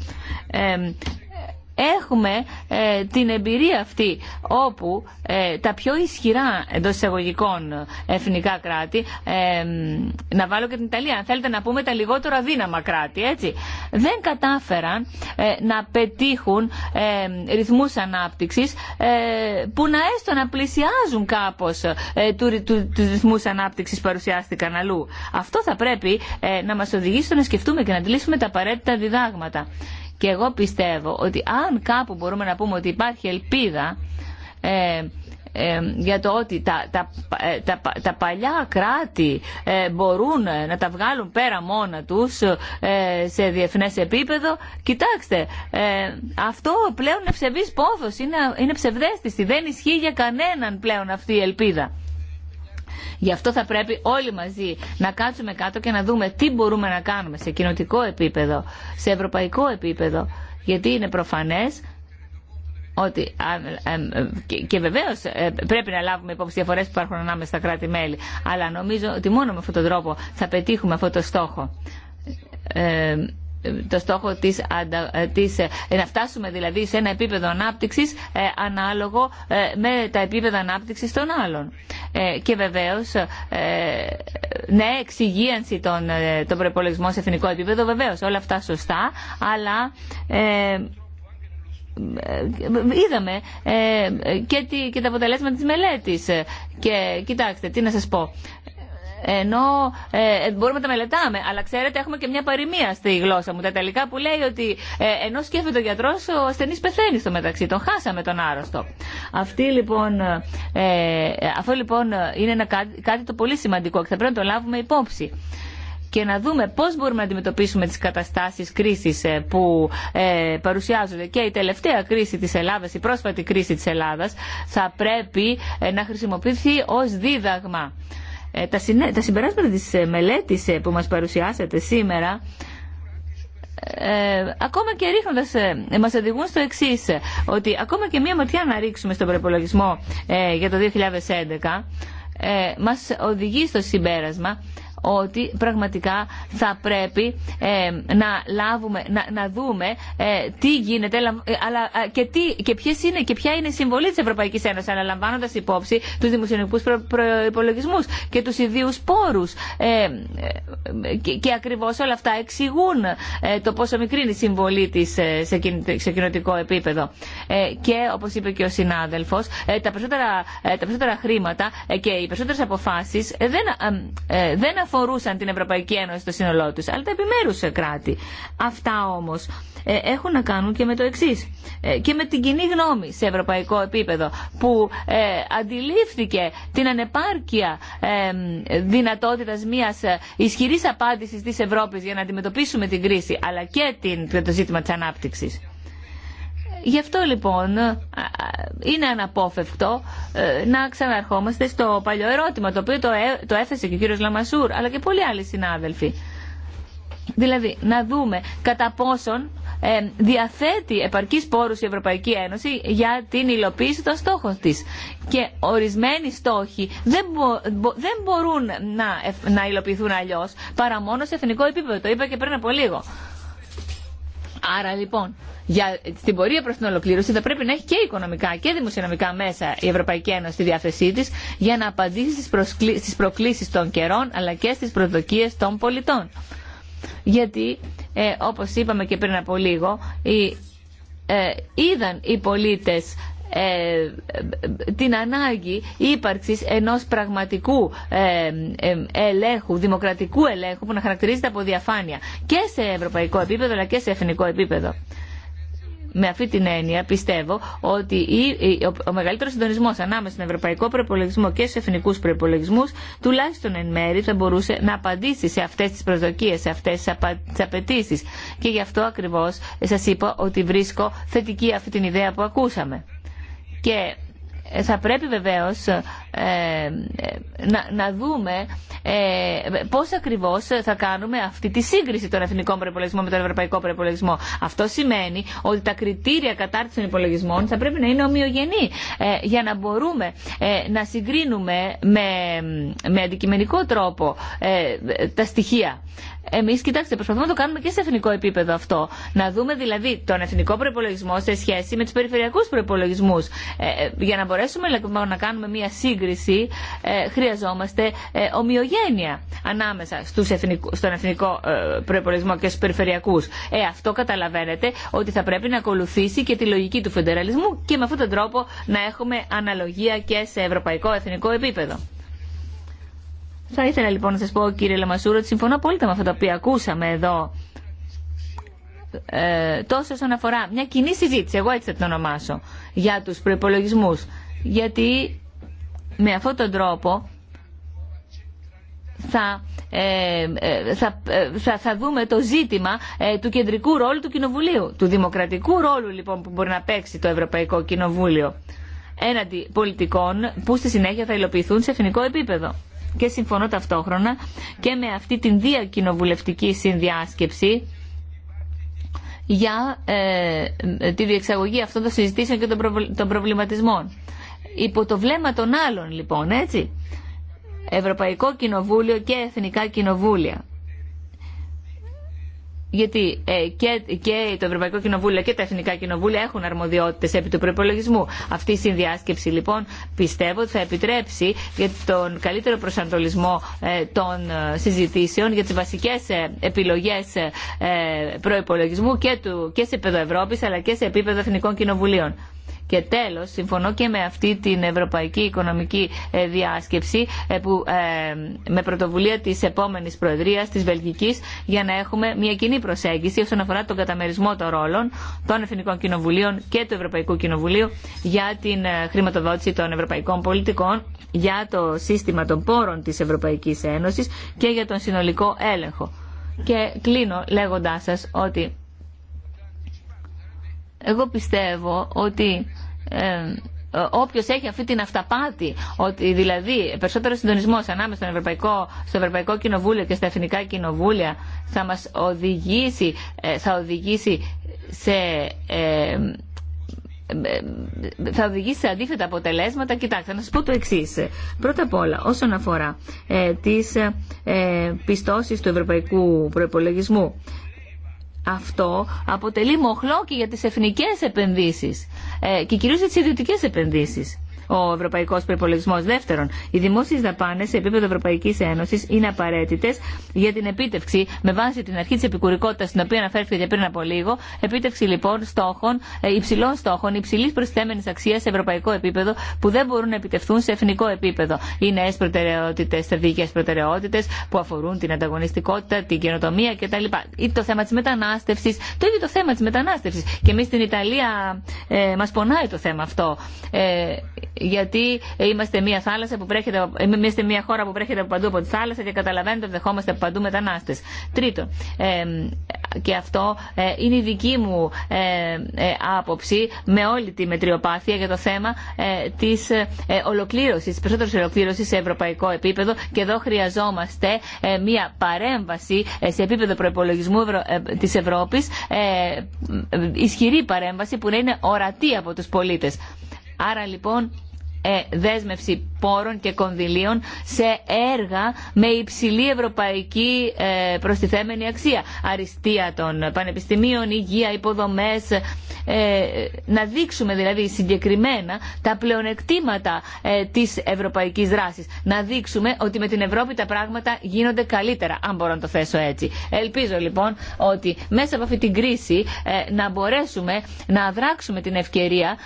έχουμε ε, την εμπειρία αυτή όπου ε, τα πιο ισχυρά εντό εισαγωγικών εθνικά κράτη, ε, να βάλω και την Ιταλία, αν θέλετε να πούμε τα λιγότερα δύναμα κράτη, έτσι, δεν κατάφεραν να πετύχουν ρυθμούς ανάπτυξης που να έστω να πλησιάζουν κάπως του, του, τους ρυθμούς ανάπτυξης που παρουσιάστηκαν αλλού. Αυτό θα πρέπει να μας οδηγήσει στο να σκεφτούμε και να αντιλήσουμε τα απαραίτητα διδάγματα. Και εγώ πιστεύω ότι αν κάπου μπορούμε να πούμε ότι υπάρχει ελπίδα ε, ε, για το ότι τα, τα, ε, τα, τα παλιά κράτη μπορούν να τα βγάλουν πέρα μόνα τους σε διεθνές επίπεδο, κοιτάξτε, αυτό πλέον είναι πόθος, είναι, είναι ψευδέστηση, δεν ισχύει για κανέναν πλέον αυτή η ελπίδα. Γι' αυτό θα πρέπει όλοι μαζί να κάτσουμε κάτω και να δούμε τι μπορούμε να κάνουμε σε κοινοτικό επίπεδο, σε ευρωπαϊκό επίπεδο. Γιατί είναι προφανές ότι και βεβαίω ε, πρέπει να λάβουμε υπόψη διαφορές που υπάρχουν ανάμεσα στα κράτη-μέλη. Αλλά νομίζω ότι μόνο με αυτόν τον τρόπο θα πετύχουμε αυτό το στόχο. Ε, το στόχο της, ε, της, ε, να φτάσουμε δηλαδή σε ένα επίπεδο ανάπτυξης ανάλογο με τα επίπεδα ανάπτυξης των άλλων. Ε, και βεβαίω, ε, ναι, εξυγίανση των, ε, των προπολογισμών σε εθνικό επίπεδο, βεβαίω, όλα αυτά σωστά, αλλά είδαμε και, τα αποτελέσματα της μελέτης και κοιτάξτε τι να σας πω ενώ ε, μπορούμε να τα μελετάμε, αλλά ξέρετε, έχουμε και μια παροιμία στη γλώσσα μου, τα τελικά, που λέει ότι ε, ενώ σκέφτεται ο γιατρό, ο ασθενή πεθαίνει στο μεταξύ. Τον χάσαμε τον άρρωστο. Αυτή, λοιπόν, ε, αυτό λοιπόν είναι ένα, κάτι, το πολύ σημαντικό και θα πρέπει να το λάβουμε υπόψη και να δούμε πώς μπορούμε να αντιμετωπίσουμε τις καταστάσεις κρίσης ε, που ε, παρουσιάζονται και η τελευταία κρίση της Ελλάδας, η πρόσφατη κρίση της Ελλάδας θα πρέπει ε, να χρησιμοποιηθεί ως δίδαγμα. Ε, τα συμπεράσματα της ε, μελέτης ε, που μας παρουσιάσατε σήμερα ε, ακόμα και ρίχνοντας, ε, μα οδηγούν στο εξή, ότι ακόμα και μία ματιά να ρίξουμε στον προπολογισμό ε, για το 2011, ε, μα οδηγεί στο συμπέρασμα ότι πραγματικά θα πρέπει ε, να, λάβουμε, να, να δούμε ε, τι γίνεται ε, αλλά, ε, και, τι, και, είναι, και ποια είναι η συμβολή της Ευρωπαϊκής Ένωσης αναλαμβάνοντα υπόψη τους δημοσιονομικούς προ, προϋπολογισμούς και τους ιδίους πόρους. Ε, και, και ακριβώς όλα αυτά εξηγούν το πόσο μικρή είναι η συμβολή της σε, σε κοινωτικό επίπεδο. και όπως είπε και ο συνάδελφος, τα, περισσότερα, τα περισσότερα χρήματα και οι περισσότερες αποφάσεις δεν, δεν αφορούν αφορούσαν την Ευρωπαϊκή Ένωση στο σύνολό τους, αλλά τα επιμέρου κράτη. Αυτά όμω ε, έχουν να κάνουν και με το εξή. Ε, και με την κοινή γνώμη σε ευρωπαϊκό επίπεδο που ε, αντιλήφθηκε την ανεπάρκεια δυνατότητας μιας ισχυρής απάντησης της Ευρώπης για να αντιμετωπίσουμε την κρίση αλλά και το ζήτημα της ανάπτυξης. Γι' αυτό λοιπόν ε, ε, είναι αναπόφευκτο ε, να ξαναρχόμαστε στο παλιό ερώτημα το οποίο το έθεσε και ο κύριος Λαμασούρ αλλά και πολλοί άλλοι συνάδελφοι. Δηλαδή να δούμε κατά πόσον διαθέτει επαρκή πόρους η Ευρωπαϊκή Ένωση για την υλοποίηση των στόχων της. Και ορισμένοι στόχοι δεν, δεν μπορούν να, να υλοποιηθούν αλλιώς παρά μόνο σε εθνικό επίπεδο. Το είπα και πριν από λίγο. Άρα λοιπόν, για, στην πορεία προ την ολοκλήρωση θα πρέπει να έχει και οικονομικά και δημοσιονομικά μέσα η Ευρωπαϊκή Ένωση στη διάθεσή τη για να απαντήσει στι προκλήσει των καιρών αλλά και στι προσδοκίε των πολιτών. Γιατί, ε, όπω είπαμε και πριν από λίγο, οι, ε, είδαν οι πολίτε ε, την ανάγκη ύπαρξης ενός πραγματικού ε, ε, ελέγχου, δημοκρατικού ελέγχου που να χαρακτηρίζεται από διαφάνεια και σε ευρωπαϊκό επίπεδο αλλά και σε εθνικό επίπεδο. Με αυτή την έννοια πιστεύω ότι ο μεγαλύτερος συντονισμό ανάμεσα στον ευρωπαϊκό προπολογισμό και στου εθνικούς προπολογισμού, τουλάχιστον εν μέρη, θα μπορούσε να απαντήσει σε αυτές τις προσδοκίες, σε αυτέ τις απαιτήσει. Και γι' αυτό ακριβώ σα είπα ότι βρίσκω θετική αυτή την ιδέα που ακούσαμε. Και θα πρέπει βεβαίως ε, ε να, δούμε ε, πώς ακριβώς θα κάνουμε αυτή τη σύγκριση των εθνικών προϋπολογισμών με τον ευρωπαϊκό προϋπολογισμό. Αυτό σημαίνει ότι τα κριτήρια κατάρτισης των υπολογισμών θα πρέπει να είναι ομοιογενή ε, για να μπορούμε ε, να συγκρίνουμε με, με αντικειμενικό τρόπο τα στοιχεία. Εμεί, κοιτάξτε, προσπαθούμε να το κάνουμε και σε εθνικό επίπεδο αυτό. Να δούμε δηλαδή τον εθνικό προπολογισμό σε σχέση με του περιφερειακού προπολογισμού. Ε, ε, για να μπορέσουμε λοιπόν, να κάνουμε μία σύγκριση, ε, χρειαζόμαστε ε, ομοιογένεια ανάμεσα στους εθνικο, στον εθνικό ε, προπολογισμό και στου περιφερειακού. Ε, αυτό καταλαβαίνετε ότι θα πρέπει να ακολουθήσει και τη λογική του φεντεραλισμού και με αυτόν τον τρόπο να έχουμε αναλογία και σε ευρωπαϊκό εθνικό επίπεδο. Θα ήθελα λοιπόν να σας πω κύριε Λαμασούρο ότι συμφωνώ απόλυτα με αυτά τα οποία ακούσαμε εδώ. Ε, τόσο όσον αφορά μια κοινή συζήτηση, εγώ έτσι θα την ονομάσω, για τους προπολογισμού. Γιατί με αυτόν τον τρόπο θα, ε, ε, ε θα, θα, δούμε το ζήτημα ε, του κεντρικού ρόλου του Κοινοβουλίου, του δημοκρατικού ρόλου λοιπόν που μπορεί να παίξει το Ευρωπαϊκό Κοινοβούλιο έναντι πολιτικών που στη συνέχεια θα υλοποιηθούν σε εθνικό επίπεδο και συμφωνώ ταυτόχρονα και με αυτή την διακοινοβουλευτική συνδιάσκεψη για ε, τη διεξαγωγή αυτών των συζητήσεων και των προβληματισμών. Υπό το βλέμμα των άλλων λοιπόν, έτσι, Ευρωπαϊκό Κοινοβούλιο και Εθνικά Κοινοβούλια γιατί ε, και, και το Ευρωπαϊκό Κοινοβούλιο και τα Εθνικά Κοινοβούλια έχουν αρμοδιότητε επί του προπολογισμού. Αυτή η συνδιάσκεψη λοιπόν πιστεύω ότι θα επιτρέψει για τον καλύτερο προσανατολισμό ε, των ε, συζητήσεων για τι βασικέ επιλογέ ε, προπολογισμού και, και σε επίπεδο Ευρώπη αλλά και σε επίπεδο Εθνικών Κοινοβουλίων. Και τέλος, συμφωνώ και με αυτή την Ευρωπαϊκή Οικονομική ε, Διάσκεψη ε, που, ε, με πρωτοβουλία της επόμενης Προεδρίας της Βελγικής για να έχουμε μια κοινή προσέγγιση όσον αφορά τον καταμερισμό των ρόλων των Εθνικών Κοινοβουλίων και του Ευρωπαϊκού Κοινοβουλίου για την χρηματοδότηση των ευρωπαϊκών πολιτικών, για το σύστημα των πόρων της Ευρωπαϊκής Ένωσης και για τον συνολικό έλεγχο. Και κλείνω λέγοντάς σας ότι εγώ πιστεύω ότι ε, όποιο έχει αυτή την αυταπάτη, ότι δηλαδή περισσότερο συντονισμό ανάμεσα στο Ευρωπαϊκό, στο Ευρωπαϊκό Κοινοβούλιο και στα Εθνικά Κοινοβούλια θα μας οδηγήσει, ε, θα οδηγήσει σε. Ε, ε, θα οδηγήσει σε αντίθετα αποτελέσματα. Κοιτάξτε, να σα πω το εξή. Πρώτα απ' όλα, όσον αφορά ε, τι ε, πιστώσει του ευρωπαϊκού προπολογισμού, αυτό αποτελεί μοχλό και για τις εθνικές επενδύσεις ε, και κυρίως για τις ιδιωτικές επενδύσεις ο ευρωπαϊκό προπολογισμό. Δεύτερον, οι δημόσιε δαπάνε σε επίπεδο Ευρωπαϊκή Ένωση είναι απαραίτητε για την επίτευξη, με βάση την αρχή τη επικουρικότητα, την οποία αναφέρθηκε και πριν από λίγο, επίτευξη λοιπόν στόχων, ε, υψηλών στόχων, υψηλή προσθέμενη αξία σε ευρωπαϊκό επίπεδο, που δεν μπορούν να επιτευχθούν σε εθνικό επίπεδο. Οι νέε προτεραιότητε, στρατηγικέ προτεραιότητε που αφορούν την ανταγωνιστικότητα, την καινοτομία κτλ. Ή το θέμα τη μετανάστευση, το ίδιο το θέμα τη μετανάστευση. Και εμεί στην Ιταλία ε, μα πονάει το θέμα αυτό. Ε, γιατί είμαστε μια, θάλασσα που ε, είμαστε μια χώρα που πρέχεται από παντού από τη θάλασσα και καταλαβαίνετε ότι δεχόμαστε από παντού μετανάστες. Τρίτον, ε, και αυτό ε, είναι η δική μου ε, ε, άποψη με όλη τη μετριοπάθεια για το θέμα της ολοκλήρωσης, της περισσότερης ολοκλήρωσης σε ευρωπαϊκό επίπεδο και εδώ χρειαζόμαστε μια παρέμβαση σε επίπεδο προπολογισμού της Ευρώπης, ισχυρή παρέμβαση που να είναι ορατή από τους πολίτες. Άρα λοιπόν ε, δέσμευση πόρων και κονδυλίων σε έργα με υψηλή ευρωπαϊκή ε, προστιθέμενη αξία. Αριστεία των πανεπιστημίων, υγεία, υποδομές. Ε, να δείξουμε δηλαδή συγκεκριμένα τα πλεονεκτήματα της ευρωπαϊκής δράσης. Να δείξουμε ότι με την Ευρώπη τα πράγματα γίνονται καλύτερα, αν μπορώ να το θέσω έτσι. Ελπίζω λοιπόν ότι μέσα από αυτή την κρίση να μπορέσουμε να δράξουμε την ευκαιρία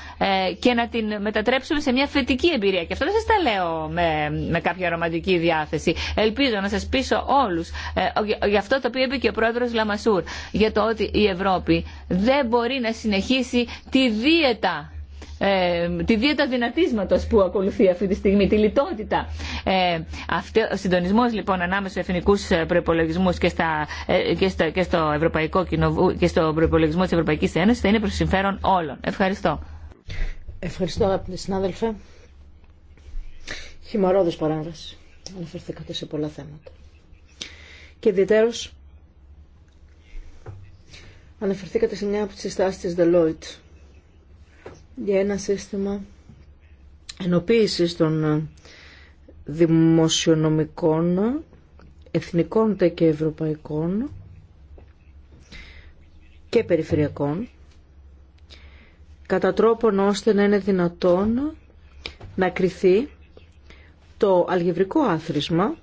και να την μετατρέψουμε σε μια θετική εμπειρία. Και αυτό δεν σα τα λέω με, με κάποια ρομαντική διάθεση. Ελπίζω να σα πείσω όλου ε, για αυτό το οποίο είπε και ο πρόεδρο Λαμασούρ. Για το ότι η Ευρώπη δεν μπορεί να συνεχίσει τη δίαιτα ε, τη δίαιτα δυνατίσματος που ακολουθεί αυτή τη στιγμή, τη λιτότητα. Ε, ο συντονισμός λοιπόν ανάμεσα στους εθνικούς ε, προϋπολογισμούς και, ε, και, στο, και, στο, Ευρωπαϊκό Κοινοβου, και στο προϋπολογισμό της Ευρωπαϊκής Ένωσης θα είναι προς συμφέρον όλων. Ευχαριστώ. Ευχαριστώ αγαπητοί συνάδελφε χυμαρόδος παράβαση. Αναφερθήκατε σε πολλά θέματα. Και ιδιαίτερως αναφερθήκατε σε μια από τις συστάσεις της Deloitte για ένα σύστημα ενοποίησης των ε, δημοσιονομικών, εθνικών και ευρωπαϊκών και περιφερειακών κατά τρόπον ώστε να είναι δυνατόν να κριθεί το αλγευρικό άθροισμα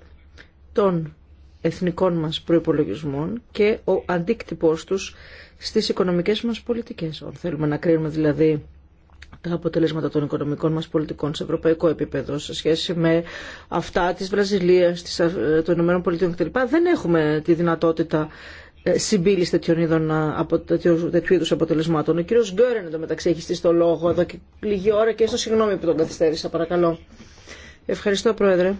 των εθνικών μας προϋπολογισμών και ο αντίκτυπός τους στις οικονομικές μας πολιτικές. Αν θέλουμε να κρίνουμε δηλαδή τα αποτελέσματα των οικονομικών μας πολιτικών σε ευρωπαϊκό επίπεδο σε σχέση με αυτά της Βραζιλίας, της, ε, των Πολιτειών κλπ. Δεν έχουμε τη δυνατότητα ε, συμπίληση τέτοιων είδων από τέτοιου είδου αποτελεσμάτων. Ο κύριος Γκέρεν μεταξύ έχει στήσει το λόγο εδώ και λίγη ώρα και έστω συγγνώμη που τον καθυστέρησα, παρακαλώ. Ευχαριστώ, Πρόεδρε.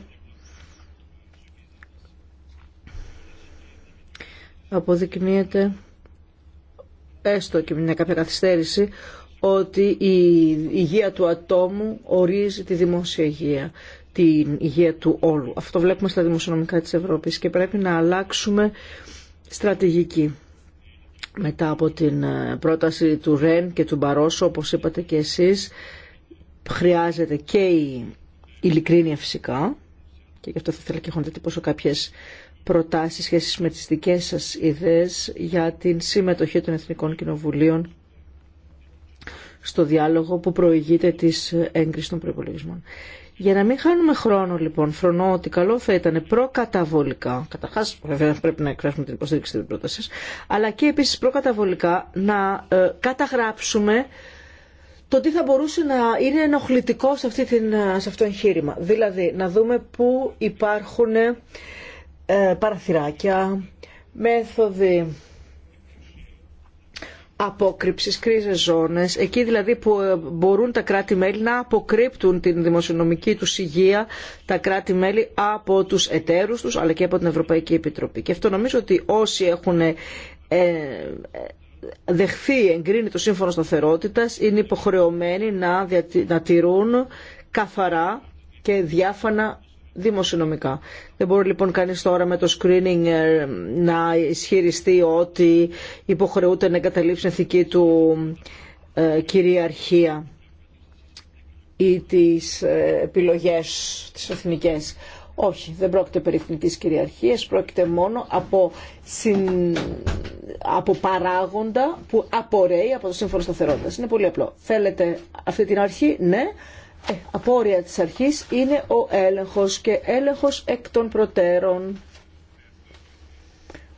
Αποδεικνύεται, έστω και με κάποια καθυστέρηση, ότι η υγεία του ατόμου ορίζει τη δημόσια υγεία, την υγεία του όλου. Αυτό βλέπουμε στα δημοσιονομικά της Ευρώπης και πρέπει να αλλάξουμε στρατηγική. Μετά από την ε, πρόταση του Ρεν και του Μπαρόσο, όπως είπατε και εσείς, χρειάζεται και η ειλικρίνεια φυσικά και γι' αυτό θα ήθελα και έχω να πόσο κάποιες προτάσεις σχέσεις με τις δικές σας ιδέες για την συμμετοχή των Εθνικών Κοινοβουλίων στο διάλογο που προηγείται της έγκρισης των προϋπολογισμών. Για να μην χάνουμε χρόνο λοιπόν, φρονώ ότι καλό θα ήταν προκαταβολικά, καταρχά βέβαια πρέπει να εκφράσουμε την υποστήριξη τη πρόταση, αλλά και επίσης προκαταβολικά να ε, καταγράψουμε το τι θα μπορούσε να είναι ενοχλητικό σε, αυτή την, ε, σε αυτό το εγχείρημα. Δηλαδή, να δούμε πού υπάρχουν ε, παραθυράκια, μέθοδοι απόκρυψης, κρίζες ζώνες, εκεί δηλαδή που ε, μπορούν τα κράτη-μέλη να αποκρύπτουν την δημοσιονομική του υγεία, τα κράτη-μέλη από τους εταίρους τους, αλλά και από την Ευρωπαϊκή Επιτροπή. Και αυτό νομίζω ότι όσοι έχουν δεχθεί, εγκρίνει το σύμφωνο σταθερότητας, είναι υποχρεωμένοι να, να τηρούν καθαρά και διάφανα δημοσιονομικά. Δεν μπορεί λοιπόν κανείς τώρα με το screening ε, να ισχυριστεί ότι υποχρεούται να εγκαταλείψει ηθική του ε, κυριαρχία ή τις ε, επιλογές τις εθνικές. Όχι, δεν πρόκειται περί εθνικής κυριαρχίας, πρόκειται μόνο από, συν... από παράγοντα που απορρέει από το σύμφωνο σταθερότητα. Είναι πολύ απλό. Θέλετε αυτή την αρχή, ναι. Ε, απόρρια της αρχής είναι ο έλεγχος και έλεγχος εκ των προτέρων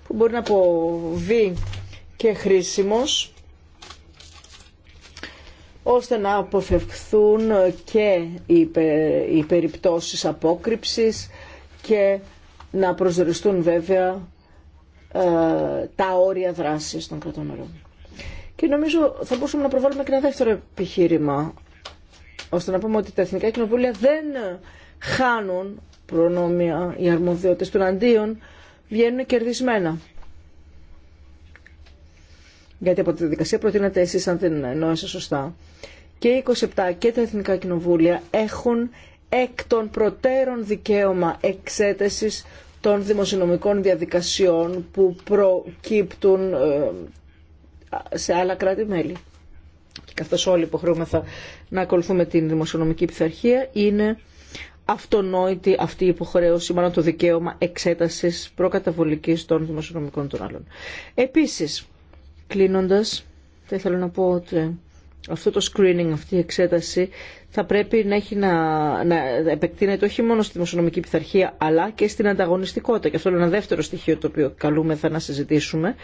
που μπορεί να αποβεί και χρήσιμος ώστε να αποφευχθούν και οι περιπτώσεις απόκρυψης και να προσδιοριστούν βέβαια ε, τα όρια δράσης των κρατών Και νομίζω θα μπορούσαμε να προβάλλουμε και ένα δεύτερο επιχείρημα, ώστε να πούμε ότι τα εθνικά κοινοβούλια δεν χάνουν προνόμια οι αρμοδιότητες των αντίων βγαίνουν κερδισμένα γιατί από τη διαδικασία προτείνατε εσείς αν την εννοώσα σωστά, και οι 27 και τα Εθνικά Κοινοβούλια έχουν εκ των προτέρων δικαίωμα εξέτασης των δημοσιονομικών διαδικασιών που προκύπτουν ε, σε άλλα κράτη-μέλη. Και καθώς όλοι υποχρεούμεθα να ακολουθούμε την δημοσιονομική πειθαρχία, είναι αυτονόητη αυτή η υποχρέωση, μάλλον το δικαίωμα εξέτασης προκαταβολικής των δημοσιονομικών των άλλων. Επίσης, Κλείνοντας, θα ήθελα να πω ότι αυτό το screening, αυτή η εξέταση θα πρέπει να, έχει να, να επεκτείνεται όχι μόνο στη δημοσιονομική πειθαρχία αλλά και στην ανταγωνιστικότητα. Και αυτό είναι ένα δεύτερο στοιχείο το οποίο θα να συζητήσουμε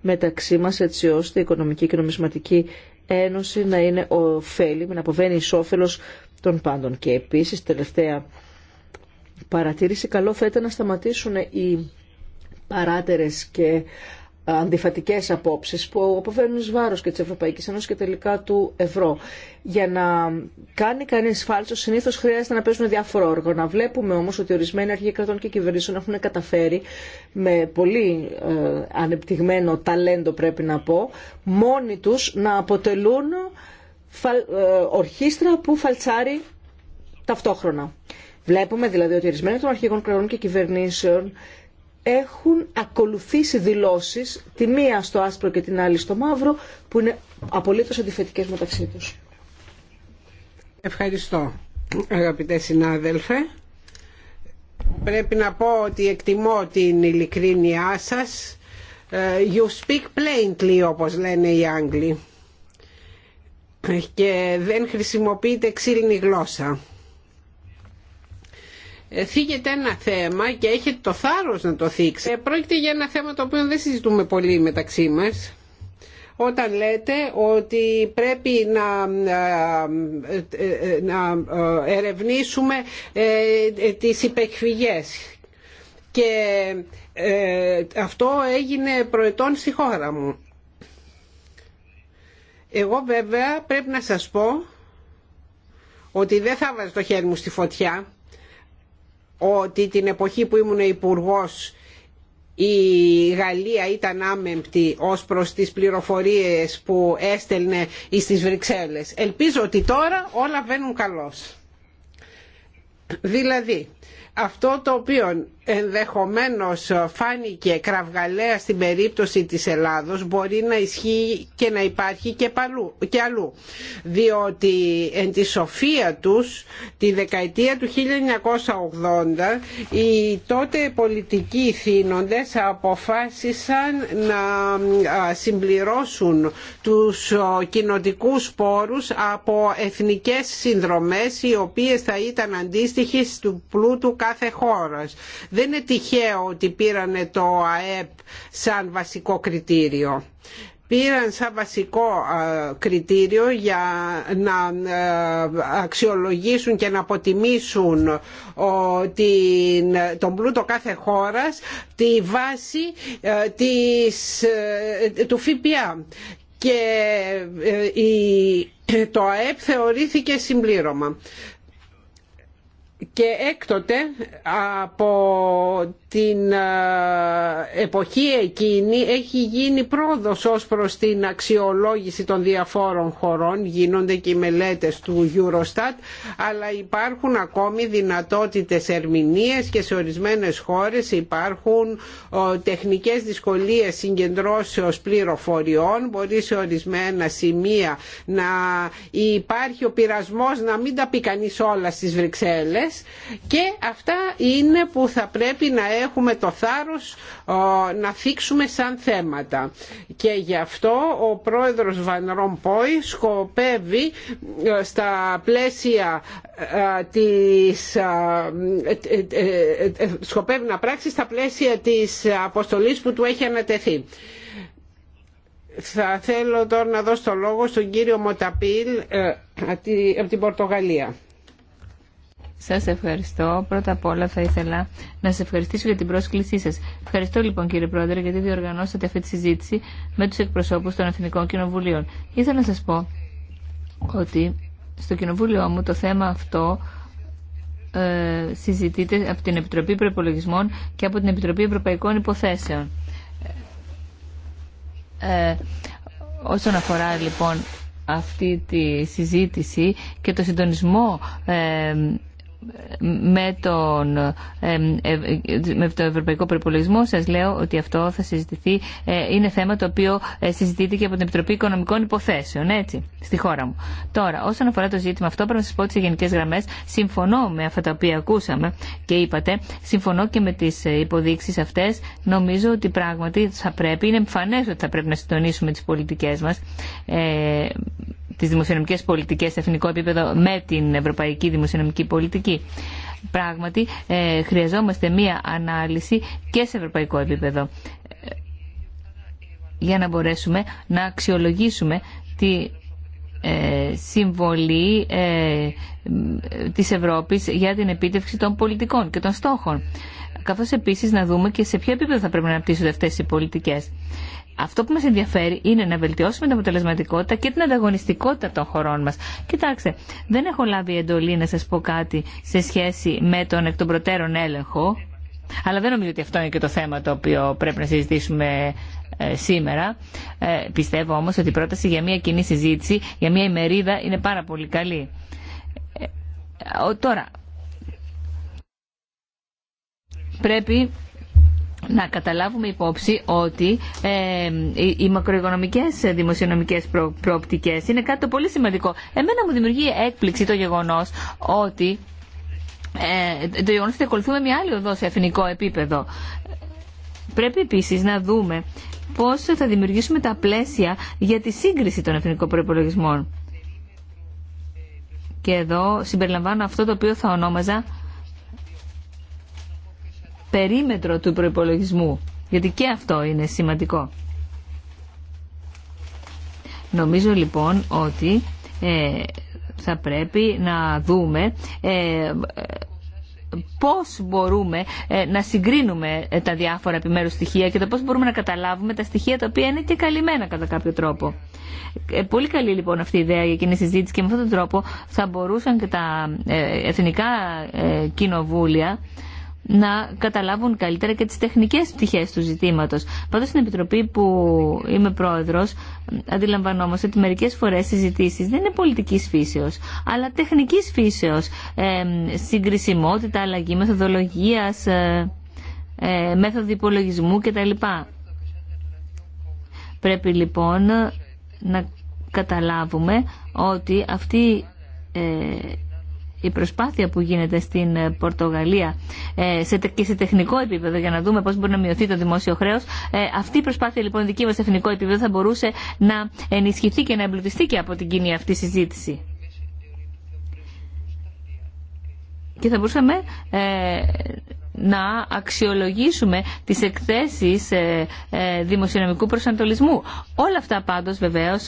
μεταξύ μας έτσι ώστε η Οικονομική και Νομισματική Ένωση να είναι ωφέλιμη, να αποβαίνει εις όφελο των πάντων. Και επίσης τελευταία παρατήρηση καλό θα ήταν να σταματήσουν οι παράτερες και Αντιφατικέ απόψει που αποφέρουν ει βάρο και τη Ευρωπαϊκή Ένωση και τελικά του ευρώ. Για να κάνει κανεί φάλσο συνήθω χρειάζεται να παίζουν διάφορα όργανα. Βλέπουμε όμω ότι ορισμένοι αρχηγοί κρατών και κυβερνήσεων έχουν καταφέρει με πολύ ε, ανεπτυγμένο ταλέντο πρέπει να πω μόνοι του να αποτελούν φαλ, ε, ορχήστρα που φαλτσάρει ταυτόχρονα. Βλέπουμε δηλαδή ότι ορισμένοι των αρχηγών κρατών και κυβερνήσεων έχουν ακολουθήσει δηλώσεις, τη μία στο άσπρο και την άλλη στο μαύρο, που είναι απολύτως αντιφετικές μεταξύ τους. Ευχαριστώ, αγαπητέ συνάδελφε. Πρέπει να πω ότι εκτιμώ την ειλικρίνειά σας. Ε, you speak plainly, όπως λένε οι Άγγλοι. Και δεν χρησιμοποιείτε ξύλινη γλώσσα. Ε, θίγεται ένα θέμα και έχετε το θάρρος να το θίξετε. Ε, πρόκειται για ένα θέμα το οποίο δεν συζητούμε πολύ μεταξύ μας όταν λέτε ότι πρέπει να, ε, να, ερευνήσουμε τις υπεκφυγές και αυτό έγινε προετών στη χώρα μου. Εγώ βέβαια πρέπει να σας πω ότι δεν θα βάζω το χέρι μου στη φωτιά ότι την εποχή που ήμουν υπουργό η Γαλλία ήταν άμεμπτη ως προς τις πληροφορίες που έστελνε στις Βρυξέλλες. Ελπίζω ότι τώρα όλα βαίνουν καλώς. Δηλαδή, αυτό το οποίο ενδεχομένως φάνηκε κραυγαλαία στην περίπτωση της Ελλάδος μπορεί να ισχύει και να υπάρχει και, παλού, και αλλού διότι εν τη σοφία τους τη δεκαετία του 1980 οι τότε πολιτικοί θύνοντες αποφάσισαν να συμπληρώσουν τους κοινοτικούς πόρους από εθνικές συνδρομές οι οποίες θα ήταν αντίστοιχες του πλούτου κάθε χώρας δεν είναι τυχαίο ότι πήρανε το ΑΕΠ σαν βασικό κριτήριο πήραν σαν βασικό κριτήριο για να ε, αξιολογήσουν και να αποτιμήσουν τον πλούτο κάθε χώρας τη βάση ε, ε, του ΦΠΑ και το ΑΕΠ θεωρήθηκε συμπλήρωμα και έκτοτε από την ε, εποχή εκείνη έχει γίνει πρόοδος ως προς την αξιολόγηση των διαφόρων χωρών γίνονται και οι μελέτες του Eurostat αλλά υπάρχουν ακόμη δυνατότητες ερμηνείες και σε ορισμένες χώρες υπάρχουν τεχνικές δυσκολίες συγκεντρώσεως πληροφοριών μπορεί σε ορισμένα σημεία να υπάρχει ο πειρασμός να μην τα πει όλα στις Βρυξέλλες και αυτά είναι που θα πρέπει να έχουμε το θάρρος να θίξουμε σαν θέματα. Και γι' αυτό ο πρόεδρος Βαν Ρομπόη σκοπεύει ε, στα πλαίσια ε, της, ε, σκοπεύει να πράξει στα πλαίσια της αποστολής που του έχει ανατεθεί. Θα θέλω τώρα να δώσω το λόγο στον κύριο Μοταπίλ από την Πορτογαλία. Σα ευχαριστώ. Πρώτα απ' όλα θα ήθελα να σα ευχαριστήσω για την πρόσκλησή σα. Ευχαριστώ λοιπόν κύριε Πρόεδρε γιατί διοργανώσατε αυτή τη συζήτηση με τους εκπροσώπους των Εθνικών Κοινοβουλίων. Ήθελα να σας πω ότι στο Κοινοβούλιο μου το θέμα αυτό ε, συζητείται από την Επιτροπή Προπολογισμών και από την Επιτροπή Ευρωπαϊκών Υποθέσεων. Ε, όσον αφορά λοιπόν αυτή τη συζήτηση και το συντονισμό ε, με, τον, ε, με το Ευρωπαϊκό Προπολογισμό σας λέω ότι αυτό θα συζητηθεί ε, είναι θέμα το οποίο ε, συζητείται και από την Επιτροπή Οικονομικών Υποθέσεων έτσι, στη χώρα μου. Τώρα, όσον αφορά το ζήτημα αυτό πρέπει να σας πω ότι σε γενικές γραμμές συμφωνώ με αυτά τα οποία ακούσαμε και είπατε συμφωνώ και με τις υποδείξεις αυτές νομίζω ότι πράγματι θα πρέπει είναι εμφανές ότι θα πρέπει να συντονίσουμε τις πολιτικές μας τις δημοσιονομικές πολιτικές σε εθνικό επίπεδο με την ευρωπαϊκή δημοσιονομική πολιτική. Πράγματι, ε, χρειαζόμαστε μία ανάλυση και σε ευρωπαϊκό επίπεδο ε, για να μπορέσουμε να αξιολογήσουμε τη ε, συμβολή ε, της Ευρώπης για την επίτευξη των πολιτικών και των στόχων. Καθώς επίσης να δούμε και σε ποιο επίπεδο θα πρέπει να αναπτύσσονται αυτές οι πολιτικές αυτό που μας ενδιαφέρει είναι να βελτιώσουμε την αποτελεσματικότητα και την ανταγωνιστικότητα των χωρών μας. Κοιτάξτε, δεν έχω λάβει εντολή να σας πω κάτι σε σχέση με τον εκ των προτέρων έλεγχο, αλλά δεν νομίζω ότι αυτό είναι και το θέμα το οποίο πρέπει να συζητήσουμε ε, σήμερα. Ε, πιστεύω όμως ότι η πρόταση για μια κοινή συζήτηση, για μια ημερίδα είναι πάρα πολύ καλή. Ε, τώρα, πρέπει να καταλάβουμε υπόψη ότι ε, οι, μακροοικονομικέ μακροοικονομικές ε, δημοσιονομικές προοπτικές είναι κάτι το πολύ σημαντικό. Εμένα μου δημιουργεί έκπληξη το γεγονός ότι ε, το γεγονός ότι ακολουθούμε μια άλλη οδό σε εθνικό επίπεδο. Πρέπει επίσης να δούμε πώς θα δημιουργήσουμε τα πλαίσια για τη σύγκριση των εθνικών προπολογισμών. Και εδώ συμπεριλαμβάνω αυτό το οποίο θα ονόμαζα περίμετρο του προϋπολογισμού, γιατί και αυτό είναι σημαντικό. Νομίζω λοιπόν ότι ε, θα πρέπει να δούμε ε, πώς μπορούμε ε, να συγκρίνουμε ε, τα διάφορα επιμέρους στοιχεία και το πώς μπορούμε να καταλάβουμε τα στοιχεία τα οποία είναι και καλυμμένα κατά κάποιο τρόπο. Ε, πολύ καλή λοιπόν αυτή η ιδέα για εκείνη τη συζήτηση και με αυτόν τον τρόπο θα μπορούσαν και τα εθνικά κοινοβούλια να καταλάβουν καλύτερα και τις τεχνικές πτυχές του ζητήματος. Πάντως στην Επιτροπή που είμαι πρόεδρος αντιλαμβανόμαστε ότι μερικές φορές συζητήσεις δεν είναι πολιτικής φύσεως αλλά τεχνικής φύσεως ε, συγκρισιμότητα, αλλαγή μεθοδολογίας ε, ε, μέθοδο υπολογισμού κτλ. Πρέπει λοιπόν να καταλάβουμε ότι αυτή ε, η προσπάθεια που γίνεται στην ε, Πορτογαλία ε, σε, και σε τεχνικό επίπεδο για να δούμε πώς μπορεί να μειωθεί το δημόσιο χρέο. Ε, αυτή η προσπάθεια λοιπόν δική μας σε επίπεδο θα μπορούσε να ενισχυθεί και να εμπλουτιστεί και από την κοινή αυτή συζήτηση. Και θα μπορούσαμε να αξιολογήσουμε τις εκθέσεις δημοσιονομικού προσανατολισμού. Όλα αυτά πάντως βεβαίως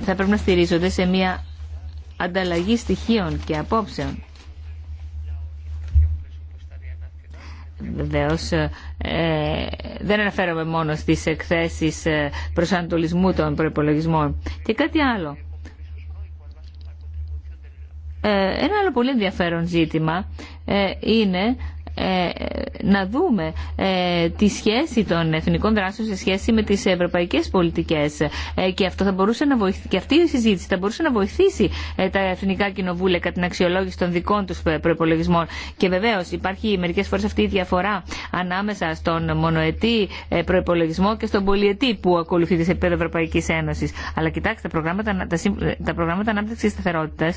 θα πρέπει να στηρίζονται σε μια ανταλλαγή στοιχείων και απόψεων. Βεβαίω, ε, δεν αναφέρομαι μόνο στις εκθέσεις ε, προσανατολισμού των προπολογισμών. Και κάτι άλλο. Ε, ένα άλλο πολύ ενδιαφέρον ζήτημα ε, είναι ε, να δούμε ε, τη σχέση των εθνικών δράσεων σε σχέση με τις ευρωπαϊκές πολιτικές ε, και, αυτό θα μπορούσε να βοηθήσει, και αυτή η συζήτηση θα μπορούσε να βοηθήσει τα εθνικά κοινοβούλια κατά την αξιολόγηση των δικών τους προπολογισμών. Και βεβαίως υπάρχει μερικές φορές αυτή η διαφορά ανάμεσα στον μονοετή προπολογισμό και στον πολιετή που ακολουθεί σε επίπεδο Ευρωπαϊκής Ένωσης. Αλλά κοιτάξτε, τα προγράμματα, τα, τα προγράμματα ανάπτυξης σταθερότητας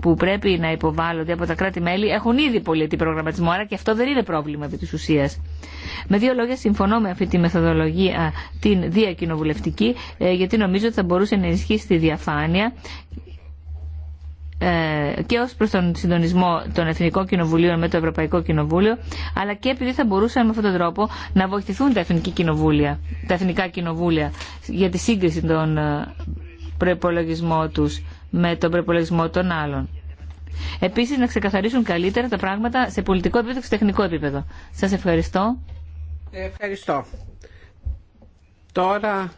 που πρέπει να υποβάλλονται από τα κράτη-μέλη έχουν ήδη πολιετή προγραμματισμό. Άρα και αυτό δεν είναι πρόβλημα επί της ουσίας. Με δύο λόγια συμφωνώ με αυτή τη μεθοδολογία την διακοινοβουλευτική ε, γιατί νομίζω ότι θα μπορούσε να ενισχύσει τη διαφάνεια ε, και ως προς τον συντονισμό των Εθνικών Κοινοβουλίων με το Ευρωπαϊκό Κοινοβούλιο αλλά και επειδή θα μπορούσαν με αυτόν τον τρόπο να βοηθηθούν τα, τα Εθνικά Κοινοβούλια για τη σύγκριση των ε, προπολογισμό τους με τον προπολογισμό των άλλων. Επίση, να ξεκαθαρίσουν καλύτερα τα πράγματα σε πολιτικό επίπεδο και σε τεχνικό επίπεδο. Σα ευχαριστώ. Ευχαριστώ. Τώρα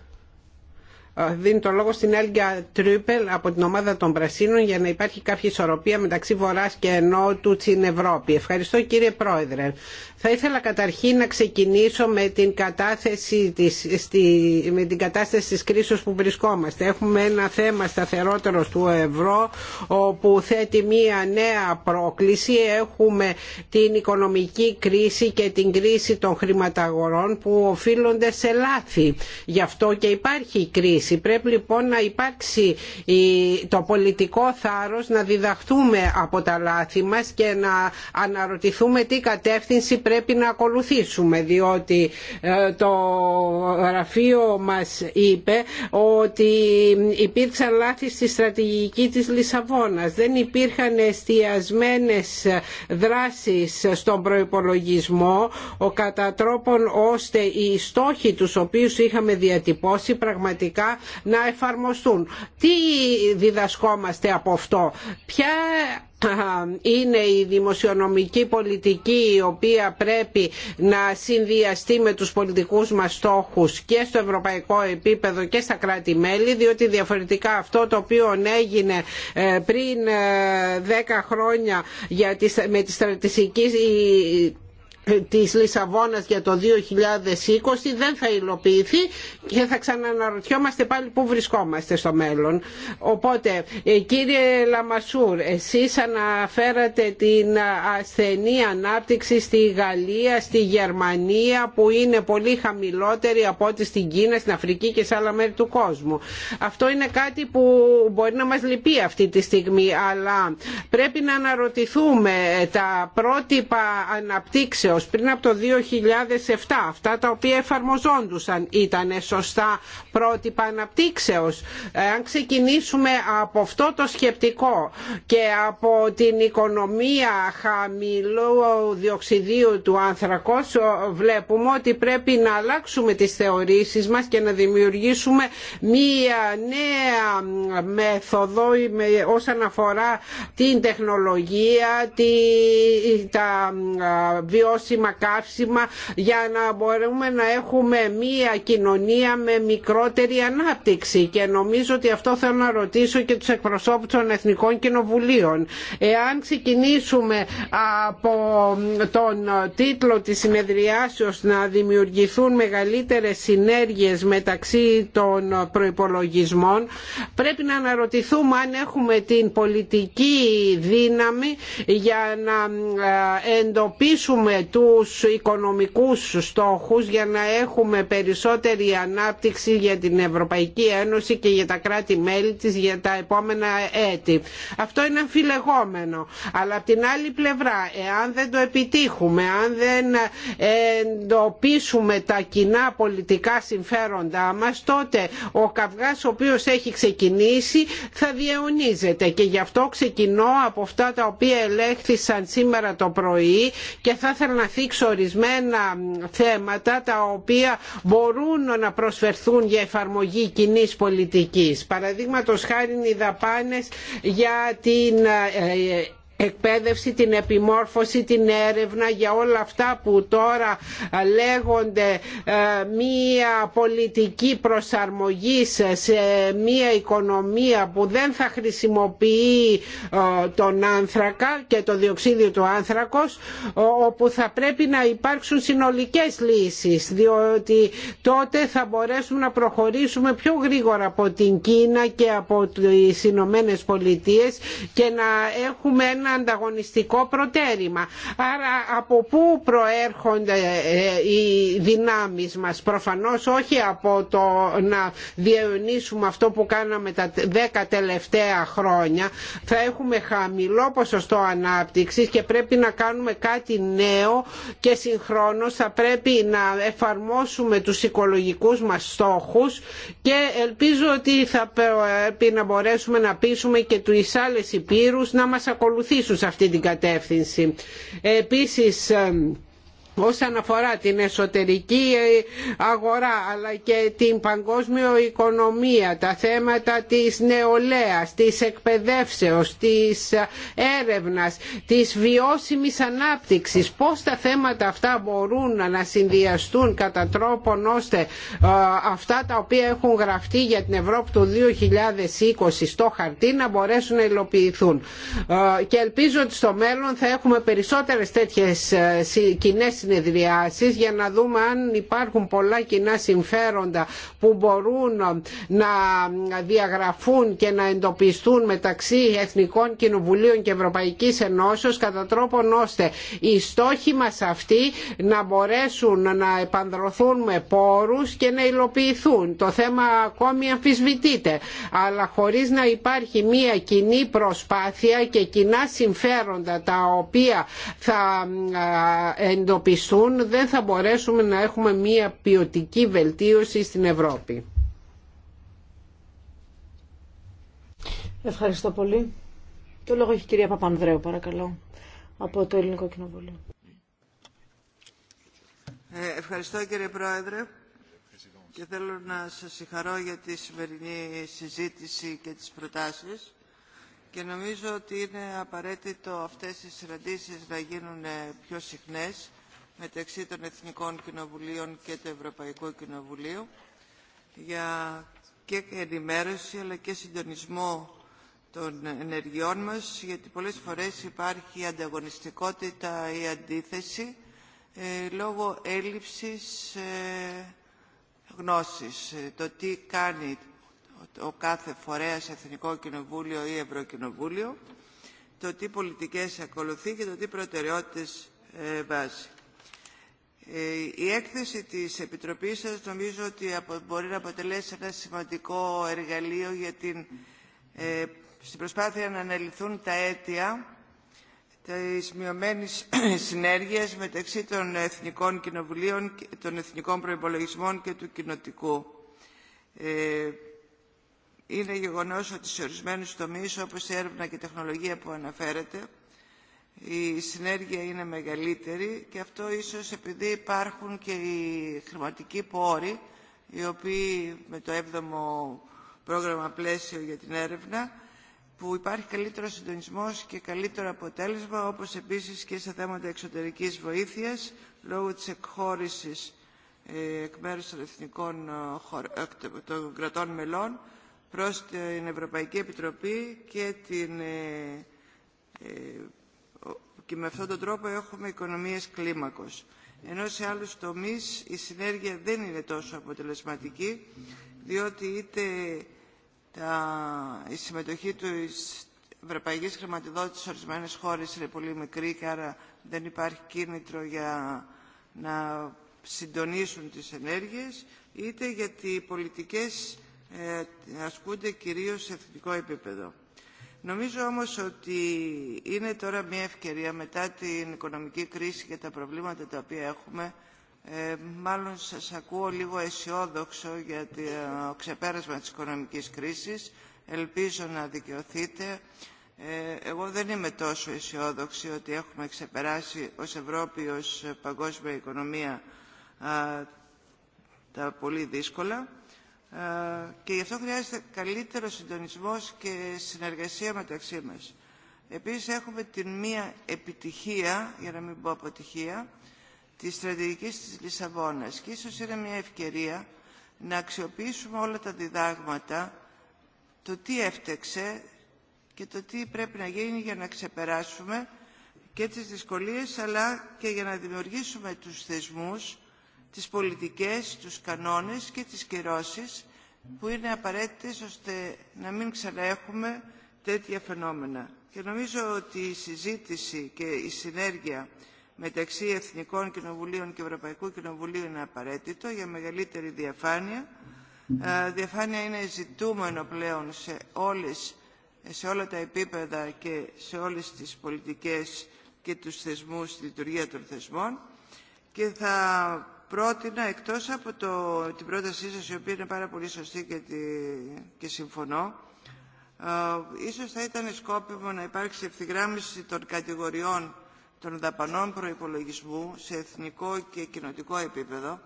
ε, δίνει το λόγο στην Έλγια Τρίπελ από την ομάδα των Πρασίνων για να υπάρχει κάποια ισορροπία μεταξύ Βορράς και Νότου στην Ευρώπη. Ευχαριστώ κύριε Πρόεδρε. Θα ήθελα καταρχήν να ξεκινήσω με την, κατάθεση της, στη, με την κατάσταση της κρίσης που βρισκόμαστε. Έχουμε ένα θέμα σταθερότερο του ευρώ όπου θέτει μία νέα πρόκληση. Έχουμε την οικονομική κρίση και την κρίση των χρηματαγορών που οφείλονται σε λάθη. Γι' αυτό και υπάρχει η κρίση Πρέπει λοιπόν να υπάρξει το πολιτικό θάρρος να διδαχθούμε από τα λάθη μας και να αναρωτηθούμε τι κατεύθυνση πρέπει να ακολουθήσουμε διότι ε, το γραφείο μας είπε ότι υπήρξαν λάθη στη στρατηγική της Λισαβόνας. Δεν υπήρχαν εστιασμένες δράσεις στον προϋπολογισμό ο κατά τρόπον ώστε οι στόχοι τους οποίους είχαμε διατυπώσει πραγματικά να εφαρμοστούν. Τι διδασκόμαστε από αυτό, ποια είναι η δημοσιονομική πολιτική η οποία πρέπει να συνδυαστεί με τους πολιτικούς μας στόχους και στο ευρωπαϊκό επίπεδο και στα κράτη-μέλη διότι διαφορετικά αυτό το οποίο έγινε ε, πριν 10 ε, χρόνια τις, με τη στρατηγική της Λισαβόνας για το 2020 δεν θα υλοποιηθεί και θα ξαναναρωτιόμαστε πάλι πού βρισκόμαστε στο μέλλον. Οπότε ε, κύριε Λαμασούρ εσείς αναφέρατε την ασθενή ανάπτυξη στη Γαλλία, στη Γερμανία που είναι πολύ χαμηλότερη από ό,τι στην Κίνα, στην Αφρική και σε άλλα μέρη του κόσμου. Αυτό είναι κάτι που μπορεί να μας λυπεί αυτή τη στιγμή αλλά πρέπει να αναρωτηθούμε ε, τα πρότυπα αναπτύξεως πριν από το 2007 αυτά τα οποία εφαρμοζόντουσαν ήταν σωστά πρότυπα αναπτύξεως. Ε, αν ξεκινήσουμε από αυτό το σκεπτικό και από την οικονομία χαμηλού διοξιδίου του άνθρακος βλέπουμε ότι πρέπει να αλλάξουμε τις θεωρήσεις μας και να δημιουργήσουμε μία νέα μέθοδο όσον αφορά την τεχνολογία, τα βιώσιμα καύσιμα για να μπορούμε να έχουμε μία κοινωνία με μικρότερη ανάπτυξη και νομίζω ότι αυτό θέλω να ρωτήσω και τους εκπροσώπους των Εθνικών Κοινοβουλίων. Εάν ξεκινήσουμε από τον τίτλο της συνεδριάσεως να δημιουργηθούν μεγαλύτερες συνέργειες μεταξύ των προϋπολογισμών πρέπει να αναρωτηθούμε αν έχουμε την πολιτική δύναμη για να εντοπίσουμε τους οικονομικούς στόχους για να έχουμε περισσότερη ανάπτυξη για την Ευρωπαϊκή Ένωση και για τα κράτη-μέλη της για τα επόμενα έτη. Αυτό είναι αμφιλεγόμενο. Αλλά από την άλλη πλευρά, εάν δεν το επιτύχουμε, αν δεν εντοπίσουμε τα κοινά πολιτικά συμφέροντά μας, τότε ο καυγάς ο οποίος έχει ξεκινήσει θα διαιωνίζεται. Και γι' αυτό ξεκινώ από αυτά τα οποία ελέγχθησαν σήμερα το πρωί και θα ήθελα να θίξω ορισμένα θέματα τα οποία μπορούν να προσφερθούν για εφαρμογή κοινή πολιτικής. Παραδείγματο χάρη οι δαπάνες για την ε, ε, εκπαίδευση, την επιμόρφωση, την έρευνα για όλα αυτά που τώρα λέγονται ε, μία πολιτική προσαρμογή σε μία οικονομία που δεν θα χρησιμοποιεί ε, τον άνθρακα και το διοξίδιο του άνθρακος όπου θα πρέπει να υπάρξουν συνολικές λύσεις διότι τότε θα μπορέσουμε να προχωρήσουμε πιο γρήγορα από την Κίνα και από τις Ηνωμένε Πολιτείες και να έχουμε ένα ανταγωνιστικό προτέρημα. Άρα από πού προέρχονται ε, οι δυνάμεις μας. Προφανώς όχι από το να διαιωνίσουμε αυτό που κάναμε τα δέκα τελευταία χρόνια. Θα έχουμε χαμηλό ποσοστό ανάπτυξης και πρέπει να κάνουμε κάτι νέο και συγχρόνως θα πρέπει να εφαρμόσουμε τους οικολογικούς μας στόχους και ελπίζω ότι θα πρέπει να μπορέσουμε να πείσουμε και του άλλες υπήρους να μας ακολουθήσουν ακολουθήσουν σε αυτή την κατεύθυνση. Επίσης όσον αφορά την εσωτερική αγορά αλλά και την παγκόσμια οικονομία, τα θέματα της νεολαίας, της εκπαιδεύσεως, της έρευνας, της βιώσιμης ανάπτυξης, πώς τα θέματα αυτά μπορούν να συνδυαστούν κατά τρόπον ώστε αυτά τα οποία έχουν γραφτεί για την Ευρώπη του 2020 στο χαρτί να μπορέσουν να υλοποιηθούν. Και ελπίζω ότι στο μέλλον θα έχουμε περισσότερες τέτοιες ε, κοινέ συνεδριάσεις για να δούμε αν υπάρχουν πολλά κοινά συμφέροντα που μπορούν να διαγραφούν και να εντοπιστούν μεταξύ Εθνικών Κοινοβουλίων και Ευρωπαϊκής Ενώσεως κατά τρόπον ώστε οι στόχοι μας αυτοί να μπορέσουν να επανδρωθούν με πόρους και να υλοποιηθούν. Το θέμα ακόμη αμφισβητείται, αλλά χωρίς να υπάρχει μία κοινή προσπάθεια και κοινά συμφέροντα τα οποία θα ε, εντοπιστούν δεν θα μπορέσουμε να έχουμε μία ποιοτική βελτίωση στην Ευρώπη. Ευχαριστώ πολύ. Το λόγο έχει η κυρία Παπανδρέου, παρακαλώ, από το Ελληνικό Κοινοβούλιο. Ε, ευχαριστώ κύριε Πρόεδρε και θέλω να σας συγχαρώ για τη σημερινή συζήτηση και τις προτάσεις και νομίζω ότι είναι απαραίτητο αυτές οι συναντήσεις να γίνουν πιο συχνές μεταξύ των Εθνικών Κοινοβουλίων και του Ευρωπαϊκού Κοινοβουλίου για και ενημέρωση αλλά και συντονισμό των ενεργειών μας γιατί πολλές φορές υπάρχει ανταγωνιστικότητα ή αντίθεση ε, λόγω έλλειψης ε, γνώσης. Ε, το τι κάνει ο κάθε φορέας Εθνικό Κοινοβούλιο ή Ευρωκοινοβούλιο, το τι πολιτικές ακολουθεί και το τι προτεραιότητες ε, βάζει. Ε, η έκθεση της Επιτροπής σας νομίζω ότι μπορεί να αποτελέσει ένα σημαντικό εργαλείο για την, ε, στην προσπάθεια να αναλυθούν τα αίτια της μειωμένης συνέργειας μεταξύ των Εθνικών Κοινοβουλίων, των Εθνικών Προϋπολογισμών και του Κοινοτικού. Ε, είναι γεγονός ότι σε ορισμένους τομείς όπως η έρευνα και η τεχνολογία που αναφέρεται η συνέργεια είναι μεγαλύτερη και αυτό ίσως επειδή υπάρχουν και οι χρηματικοί πόροι οι οποίοι με το 7ο πρόγραμμα πλαίσιο για την έρευνα που υπάρχει καλύτερο συντονισμός και καλύτερο αποτέλεσμα όπως επίσης και σε θέματα εξωτερικής βοήθειας λόγω της εκχώρησης ε, εκ μέρου των εθνικών ε, ε, των κρατών μελών προς την Ευρωπαϊκή Επιτροπή και την και με αυτόν τον τρόπο έχουμε οικονομίες κλίμακος. Ενώ σε άλλους τομείς η συνέργεια δεν είναι τόσο αποτελεσματική, διότι είτε τα, η συμμετοχή του ευρωπαϊκής χρηματοδότησης σε ορισμένες χώρες είναι πολύ μικρή και άρα δεν υπάρχει κίνητρο για να συντονίσουν τις ενέργειες, είτε γιατί οι πολιτικές ε, ασκούνται κυρίως σε εθνικό επίπεδο. Νομίζω όμως ότι είναι τώρα μια ευκαιρία μετά την οικονομική κρίση και τα προβλήματα τα οποία έχουμε ε, μάλλον σας ακούω λίγο αισιόδοξο για το ε, ξεπέρασμα της οικονομικής κρίσης. Ελπίζω να δικαιωθείτε. Ε, εγώ δεν είμαι τόσο αισιόδοξη ότι έχουμε ξεπεράσει ως Ευρώπη, ως παγκόσμια οικονομία τα πολύ δύσκολα και γι' αυτό χρειάζεται καλύτερο συντονισμός και συνεργασία μεταξύ μας. Επίσης έχουμε την μία επιτυχία, για να μην πω αποτυχία, τη στρατηγική της Λισαβόνας και ίσως είναι μια ευκαιρία να αξιοποιήσουμε όλα τα διδάγματα το τι έφτεξε και το τι πρέπει να γίνει για να ξεπεράσουμε και τις δυσκολίες αλλά και για να δημιουργήσουμε τους θεσμούς τις πολιτικές, τους κανόνες και τις κυρώσεις που είναι απαραίτητες ώστε να μην ξαναέχουμε τέτοια φαινόμενα. Και νομίζω ότι η συζήτηση και η συνέργεια μεταξύ Εθνικών Κοινοβουλίων και Ευρωπαϊκού Κοινοβουλίου είναι απαραίτητο για μεγαλύτερη διαφάνεια. Ε, διαφάνεια είναι ζητούμενο πλέον σε, όλες, σε όλα τα επίπεδα και σε όλες τις πολιτικές και τους θεσμούς, τη λειτουργία των θεσμών και θα πρότεινα εκτός από την πρότασή σας η οποία είναι πάρα πολύ σωστή και, και συμφωνώ ε, ίσως θα ήταν σκόπιμο να υπάρξει ευθυγράμμιση των κατηγοριών των δαπανών προϋπολογισμού σε εθνικό και κοινοτικό επίπεδο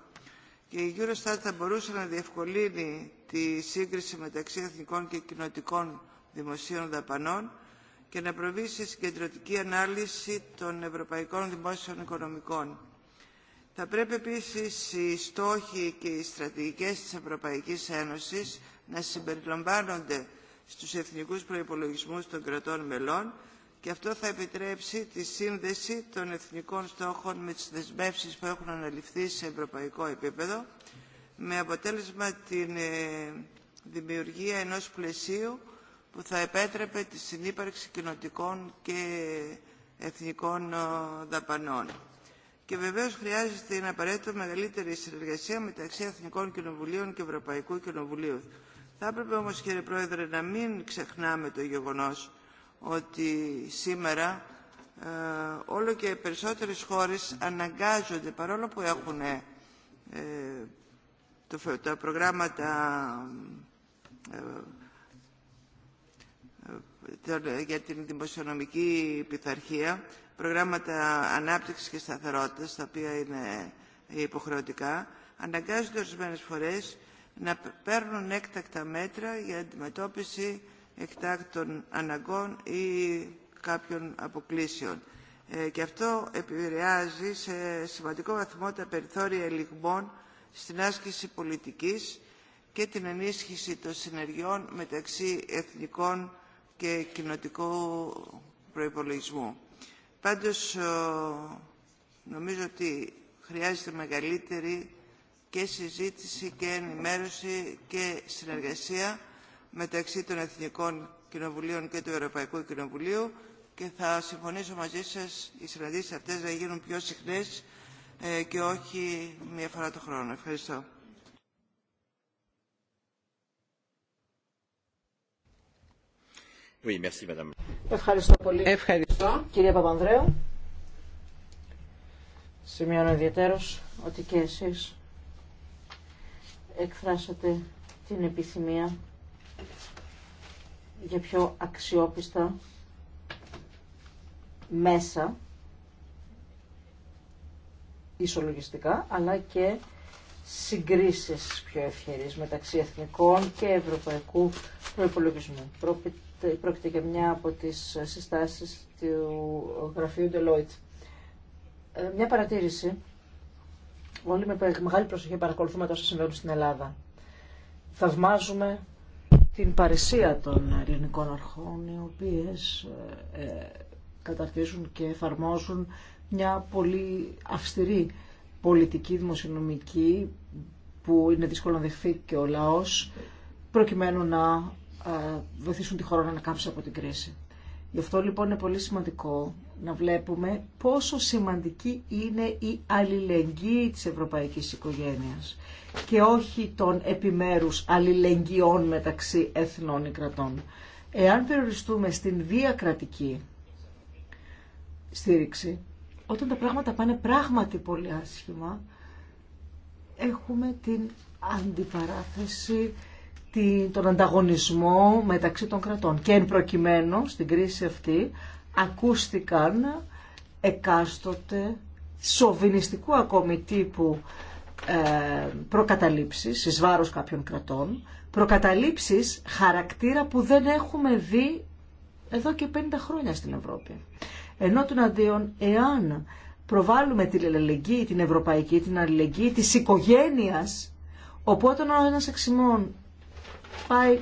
και η Eurostat θα μπορούσε να διευκολύνει τη σύγκριση μεταξύ εθνικών και κοινοτικών δημοσίων δαπανών και να προβεί σε συγκεντρωτική ανάλυση των ευρωπαϊκών δημόσιων οικονομικών. Θα πρέπει επίσης οι στόχοι και οι στρατηγικές της Ευρωπαϊκής Ένωσης να συμπεριλαμβάνονται στους εθνικούς προϋπολογισμούς των κρατών μελών και αυτό θα επιτρέψει τη σύνδεση των εθνικών στόχων με τις δεσμεύσεις που έχουν αναλυφθεί σε ευρωπαϊκό επίπεδο με αποτέλεσμα την ε, δημιουργία ενός πλαισίου που θα επέτρεπε τη συνύπαρξη κοινοτικών και εθνικών ε, δαπανών και βεβαίω χρειάζεται ένα απαραίτητο μεγαλύτερη συνεργασία μεταξύ Εθνικών Κοινοβουλίων και Ευρωπαϊκού Κοινοβουλίου. Θα έπρεπε όμω, κύριε Πρόεδρε, να μην ξεχνάμε το γεγονό ότι σήμερα ε, όλο και περισσότερε χώρε αναγκάζονται, παρόλο που έχουν ε, το, τα προγράμματα ε, ε για την δημοσιονομική πειθαρχία προγράμματα ανάπτυξης και σταθερότητας, τα οποία είναι υποχρεωτικά, αναγκάζονται ορισμένε φορές να παίρνουν έκτακτα μέτρα για αντιμετώπιση εκτάκτων αναγκών ή κάποιων αποκλήσεων. Ε, και αυτό επηρεάζει σε σημαντικό βαθμό τα περιθώρια ελιγμών στην άσκηση πολιτικής και την ενίσχυση των συνεργειών μεταξύ εθνικών και κοινοτικού προϋπολογισμού. Πάντως νομίζω ότι χρειάζεται μεγαλύτερη και συζήτηση και ενημέρωση και συνεργασία μεταξύ των Εθνικών Κοινοβουλίων και του Ευρωπαϊκού Κοινοβουλίου και θα συμφωνήσω μαζί σας οι συναντήσεις αυτές να γίνουν πιο συχνές ε, και όχι μία φορά το χρόνο. Ευχαριστώ. Ευχαριστώ πολύ. Ευχαριστώ. Κυρία Παπανδρέου. Σημειώνω ιδιαίτερος ότι και εσείς εκφράσατε την επιθυμία για πιο αξιόπιστα μέσα ισολογιστικά, αλλά και συγκρίσεις πιο ευχαίρεις μεταξύ εθνικών και ευρωπαϊκού προϋπολογισμού πρόκειται για μια από τις συστάσεις του γραφείου Deloitte. Ε, μια παρατήρηση. Όλοι με μεγάλη προσοχή παρακολουθούμε τόσα συμβαίνουν στην Ελλάδα. Θαυμάζουμε την παρεσία των ελληνικών αρχών, οι οποίες ε, ε, καταρτίζουν και εφαρμόζουν μια πολύ αυστηρή πολιτική δημοσιονομική που είναι δύσκολο να δεχθεί και ο λαός προκειμένου να βοηθήσουν τη χώρα να ανακάμψει από την κρίση. Γι' αυτό λοιπόν είναι πολύ σημαντικό να βλέπουμε πόσο σημαντική είναι η αλληλεγγύη της ευρωπαϊκής οικογένειας και όχι των επιμέρους αλληλεγγύων μεταξύ εθνών ή κρατών. Εάν περιοριστούμε στην διακρατική στήριξη, όταν τα πράγματα πάνε πράγματι πολύ άσχημα, έχουμε την αντιπαράθεση τον ανταγωνισμό μεταξύ των κρατών. Και εν προκειμένου στην κρίση αυτή ακούστηκαν εκάστοτε σοβινιστικού ακόμη τύπου ε, προκαταλήψεις εις βάρος κάποιων κρατών, προκαταλήψεις χαρακτήρα που δεν έχουμε δει εδώ και 50 χρόνια στην Ευρώπη. Ενώ τον αντίον, εάν προβάλλουμε την αλληλεγγύη, την ευρωπαϊκή, την αλληλεγγύη της οικογένειας, οπότε ο ένας εξημών πάει,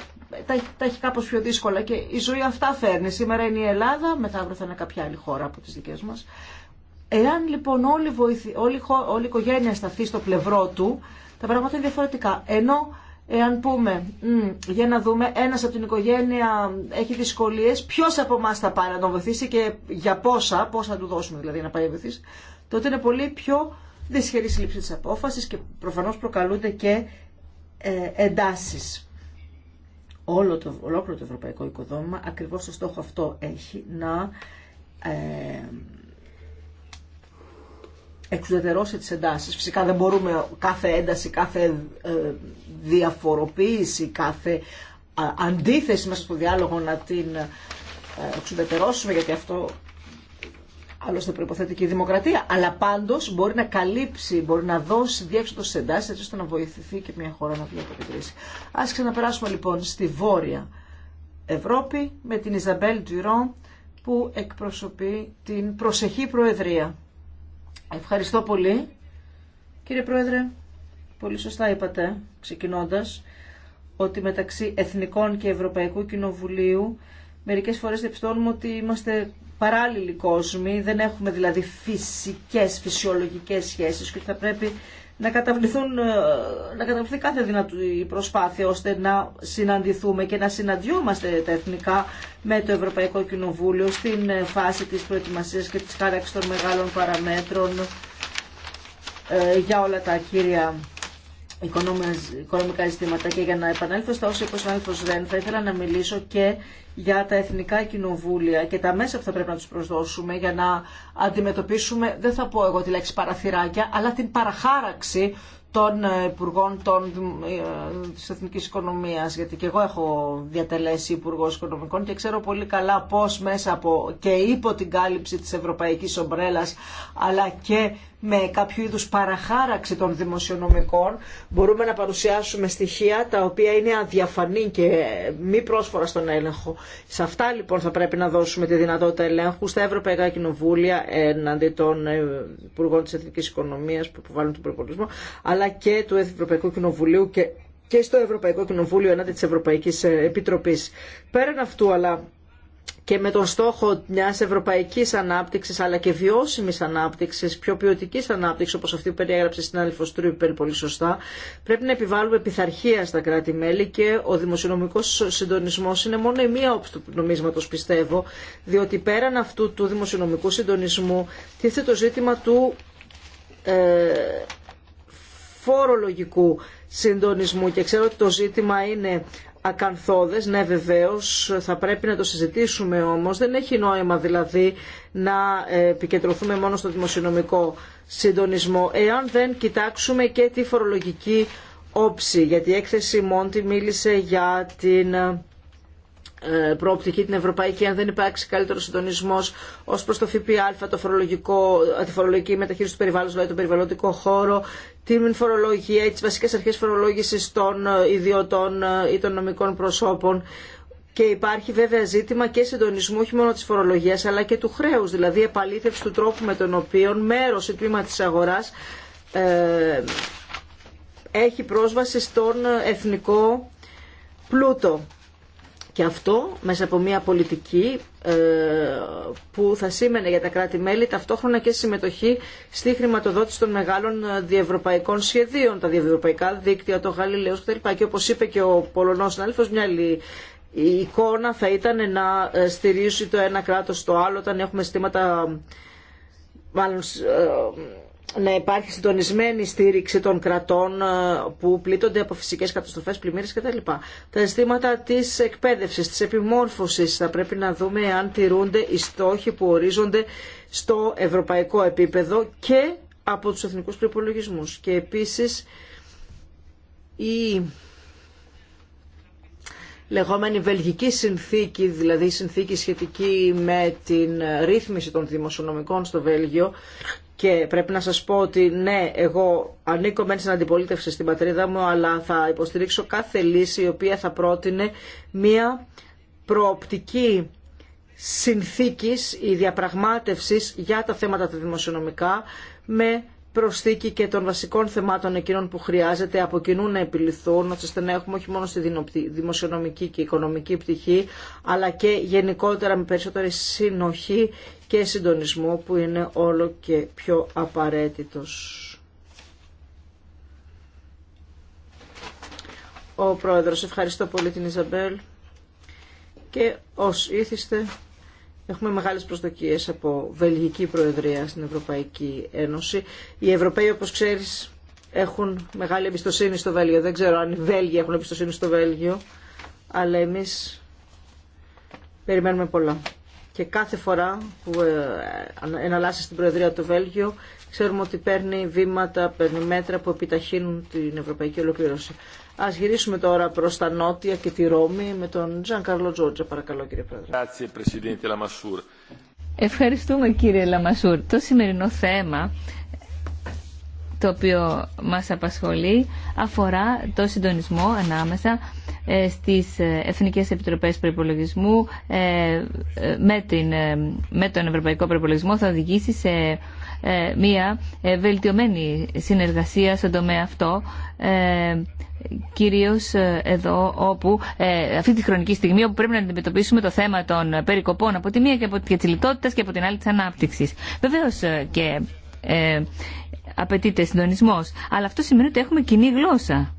τα, τα έχει κάπως πιο δύσκολα και η ζωή αυτά φέρνει. Σήμερα είναι η Ελλάδα, μεθαύριο θα είναι κάποια άλλη χώρα από τις δικές μας. Εάν λοιπόν όλη, βοηθη, όλη, όλη η οικογένεια σταθεί στο πλευρό του, τα πράγματα είναι διαφορετικά. Ενώ εάν πούμε, για να δούμε, ένας από την οικογένεια έχει δυσκολίες, ποιος από εμά θα πάει να τον βοηθήσει και για πόσα, πόσα θα του δώσουμε δηλαδή να πάει να βοηθήσει, τότε είναι πολύ πιο δυσχερή η λήψη της απόφασης και προφανώς προκαλούνται και ε, εντάσεις όλο το, ολόκληρο το ευρωπαϊκό οικοδόμημα ακριβώς το στόχο αυτό έχει να ε, εξουδετερώσει τις εντάσεις. Φυσικά δεν μπορούμε κάθε ένταση, κάθε ε, διαφοροποίηση, κάθε αντίθεση μέσα στο διάλογο να την ε, εξουδετερώσουμε γιατί αυτό Άλλωστε προποθέτει και η δημοκρατία. Αλλά πάντω μπορεί να καλύψει, μπορεί να δώσει διέξοδο το εντάσει έτσι ώστε να βοηθηθεί και μια χώρα να βγει από την κρίση. Α ξαναπεράσουμε λοιπόν στη βόρεια Ευρώπη με την Ιζαμπέλ Τζιρόν που εκπροσωπεί την προσεχή Προεδρία. Ευχαριστώ πολύ. Κύριε Πρόεδρε, πολύ σωστά είπατε, ξεκινώντας, ότι μεταξύ Εθνικών και Ευρωπαϊκού Κοινοβουλίου μερικές φορές διαπιστώνουμε ότι είμαστε παράλληλοι κόσμοι, δεν έχουμε δηλαδή φυσικές, φυσιολογικές σχέσεις και θα πρέπει να, καταβληθούν, ε, να καταβληθεί κάθε δυνατή προσπάθεια ώστε να συναντηθούμε και να συναντιόμαστε τα εθνικά με το Ευρωπαϊκό Κοινοβούλιο στην ε, φάση της προετοιμασίας και της χάραξης των μεγάλων παραμέτρων ε, για όλα τα κύρια οικονομικά ζητήματα. Και για να επανέλθω στα όσα είπε ο συνάδελφο Ρεν, θα ήθελα να μιλήσω και για τα εθνικά κοινοβούλια και τα μέσα που θα πρέπει να του προσδώσουμε για να αντιμετωπίσουμε, δεν θα πω εγώ τη λέξη παραθυράκια, αλλά την παραχάραξη των ε, υπουργών τη ε, της εθνικής οικονομίας γιατί και εγώ έχω διατελέσει υπουργό οικονομικών και ξέρω πολύ καλά πως μέσα από και υπό την κάλυψη της ευρωπαϊκής ομπρέλας αλλά και με κάποιο είδους παραχάραξη των δημοσιονομικών μπορούμε να παρουσιάσουμε στοιχεία τα οποία είναι αδιαφανή και μη πρόσφορα στον έλεγχο. Σε αυτά λοιπόν θα πρέπει να δώσουμε τη δυνατότητα ελέγχου στα Ευρωπαϊκά Κοινοβούλια εναντί των ε, Υπουργών της Εθνικής Οικονομίας που υποβάλλουν τον προπολισμό αλλά και του Ευρωπαϊκού Κοινοβουλίου και και στο Ευρωπαϊκό Κοινοβούλιο ενάντια της Ευρωπαϊκής ε, Επιτροπής. Πέραν αυτού αλλά και με τον στόχο μιας ευρωπαϊκής ανάπτυξης αλλά και βιώσιμης ανάπτυξης, πιο ποιοτικής ανάπτυξης όπως αυτή που περιέγραψε στην Άλφος πέρι πολύ σωστά, πρέπει να επιβάλλουμε πειθαρχία στα κράτη-μέλη και ο δημοσιονομικός συντονισμός είναι μόνο η μία όψη του νομίσματος πιστεύω, διότι πέραν αυτού του δημοσιονομικού συντονισμού τίθεται το ζήτημα του ε, φορολογικού συντονισμού και ξέρω ότι το ζήτημα είναι ακανθώδες, ναι βεβαίως, θα πρέπει να το συζητήσουμε όμως. Δεν έχει νόημα δηλαδή να επικεντρωθούμε μόνο στο δημοσιονομικό συντονισμό, εάν δεν κοιτάξουμε και τη φορολογική όψη, γιατί η έκθεση Μόντι μίλησε για την ε, προοπτική την ευρωπαϊκή, αν δεν υπάρξει καλύτερο συντονισμό ω προ το ΦΠΑ, το φορολογικό, τη φορολογική μεταχείριση του περιβάλλοντο, δηλαδή τον περιβαλλοντικό χώρο, την φορολογία ή τις βασικές αρχές φορολόγησης των ε, ιδιωτών ε, ή των νομικών προσώπων. Και υπάρχει βέβαια ζήτημα και συντονισμού όχι μόνο της φορολογίας αλλά και του χρέους, δηλαδή επαλήθευση του τρόπου με τον οποίο μέρος ή τμήμα της αγοράς ε, έχει πρόσβαση στον εθνικό πλούτο. Και αυτό μέσα από μια πολιτική ε, που θα σήμαινε για τα κράτη-μέλη ταυτόχρονα και συμμετοχή στη χρηματοδότηση των μεγάλων ε, διευρωπαϊκών σχεδίων, τα διευρωπαϊκά δίκτυα, το Γαλιλαίο κτλ. Και όπω είπε και ο Πολωνός συνάδελφο, μια άλλη η εικόνα θα ήταν να ε, στηρίζει το ένα κράτος το άλλο όταν έχουμε στήματα μάλλον να υπάρχει συντονισμένη στήριξη των κρατών ε, που πλήττονται από φυσικές καταστροφέ πλημμύρες κτλ. Τα αισθήματα της εκπαίδευση, της επιμόρφωσης θα πρέπει να δούμε αν τηρούνται οι στόχοι που ορίζονται στο ευρωπαϊκό επίπεδο και από τους εθνικού προπολογισμού. Και επίσης η λεγόμενη βελγική συνθήκη, δηλαδή η συνθήκη σχετική με την ρύθμιση των δημοσιονομικών στο Βέλγιο, και πρέπει να σας πω ότι ναι, εγώ ανήκω μεν στην αντιπολίτευση στην πατρίδα μου, αλλά θα υποστηρίξω κάθε λύση η οποία θα πρότεινε μία προοπτική συνθήκης η διαπραγμάτευσης για τα θέματα τα δημοσιονομικά με προσθήκη και των βασικών θεμάτων εκείνων που χρειάζεται από κοινού να επιληθούν, ώστε να έχουμε όχι μόνο στη δημοσιονομική και οικονομική πτυχή, αλλά και γενικότερα με περισσότερη συνοχή και συντονισμό που είναι όλο και πιο απαραίτητος. Ο Πρόεδρος, ευχαριστώ πολύ την Ιζαμπέλ και ως ήθιστε Έχουμε μεγάλες προσδοκίες από Βελγική Προεδρία στην Ευρωπαϊκή Ένωση. Οι Ευρωπαίοι, όπως ξέρεις, έχουν μεγάλη εμπιστοσύνη στο Βέλγιο. Δεν ξέρω αν οι Βέλγοι έχουν εμπιστοσύνη στο Βέλγιο, αλλά εμείς περιμένουμε πολλά. Και κάθε φορά που ε, εναλλάσσεις την Προεδρία του Βέλγιο, ξέρουμε ότι παίρνει βήματα, παίρνει μέτρα που επιταχύνουν την ευρωπαϊκή ολοκλήρωση. Ας γυρίσουμε τώρα προς τα νότια και τη Ρώμη με τον Τζαν Καρλο Τζότζα, παρακαλώ κύριε Πρόεδρε. Ευχαριστούμε κύριε Λαμασούρ. Το σημερινό θέμα το οποίο μας απασχολεί αφορά το συντονισμό ανάμεσα ε, στις ε, Εθνικές Επιτροπές Προϋπολογισμού ε, με, την, με τον Ευρωπαϊκό Προϋπολογισμό θα οδηγήσει σε ε, μια ε, βελτιωμένη συνεργασία στον τομέα αυτό, ε, κυρίως εδώ όπου αυτή τη χρονική στιγμή όπου πρέπει να αντιμετωπίσουμε το θέμα των περικοπών από τη μία και από τη λιτότητα και από την άλλη της ανάπτυξης. Βεβαίως και απαιτείται συντονισμός, αλλά αυτό σημαίνει ότι έχουμε κοινή γλώσσα.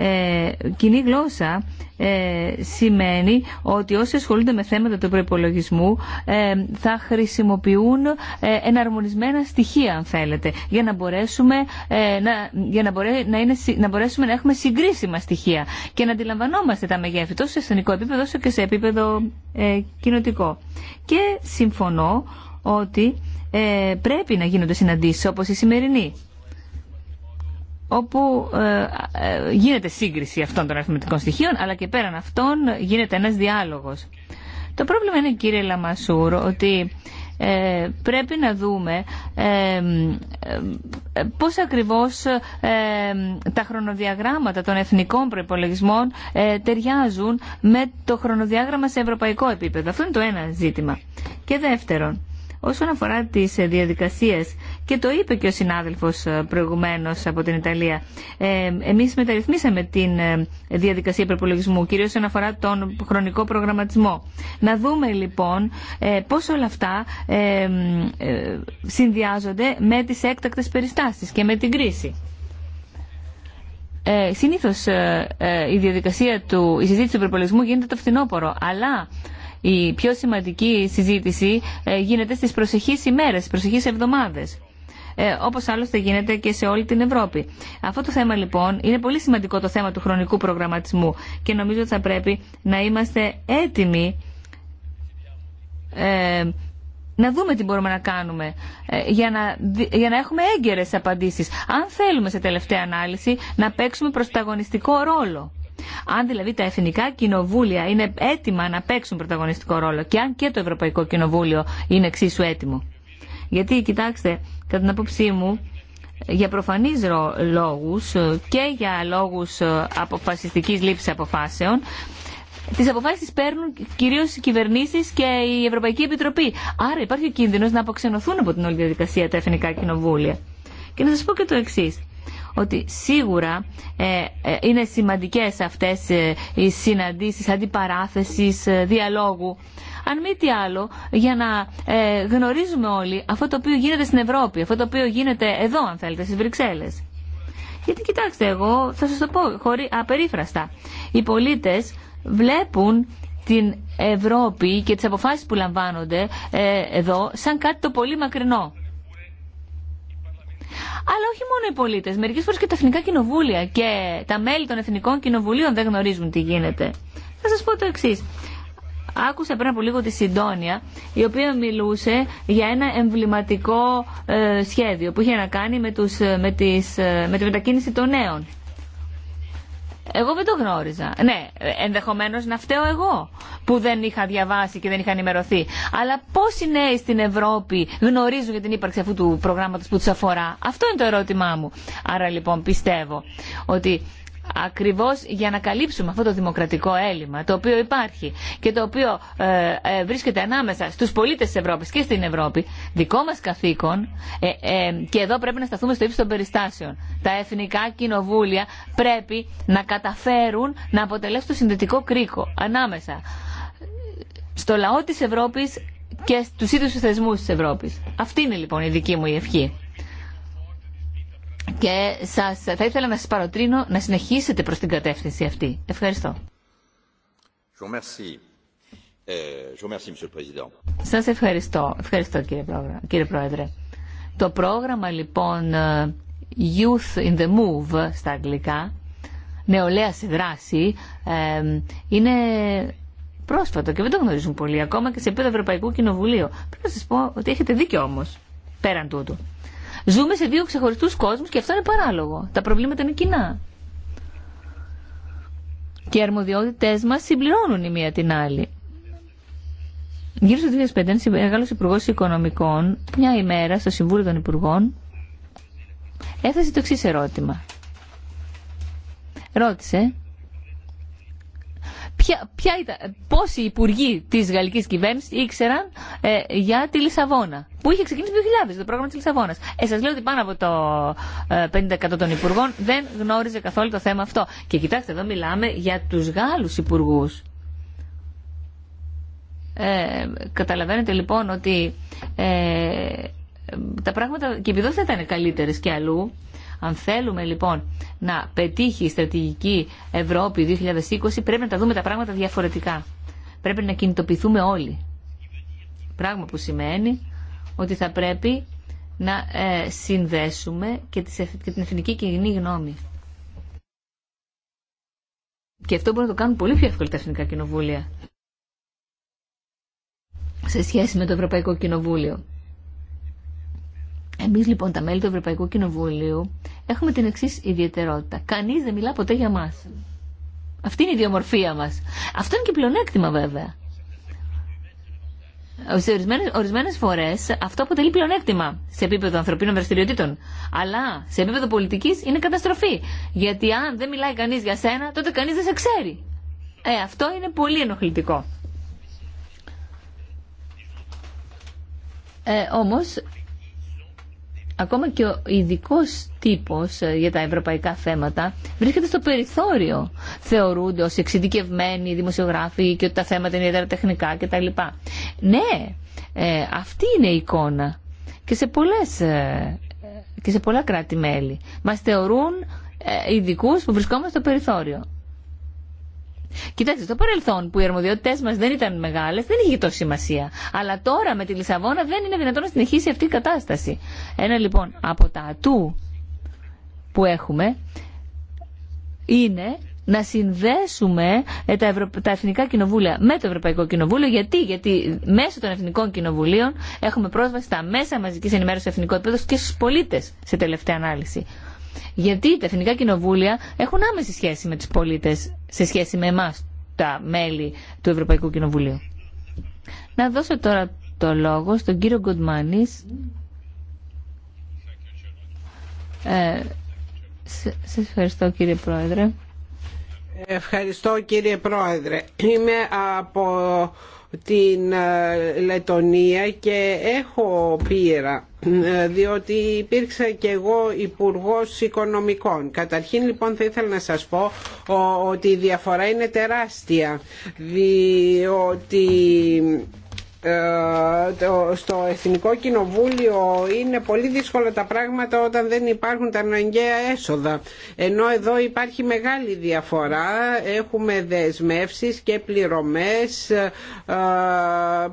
Ε, κοινή γλώσσα ε, σημαίνει ότι όσοι ασχολούνται με θέματα του προπολογισμού ε, θα χρησιμοποιούν ε, εναρμονισμένα στοιχεία, αν θέλετε, για να μπορέσουμε, ε, να, για να, μπορέ, να, είναι, να μπορέσουμε να έχουμε συγκρίσιμα στοιχεία και να αντιλαμβανόμαστε τα μεγέθη τόσο σε εθνικό επίπεδο όσο και σε επίπεδο ε, κοινοτικό. Και συμφωνώ ότι πρέπει να γίνονται συναντήσεις όπως η σημερινή όπου ε, ε, γίνεται σύγκριση αυτών των αριθμητικών στοιχείων, αλλά και πέραν αυτών γίνεται ένας διάλογος. Το πρόβλημα είναι, κύριε Λαμασούρ, ότι ε, πρέπει να δούμε ε, ε, πώς ακριβώς τα χρονοδιαγράμματα των εθνικών προϋπολογισμών ταιριάζουν με το χρονοδιάγραμμα σε ευρωπαϊκό επίπεδο. Αυτό είναι το ένα ζήτημα. Και δεύτερον, όσον αφορά τις ε, διαδικασίες και το είπε και ο συνάδελφος ε, προηγουμένως από την Ιταλία ε, εμείς μεταρρυθμίσαμε την ε, διαδικασία προπολογισμού κυρίως όσον αφορά τον χρονικό προγραμματισμό να δούμε λοιπόν ε, πώς όλα αυτά συνδυάζονται με τις έκτακτες περιστάσεις και με την κρίση ε, συνήθως η διαδικασία του, η συζήτηση του προπολογισμού γίνεται το φθινόπωρο, αλλά η πιο σημαντική συζήτηση ε, γίνεται στις προσεχείς ημέρες, στις προσεχείς εβδομάδες. Ε, όπως άλλωστε γίνεται και σε όλη την Ευρώπη. Αυτό το θέμα λοιπόν είναι πολύ σημαντικό το θέμα του χρονικού προγραμματισμού και νομίζω ότι θα πρέπει να είμαστε έτοιμοι ε, να δούμε τι μπορούμε να κάνουμε ε, για να, για να έχουμε έγκαιρες απαντήσεις. Αν θέλουμε σε τελευταία ανάλυση να παίξουμε προσταγωνιστικό ρόλο. Αν δηλαδή τα εθνικά κοινοβούλια είναι έτοιμα να παίξουν πρωταγωνιστικό ρόλο και αν και το Ευρωπαϊκό Κοινοβούλιο είναι εξίσου έτοιμο. Γιατί, κοιτάξτε, κατά την απόψή μου, για προφανείς λόγους και για λόγους ε, αποφασιστικής λήψης αποφάσεων, τι αποφάσει παίρνουν κυρίω οι κυβερνήσει και η Ευρωπαϊκή Επιτροπή. Άρα υπάρχει ο κίνδυνο να αποξενωθούν από την όλη διαδικασία τα εθνικά κοινοβούλια. Και να σα πω και το εξή ότι σίγουρα ε, ε, είναι σημαντικές αυτές ε, οι συναντήσεις αντιπαράθεσης, διαλόγου. Αν μη τι άλλο, για να γνωρίζουμε όλοι αυτό το οποίο γίνεται στην Ευρώπη, αυτό το οποίο γίνεται εδώ, αν θέλετε, στις Βρυξέλλες. Γιατί κοιτάξτε, εγώ θα σας το πω χωρί, απερίφραστα. Οι πολίτες βλέπουν την Ευρώπη και τις αποφάσεις που λαμβάνονται εδώ σαν κάτι το πολύ μακρινό. Αλλά όχι μόνο οι πολίτε. Μερικέ φορέ και τα εθνικά κοινοβούλια και τα μέλη των εθνικών κοινοβουλίων δεν γνωρίζουν τι γίνεται. Θα σα πω το εξή. Άκουσα πριν από λίγο τη Συντόνια, η οποία μιλούσε για ένα εμβληματικό ε, σχέδιο που είχε να κάνει με, τους, ε, με, τις, ε, με τη μετακίνηση των νέων. Εγώ δεν το γνώριζα. Ναι, ενδεχομένως να φταίω εγώ που δεν είχα διαβάσει και δεν είχα ενημερωθεί. Αλλά πόσοι νέοι στην Ευρώπη γνωρίζουν για την ύπαρξη αυτού του προγράμματο που του αφορά. Αυτό είναι το ερώτημά μου. Άρα λοιπόν πιστεύω ότι ακριβώς για να καλύψουμε αυτό το δημοκρατικό έλλειμμα το οποίο υπάρχει και το οποίο ε, ε, βρίσκεται ανάμεσα στους πολίτες της Ευρώπης και στην Ευρώπη, δικό μας καθήκον ε, και εδώ πρέπει να σταθούμε στο ύψος των περιστάσεων. Τα εθνικά κοινοβούλια πρέπει να καταφέρουν να αποτελέσουν το συνδετικό κρίκο ανάμεσα στο λαό της Ευρώπης και στους ίδιους θεσμούς της Ευρώπης. Αυτή είναι λοιπόν η δική μου η ευχή και σας, θα ήθελα να σας παροτρύνω να συνεχίσετε προς την κατεύθυνση αυτή. Ευχαριστώ. Ε, σας ευχαριστώ. Ευχαριστώ κύριε, Πρόεδρε. Το πρόγραμμα λοιπόν ε, Youth in the Move στα αγγλικά, νεολαία σε δράση, ε, είναι πρόσφατο και δεν το γνωρίζουν πολύ ακόμα και σε επίπεδο Ευρωπαϊκού Κοινοβουλίου. Πρέπει να σας πω ότι έχετε δίκιο όμως, πέραν τούτου. Ζούμε σε δύο ξεχωριστούς κόσμους και αυτό είναι παράλογο. Τα προβλήματα είναι κοινά. Και οι αρμοδιότητες μας συμπληρώνουν η μία την άλλη. Γύρω στο 2005, ένα μεγάλο υπουργός οικονομικών, μια ημέρα στο Συμβούλιο των Υπουργών, έθεσε το εξή ερώτημα. Ρώτησε ποια, ποια ήταν, πόσοι υπουργοί τη γαλλική κυβέρνηση ήξεραν ε, για τη Λισαβόνα. Που είχε ξεκινήσει το 2000 το πρόγραμμα τη Λισαβόνα. Ε, σα λέω ότι πάνω από το 50% ε, των υπουργών δεν γνώριζε καθόλου το θέμα αυτό. Και κοιτάξτε, εδώ μιλάμε για του Γάλλου υπουργού. Ε, καταλαβαίνετε λοιπόν ότι ε, τα πράγματα και επειδή δεν ήταν καλύτερε και αλλού. Αν θέλουμε λοιπόν να πετύχει η στρατηγική Ευρώπη 2020, πρέπει να τα δούμε τα πράγματα διαφορετικά. Πρέπει να κινητοποιηθούμε όλοι. Πράγμα που σημαίνει ότι θα πρέπει να ε, συνδέσουμε και την εθνική κοινή γνώμη. Και αυτό μπορεί να το κάνουν πολύ πιο εύκολα τα εθνικά κοινοβούλια σε σχέση με το Ευρωπαϊκό Κοινοβούλιο. Εμείς λοιπόν τα μέλη του Ευρωπαϊκού Κοινοβουλίου έχουμε την εξή ιδιαιτερότητα. Κανεί δεν μιλά ποτέ για μα. Αυτή είναι η ιδιομορφία μα. Αυτό είναι και πλεονέκτημα βέβαια. Σε ορισμένες, φορές αυτό αποτελεί πλεονέκτημα σε επίπεδο ανθρωπίνων δραστηριοτήτων. Αλλά σε επίπεδο πολιτικής είναι καταστροφή. Γιατί αν δεν μιλάει κανείς για σένα, τότε κανείς δεν σε ξέρει. Ε, αυτό είναι πολύ ενοχλητικό. Ε, όμως ακόμα και ο ειδικό τύπος ε, για τα ευρωπαϊκά θέματα βρίσκεται στο περιθώριο. Θεωρούνται ως εξειδικευμένοι δημοσιογράφοι και ότι τα θέματα είναι ιδιαίτερα τεχνικά κτλ. Ναι, ε, αυτή είναι η εικόνα και σε, πολλές, ε, και σε πολλά κράτη-μέλη. Μας θεωρούν ειδικού που βρισκόμαστε στο περιθώριο. Κοιτάξτε, στο παρελθόν που οι αρμοδιότητέ μα δεν ήταν μεγάλε, δεν είχε τόση σημασία. Αλλά τώρα με τη Λισαβόνα δεν είναι δυνατόν να συνεχίσει αυτή η κατάσταση. Ένα λοιπόν από τα ατού που έχουμε είναι να συνδέσουμε ε, τα, τα εθνικά κοινοβούλια με το Ευρωπαϊκό Κοινοβούλιο. Γιατί? Γιατί μέσω των εθνικών κοινοβουλίων έχουμε πρόσβαση στα μέσα μαζική ενημέρωση εθνικό επίπεδο και στου πολίτε σε τελευταία ανάλυση. Γιατί τα εθνικά κοινοβούλια έχουν άμεση σχέση με τους πολίτες σε σχέση με εμάς τα μέλη του Ευρωπαϊκού Κοινοβουλίου. Να δώσω τώρα το λόγο στον κύριο Γκοντμάνης. Ε, σε ευχαριστώ κύριε Πρόεδρε. Ευχαριστώ κύριε Πρόεδρε. Είμαι από την ε, Λετωνία και έχω πείρα διότι υπήρξα και εγώ υπουργό Οικονομικών. Καταρχήν λοιπόν θα ήθελα να σας πω ότι η διαφορά είναι τεράστια διότι ε, στο Εθνικό Κοινοβούλιο είναι πολύ δύσκολα τα πράγματα όταν δεν υπάρχουν τα αναγκαία έσοδα ενώ εδώ υπάρχει μεγάλη διαφορά έχουμε δεσμεύσεις και πληρωμές ε,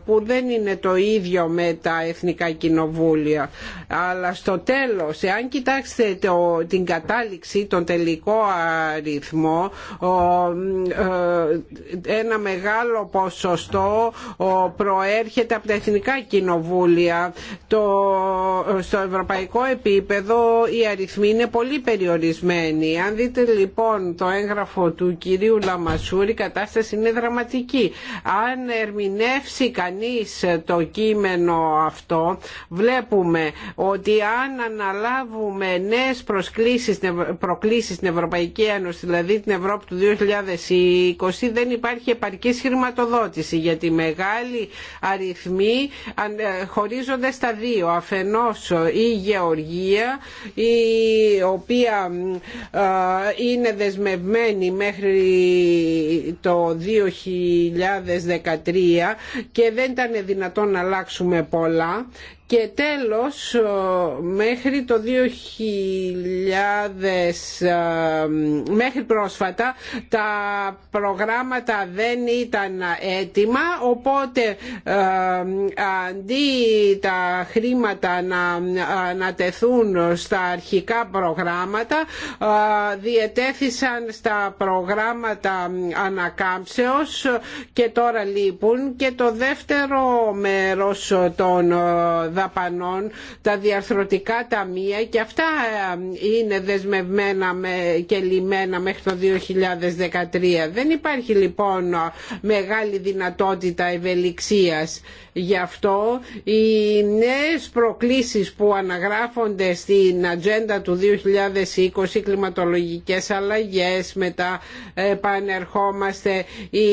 που δεν είναι το ίδιο με τα Εθνικά Κοινοβούλια αλλά στο τέλος εάν κοιτάξετε την κατάληξη τον τελικό αριθμό ε, ένα μεγάλο ποσοστό προέρχεται έρχεται από τα εθνικά κοινοβούλια. Το, στο ευρωπαϊκό επίπεδο οι αριθμοί είναι πολύ περιορισμένοι. Αν δείτε λοιπόν το έγγραφο του κυρίου Λαμασούρη η κατάσταση είναι δραματική. Αν ερμηνεύσει κανείς το κείμενο αυτό βλέπουμε ότι αν αναλάβουμε νέες προσκλήσεις, προκλήσεις στην Ευρωπαϊκή Ένωση, δηλαδή την Ευρώπη του 2020 δεν υπάρχει επαρκή χρηματοδότηση γιατί μεγάλη αριθμοί ε, χωρίζονται στα δύο. Αφενός η γεωργία η οποία ε, είναι δεσμευμένη μέχρι το 2013 και δεν ήταν δυνατόν να αλλάξουμε πολλά και τέλος μέχρι το 2000 μέχρι πρόσφατα τα προγράμματα δεν ήταν έτοιμα οπότε αντί τα χρήματα να, να τεθούν στα αρχικά προγράμματα διετέθησαν στα προγράμματα ανακάμψεως και τώρα λείπουν και το δεύτερο μέρος των δαπανών, τα διαρθρωτικά ταμεία και αυτά ε, είναι δεσμευμένα και λιμένα μέχρι το 2013. Δεν υπάρχει λοιπόν μεγάλη δυνατότητα ευελιξίας. Γι' αυτό οι νέες προκλήσεις που αναγράφονται στην ατζέντα του 2020, κλιματολογικές αλλαγές, μετά επανερχόμαστε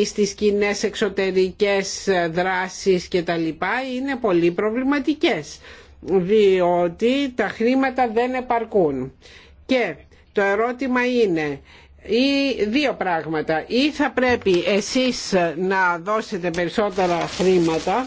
στις κοινέ εξωτερικές δράσεις κτλ. είναι πολύ προβληματικές διότι τα χρήματα δεν επαρκούν. Και το ερώτημα είναι ή δύο πράγματα. Ή θα πρέπει εσείς να δώσετε περισσότερα χρήματα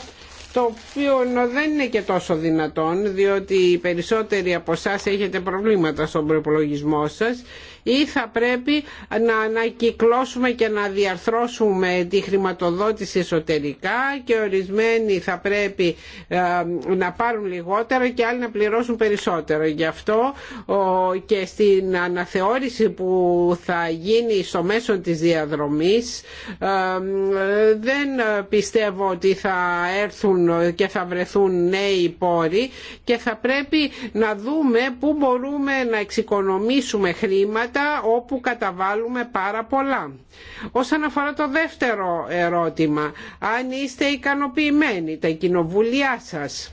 το οποίο δεν είναι και τόσο δυνατόν διότι οι περισσότεροι από εσά έχετε προβλήματα στον προπολογισμό σας ή θα πρέπει να ανακυκλώσουμε και να διαρθρώσουμε τη χρηματοδότηση εσωτερικά και ορισμένοι θα πρέπει ε, να πάρουν λιγότερο και άλλοι να πληρώσουν περισσότερο. Γι' αυτό και στην αναθεώρηση που θα γίνει στο μέσο της διαδρομής ε, δεν πιστεύω ότι θα έρθουν και θα βρεθούν νέοι πόροι και θα πρέπει να δούμε πού μπορούμε να εξοικονομήσουμε χρήματα όπου καταβάλουμε πάρα πολλά. Όσον αφορά το δεύτερο ερώτημα, αν είστε ικανοποιημένοι τα κοινοβουλιά σας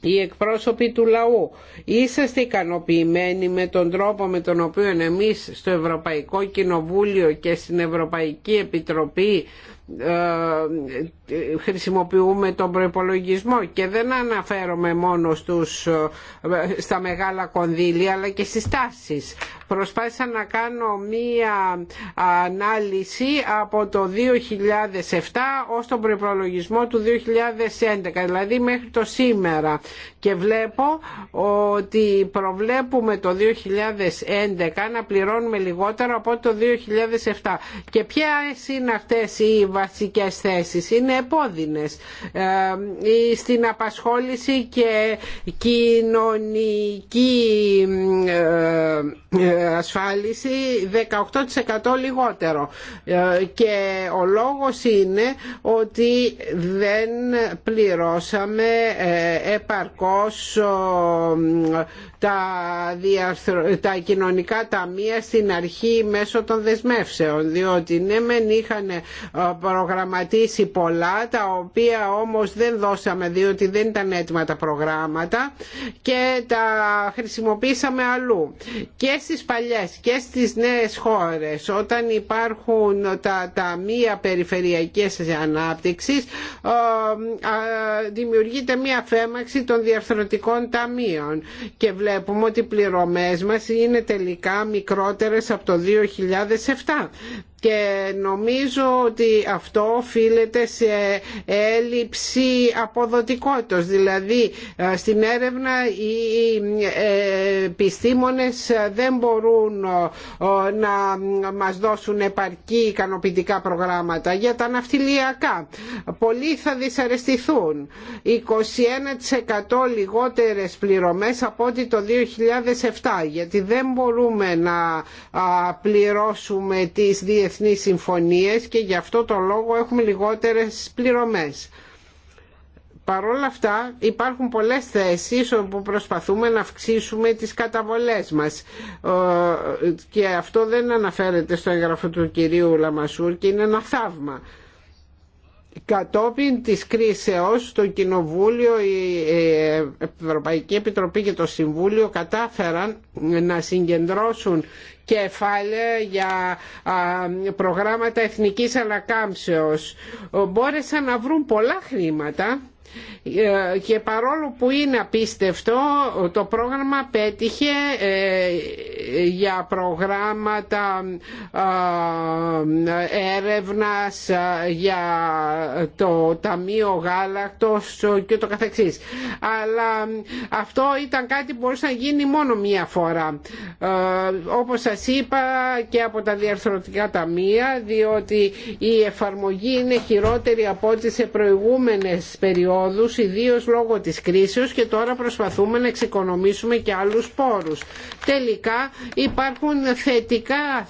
οι εκπρόσωποι του λαού είσαστε ικανοποιημένοι με τον τρόπο με τον οποίο εμείς στο Ευρωπαϊκό Κοινοβούλιο και στην Ευρωπαϊκή Επιτροπή ε, χρησιμοποιούμε τον προϋπολογισμό και δεν αναφέρομαι μόνο στους, ε, στα μεγάλα κονδύλια αλλά και στις τάσεις Προσπάθησα να κάνω μία ανάλυση από το 2007 ως τον προϋπολογισμό του 2011, δηλαδή μέχρι το σήμερα. Και βλέπω ότι προβλέπουμε το 2011 να πληρώνουμε λιγότερο από το 2007. Και ποια είναι αυτές οι βασικές θέσεις. Είναι επώδυνες ε, στην απασχόληση και κοινωνική ε, ε, ασφάλιση 18% λιγότερο ε, και ο λόγος είναι ότι δεν πληρώσαμε ε, επαρκώς τα, τα κοινωνικά ταμεία στην αρχή μέσω των δεσμεύσεων διότι ναι μεν είχαν ε, προγραμματίσει πολλά τα οποία όμως δεν δώσαμε διότι δεν ήταν έτοιμα τα προγράμματα και τα χρησιμοποίησαμε αλλού και στις παλιές και στις νέες χώρες όταν υπάρχουν τα ταμεία περιφερειακής ανάπτυξης ε, ε, δημιουργείται μια φέμαξη των διαρθρωτικών ταμείων και βλέπουμε ότι οι πληρωμές μας είναι τελικά μικρότερες από το 2007 και νομίζω ότι αυτό οφείλεται σε έλλειψη αποδοτικότητας δηλαδή ε, στην έρευνα οι ε, επιστήμονες δεν μπορούν ε, να μας δώσουν επαρκή ικανοποιητικά προγράμματα για τα ναυτιλιακά πολλοί θα δυσαρεστηθούν 21% λιγότερες πληρωμές από ότι το 2007 γιατί δεν μπορούμε να πληρώσουμε τις διεθνείς συμφωνίες και γι' αυτό το λόγο έχουμε λιγότερες πληρωμές. Παρ' όλα αυτά υπάρχουν πολλές θέσεις όπου προσπαθούμε να αυξήσουμε τις καταβολές μας ε, και αυτό δεν αναφέρεται στο έγγραφο του κυρίου Λαμασούρ και είναι ένα θαύμα κατόπιν της κρίσεως το Κοινοβούλιο, η Ευρωπαϊκή Επιτροπή και το Συμβούλιο κατάφεραν να συγκεντρώσουν κεφάλαια για προγράμματα εθνικής ανακάμψεως. Μπόρεσαν να βρουν πολλά χρήματα και παρόλο που είναι απίστευτο το πρόγραμμα πέτυχε ε, για προγράμματα ε, έρευνας ε, για το Ταμείο Γάλακτος και το καθεξής αλλά αυτό ήταν κάτι που μπορούσε να γίνει μόνο μία φορά όπως σας είπα και από τα διαρθρωτικά ταμεία διότι η εφαρμογή είναι χειρότερη από ό,τι σε προηγούμενες περιόδους Ιδίω ιδίως λόγω της κρίσεως και τώρα προσπαθούμε να εξοικονομήσουμε και άλλους πόρους. Τελικά υπάρχουν θετικά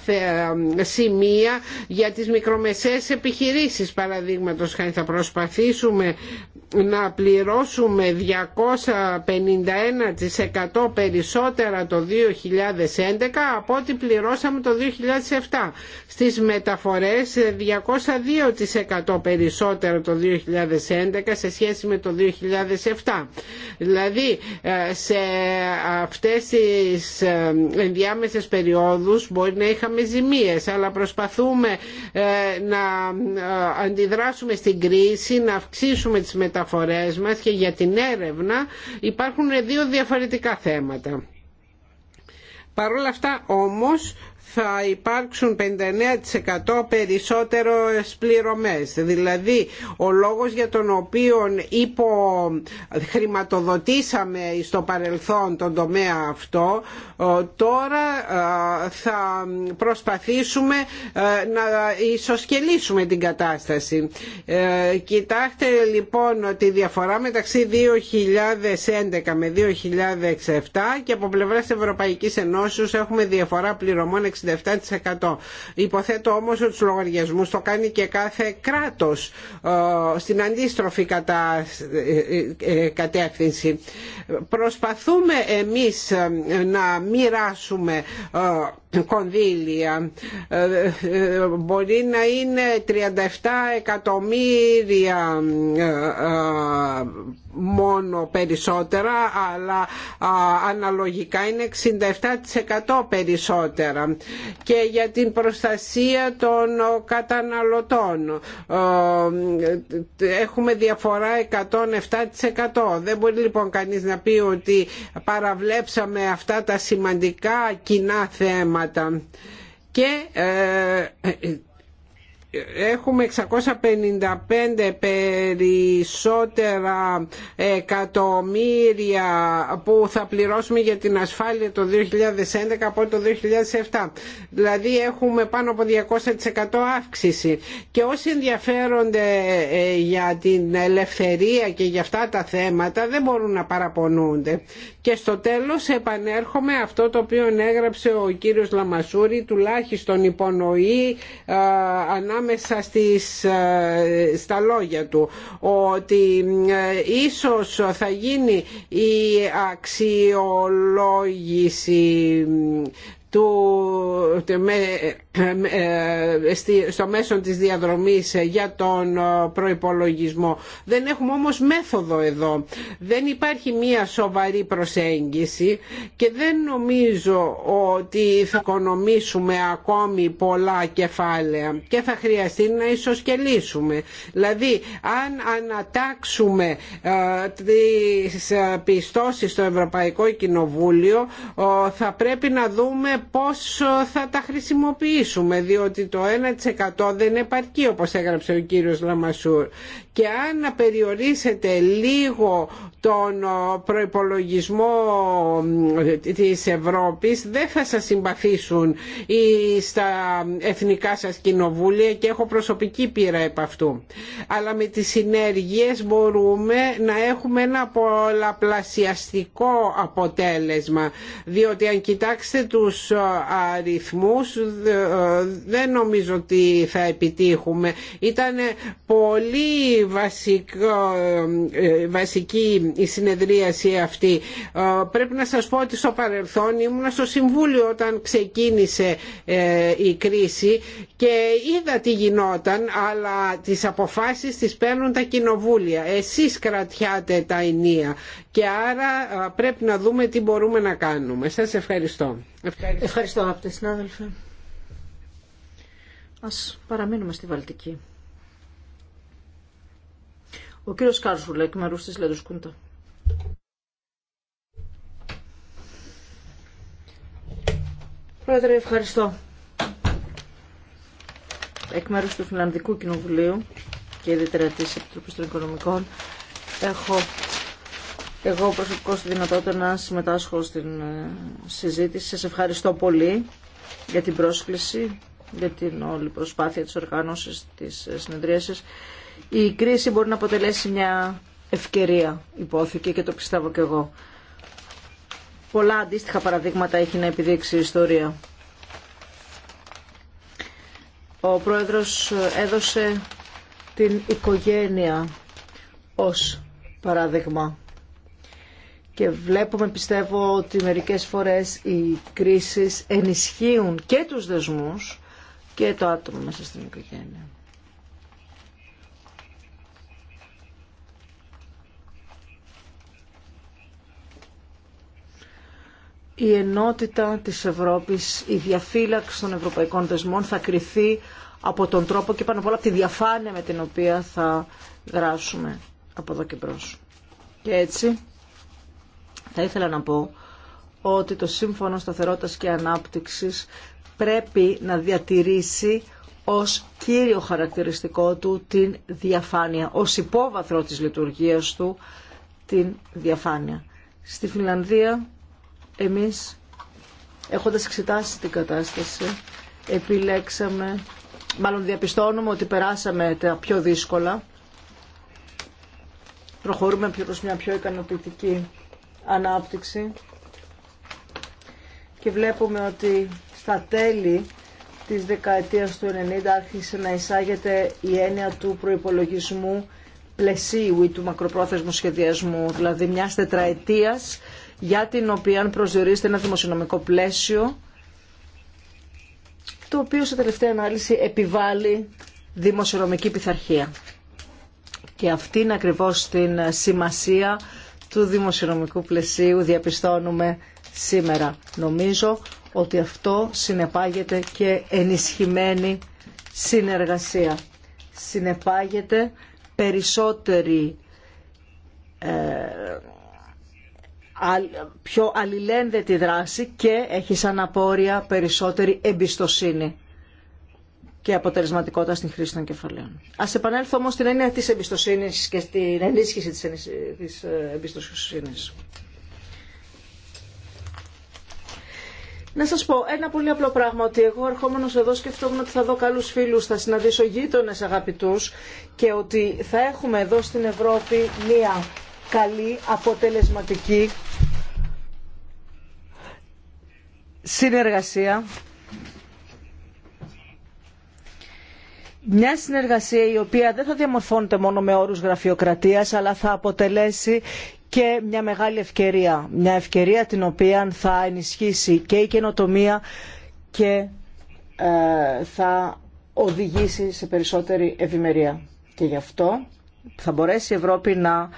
ε, σημεία για τις μικρομεσαίες επιχειρήσεις παραδείγματος χάρη θα προσπαθήσουμε να πληρώσουμε 251% περισσότερα το 2011 από ό,τι πληρώσαμε το 2007. Στις μεταφορές 202% περισσότερα το 2011 σε σχέση με το 2007. Δηλαδή ε, σε αυτές τις ε, ενδιάμεσες περιόδους μπορεί να είχαμε ζημίες αλλά προσπαθούμε ε, να αντιδράσουμε στην κρίση, να αυξήσουμε τις μεταφορές μας και για την έρευνα υπάρχουν δύο διαφορετικά θέματα. Παρ' όλα αυτά όμως θα υπάρξουν 59% περισσότερο πληρωμές. Δηλαδή ο λόγος για τον οποίο χρηματοδοτήσαμε στο παρελθόν τον τομέα αυτό ε, τώρα ε, θα προσπαθήσουμε ε, να ισοσκελίσουμε την κατάσταση. Κοιτάξτε λοιπόν τη διαφορά μεταξύ 2011 με 2007 και από πλευράς Ευρωπαϊκής Ενώσεως έχουμε διαφορά πληρωμών 67%. Υποθέτω όμως ότι τους λογαριασμούς το κάνει και κάθε κράτος ε, στην αντίστροφη κατά, ε, ε, κατεύθυνση. Προσπαθούμε εμείς να μοιράσουμε κονδύλια ε, ε, μπορεί να είναι 37 εκατομμύρια ε, μόνο περισσότερα αλλά αναλογικά είναι 67% περισσότερα και για την προστασία των καταναλωτών έχουμε διαφορά 107% δεν μπορεί λοιπόν κανείς να πει ότι παραβλέψαμε αυτά τα σημαντικά κοινά θέματα δικαιώματα και ε, έχουμε 655 περισσότερα εκατομμύρια που θα πληρώσουμε για την ασφάλεια το 2011 από το 2007. Δηλαδή έχουμε πάνω από 200% αύξηση. Και όσοι ενδιαφέρονται ε, για την ελευθερία και για αυτά τα θέματα δεν μπορούν να παραπονούνται. Και στο τέλος επανέρχομαι αυτό το οποίο έγραψε ο κύριος Λαμασούρη τουλάχιστον υπονοεί ε, ανάμεσα μέσα στις, ε, στα λόγια του ότι ε, ίσως θα γίνει η αξιολόγηση του, με, ε, στο μέσο της διαδρομής ε, για τον ε, προϋπολογισμό. Δεν έχουμε όμως μέθοδο εδώ. Δεν υπάρχει μία σοβαρή προσέγγιση και δεν νομίζω ότι θα οικονομήσουμε ακόμη πολλά κεφάλαια και θα χρειαστεί να ισοσκελίσουμε. Δηλαδή, αν ανατάξουμε τις πιστώσεις στο Ευρωπαϊκό Κοινοβούλιο θα πρέπει να δούμε πώς θα τα χρησιμοποιήσουμε διότι το 1% δεν επαρκεί όπως έγραψε ο κύριος Λαμασούρ και αν περιορίσετε λίγο τον προϋπολογισμό της Ευρώπης δεν θα σας συμπαθήσουν ή στα εθνικά σας κοινοβούλια και έχω προσωπική πείρα επ' αυτού. Αλλά με τις συνέργειες μπορούμε να έχουμε ένα πολλαπλασιαστικό αποτέλεσμα διότι αν κοιτάξετε τους αριθμούς δεν νομίζω ότι θα επιτύχουμε. Ήταν πολύ βασικό, ε, ε, βασική η συνεδρίαση αυτή. Ε, πρέπει να σας πω ότι στο παρελθόν ήμουν στο Συμβούλιο όταν ξεκίνησε η κρίση και είδα τι γινόταν, αλλά τις αποφάσεις τις παίρνουν τα κοινοβούλια. Εσείς κρατιάτε τα ενία και άρα πρέπει να δούμε τι μπορούμε να κάνουμε. Σας ευχαριστώ. Ευχαριστώ, ευχαριστώ Ας παραμείνουμε στη Βαλτική. Ο κύριος Κάρσουλα, εκ μέρους της Κούντα. Πρόεδρε, ευχαριστώ. Εκ μέρους του Φιλανδικού Κοινοβουλίου και ιδιαίτερα της Επιτροπής των Οικονομικών έχω εγώ προσωπικό τη δυνατότητα να συμμετάσχω στην ε, συζήτηση. Σας ευχαριστώ πολύ για την πρόσκληση για την όλη προσπάθεια της οργάνωσης της συνεδρίασης. Η κρίση μπορεί να αποτελέσει μια ευκαιρία, υπόθηκε και το πιστεύω και εγώ. Πολλά αντίστοιχα παραδείγματα έχει να επιδείξει η ιστορία. Ο πρόεδρος έδωσε την οικογένεια ως παράδειγμα. Και βλέπουμε, πιστεύω, ότι μερικές φορές οι κρίσεις ενισχύουν και τους δεσμούς και το άτομο μέσα στην οικογένεια. Η ενότητα της Ευρώπης, η διαφύλαξη των ευρωπαϊκών δεσμών θα κριθεί από τον τρόπο και πάνω απ' όλα από τη διαφάνεια με την οποία θα δράσουμε από εδώ και μπρος. Και έτσι θα ήθελα να πω ότι το Σύμφωνο Σταθερότητας και Ανάπτυξης πρέπει να διατηρήσει ως κύριο χαρακτηριστικό του την διαφάνεια, ως υπόβαθρο της λειτουργίας του την διαφάνεια. Στη Φιλανδία εμείς έχοντας εξετάσει την κατάσταση επιλέξαμε, μάλλον διαπιστώνουμε ότι περάσαμε τα πιο δύσκολα, προχωρούμε προς μια πιο ικανοποιητική ανάπτυξη και βλέπουμε ότι στα τέλη της δεκαετίας του 90 άρχισε να εισάγεται η έννοια του προϋπολογισμού πλαισίου ή του μακροπρόθεσμου σχεδιασμού, δηλαδή μιας τετραετίας για την οποία προσδιορίζεται ένα δημοσιονομικό πλαίσιο το οποίο σε τελευταία ανάλυση επιβάλλει δημοσιονομική πειθαρχία. Και αυτή είναι ακριβώς την σημασία του δημοσιονομικού πλαισίου διαπιστώνουμε σήμερα. Νομίζω ότι αυτό συνεπάγεται και ενισχυμένη συνεργασία. Συνεπάγεται περισσότερη ε, πιο αλληλένδετη δράση και έχει σαν απόρρια περισσότερη εμπιστοσύνη και αποτελεσματικότητα στην χρήση των κεφαλαίων. Ας επανέλθω όμως στην έννοια της εμπιστοσύνης και στην ενίσχυση της ε, εμπιστοσύνης. Να σας πω ένα πολύ απλό πράγμα, ότι εγώ ερχόμενο εδώ σκεφτόμουν ότι θα δω καλούς φίλους, θα συναντήσω γείτονες αγαπητούς και ότι θα έχουμε εδώ στην Ευρώπη μία καλή, αποτελεσματική συνεργασία. Μια συνεργασία η οποία δεν θα διαμορφώνεται μόνο με όρους γραφειοκρατίας αλλά θα αποτελέσει και μια μεγάλη ευκαιρία. Μια ευκαιρία την οποία θα ενισχύσει και η καινοτομία και ε, θα οδηγήσει σε περισσότερη ευημερία. Και γι' αυτό θα μπορέσει η Ευρώπη να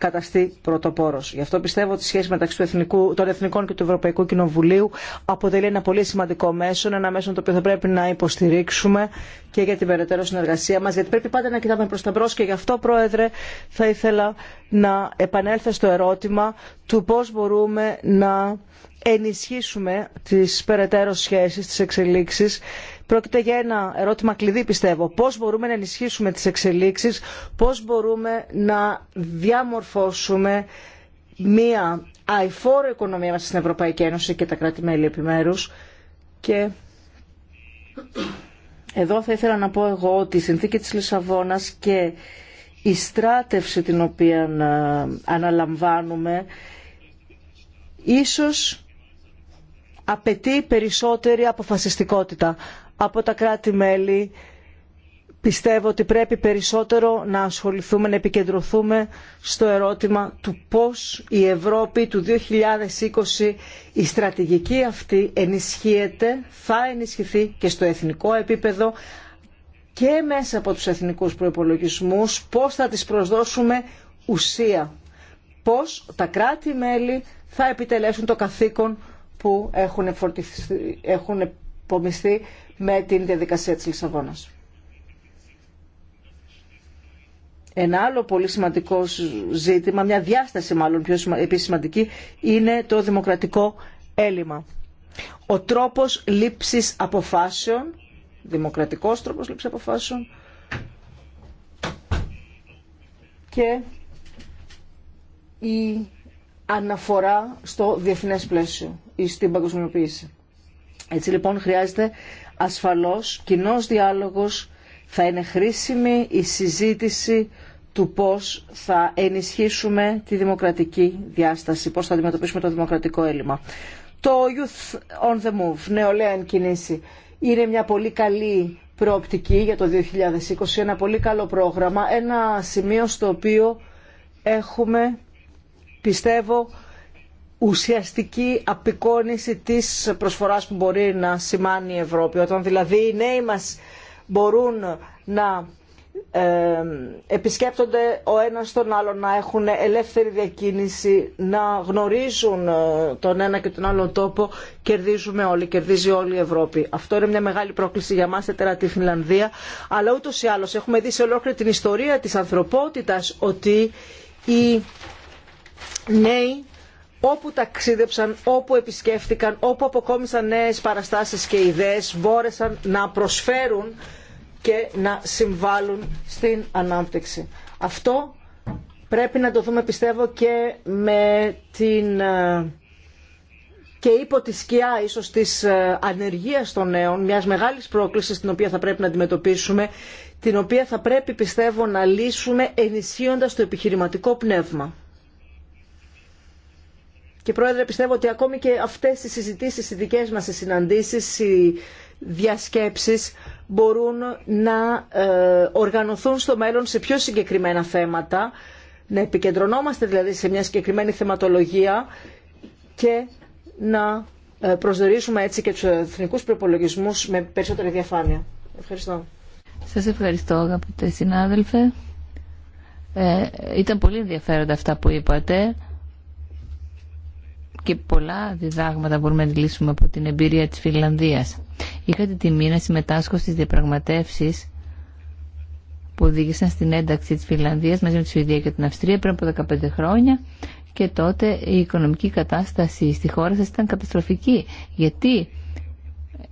καταστεί πρωτοπόρος. Γι' αυτό πιστεύω ότι η σχέση μεταξύ του Εθνικού, των Εθνικών και του Ευρωπαϊκού Κοινοβουλίου αποτελεί ένα πολύ σημαντικό μέσο, ένα μέσο το οποίο θα πρέπει να υποστηρίξουμε και για την περαιτέρω συνεργασία μα. γιατί πρέπει πάντα να κοιτάμε προς τα μπρο και γι' αυτό, Πρόεδρε, θα ήθελα να επανέλθω στο ερώτημα του πώ μπορούμε να ενισχύσουμε τις περαιτέρω σχέσεις, τις εξελίξεις Πρόκειται για ένα ερώτημα κλειδί πιστεύω. Πώς μπορούμε να ενισχύσουμε τις εξελίξεις, πώς μπορούμε να διαμορφώσουμε μία αηφόρο οικονομία μας στην Ευρωπαϊκή Ένωση και τα κράτη-μέλη επιμέρους και εδώ θα ήθελα να πω εγώ ότι η συνθήκη της Λισαβόνας και η στράτευση την οποία ε, αναλαμβάνουμε ίσως απαιτεί περισσότερη αποφασιστικότητα από τα κράτη-μέλη πιστεύω ότι πρέπει περισσότερο να ασχοληθούμε, να επικεντρωθούμε στο ερώτημα του πώς η Ευρώπη του 2020, η στρατηγική αυτή ενισχύεται, θα ενισχυθεί και στο εθνικό επίπεδο και μέσα από τους εθνικούς προϋπολογισμούς, πώς θα τις προσδώσουμε ουσία. Πώς τα κράτη-μέλη θα επιτελέσουν το καθήκον που έχουν, έχουν με την διαδικασία της Λισαβόνας. Ένα άλλο πολύ σημαντικό ζήτημα, μια διάσταση μάλλον πιο επίσης σημαντική, είναι το δημοκρατικό έλλειμμα. Ο τρόπος λήψης αποφάσεων, δημοκρατικός τρόπος λήψης αποφάσεων και η αναφορά στο διεθνές πλαίσιο ή στην παγκοσμιοποίηση. Έτσι λοιπόν χρειάζεται ασφαλώς κοινός διάλογος θα είναι χρήσιμη η συζήτηση του πώς θα ενισχύσουμε τη δημοκρατική διάσταση, πώς θα αντιμετωπίσουμε το δημοκρατικό έλλειμμα. Το Youth on the Move, νεολαία εν κινήσει, είναι μια πολύ καλή προοπτική για το 2020, ένα πολύ καλό πρόγραμμα, ένα σημείο στο οποίο έχουμε, πιστεύω, ουσιαστική απεικόνηση της προσφοράς που μπορεί να σημάνει η Ευρώπη. Όταν δηλαδή οι νέοι μας μπορούν να ε, επισκέπτονται ο ένας τον άλλον, να έχουν ελεύθερη διακίνηση, να γνωρίζουν ε, τον ένα και τον άλλο τόπο, κερδίζουμε όλοι, κερδίζει όλη η Ευρώπη. Αυτό είναι μια μεγάλη πρόκληση για μας, ετέρα τη Φινλανδία, αλλά ούτως ή άλλως έχουμε δει σε ολόκληρη την ιστορία της ανθρωπότητας ότι οι νέοι όπου ταξίδεψαν, όπου επισκέφτηκαν, όπου αποκόμισαν νέες παραστάσεις και ιδέες, μπόρεσαν να προσφέρουν και να συμβάλλουν στην ανάπτυξη. Αυτό πρέπει να το δούμε πιστεύω και με την ε, και υπό τη σκιά ίσως της ε, ανεργίας των νέων, μιας μεγάλης πρόκλησης την οποία θα πρέπει να αντιμετωπίσουμε, την οποία θα πρέπει πιστεύω να λύσουμε ενισχύοντας το επιχειρηματικό πνεύμα. Και Πρόεδρε πιστεύω ότι ακόμη και αυτές οι συζητήσεις, οι δικές μας οι συναντήσεις, οι διασκέψεις μπορούν να ε, οργανωθούν στο μέλλον σε πιο συγκεκριμένα θέματα, να επικεντρωνόμαστε δηλαδή σε μια συγκεκριμένη θεματολογία και να ε, προσδορίσουμε έτσι και τους εθνικούς προπολογισμού με περισσότερη διαφάνεια. Ευχαριστώ. Σας ευχαριστώ αγαπητέ συνάδελφε. Ε, ήταν πολύ ενδιαφέροντα αυτά που είπατε και πολλά διδάγματα μπορούμε να αντιλήσουμε από την εμπειρία της Φιλανδίας. Είχα την τιμή να συμμετάσχω στις διαπραγματεύσεις που οδήγησαν στην ένταξη της Φιλανδίας μαζί με τη Σουηδία και την Αυστρία πριν από 15 χρόνια και τότε η οικονομική κατάσταση στη χώρα σας ήταν καταστροφική γιατί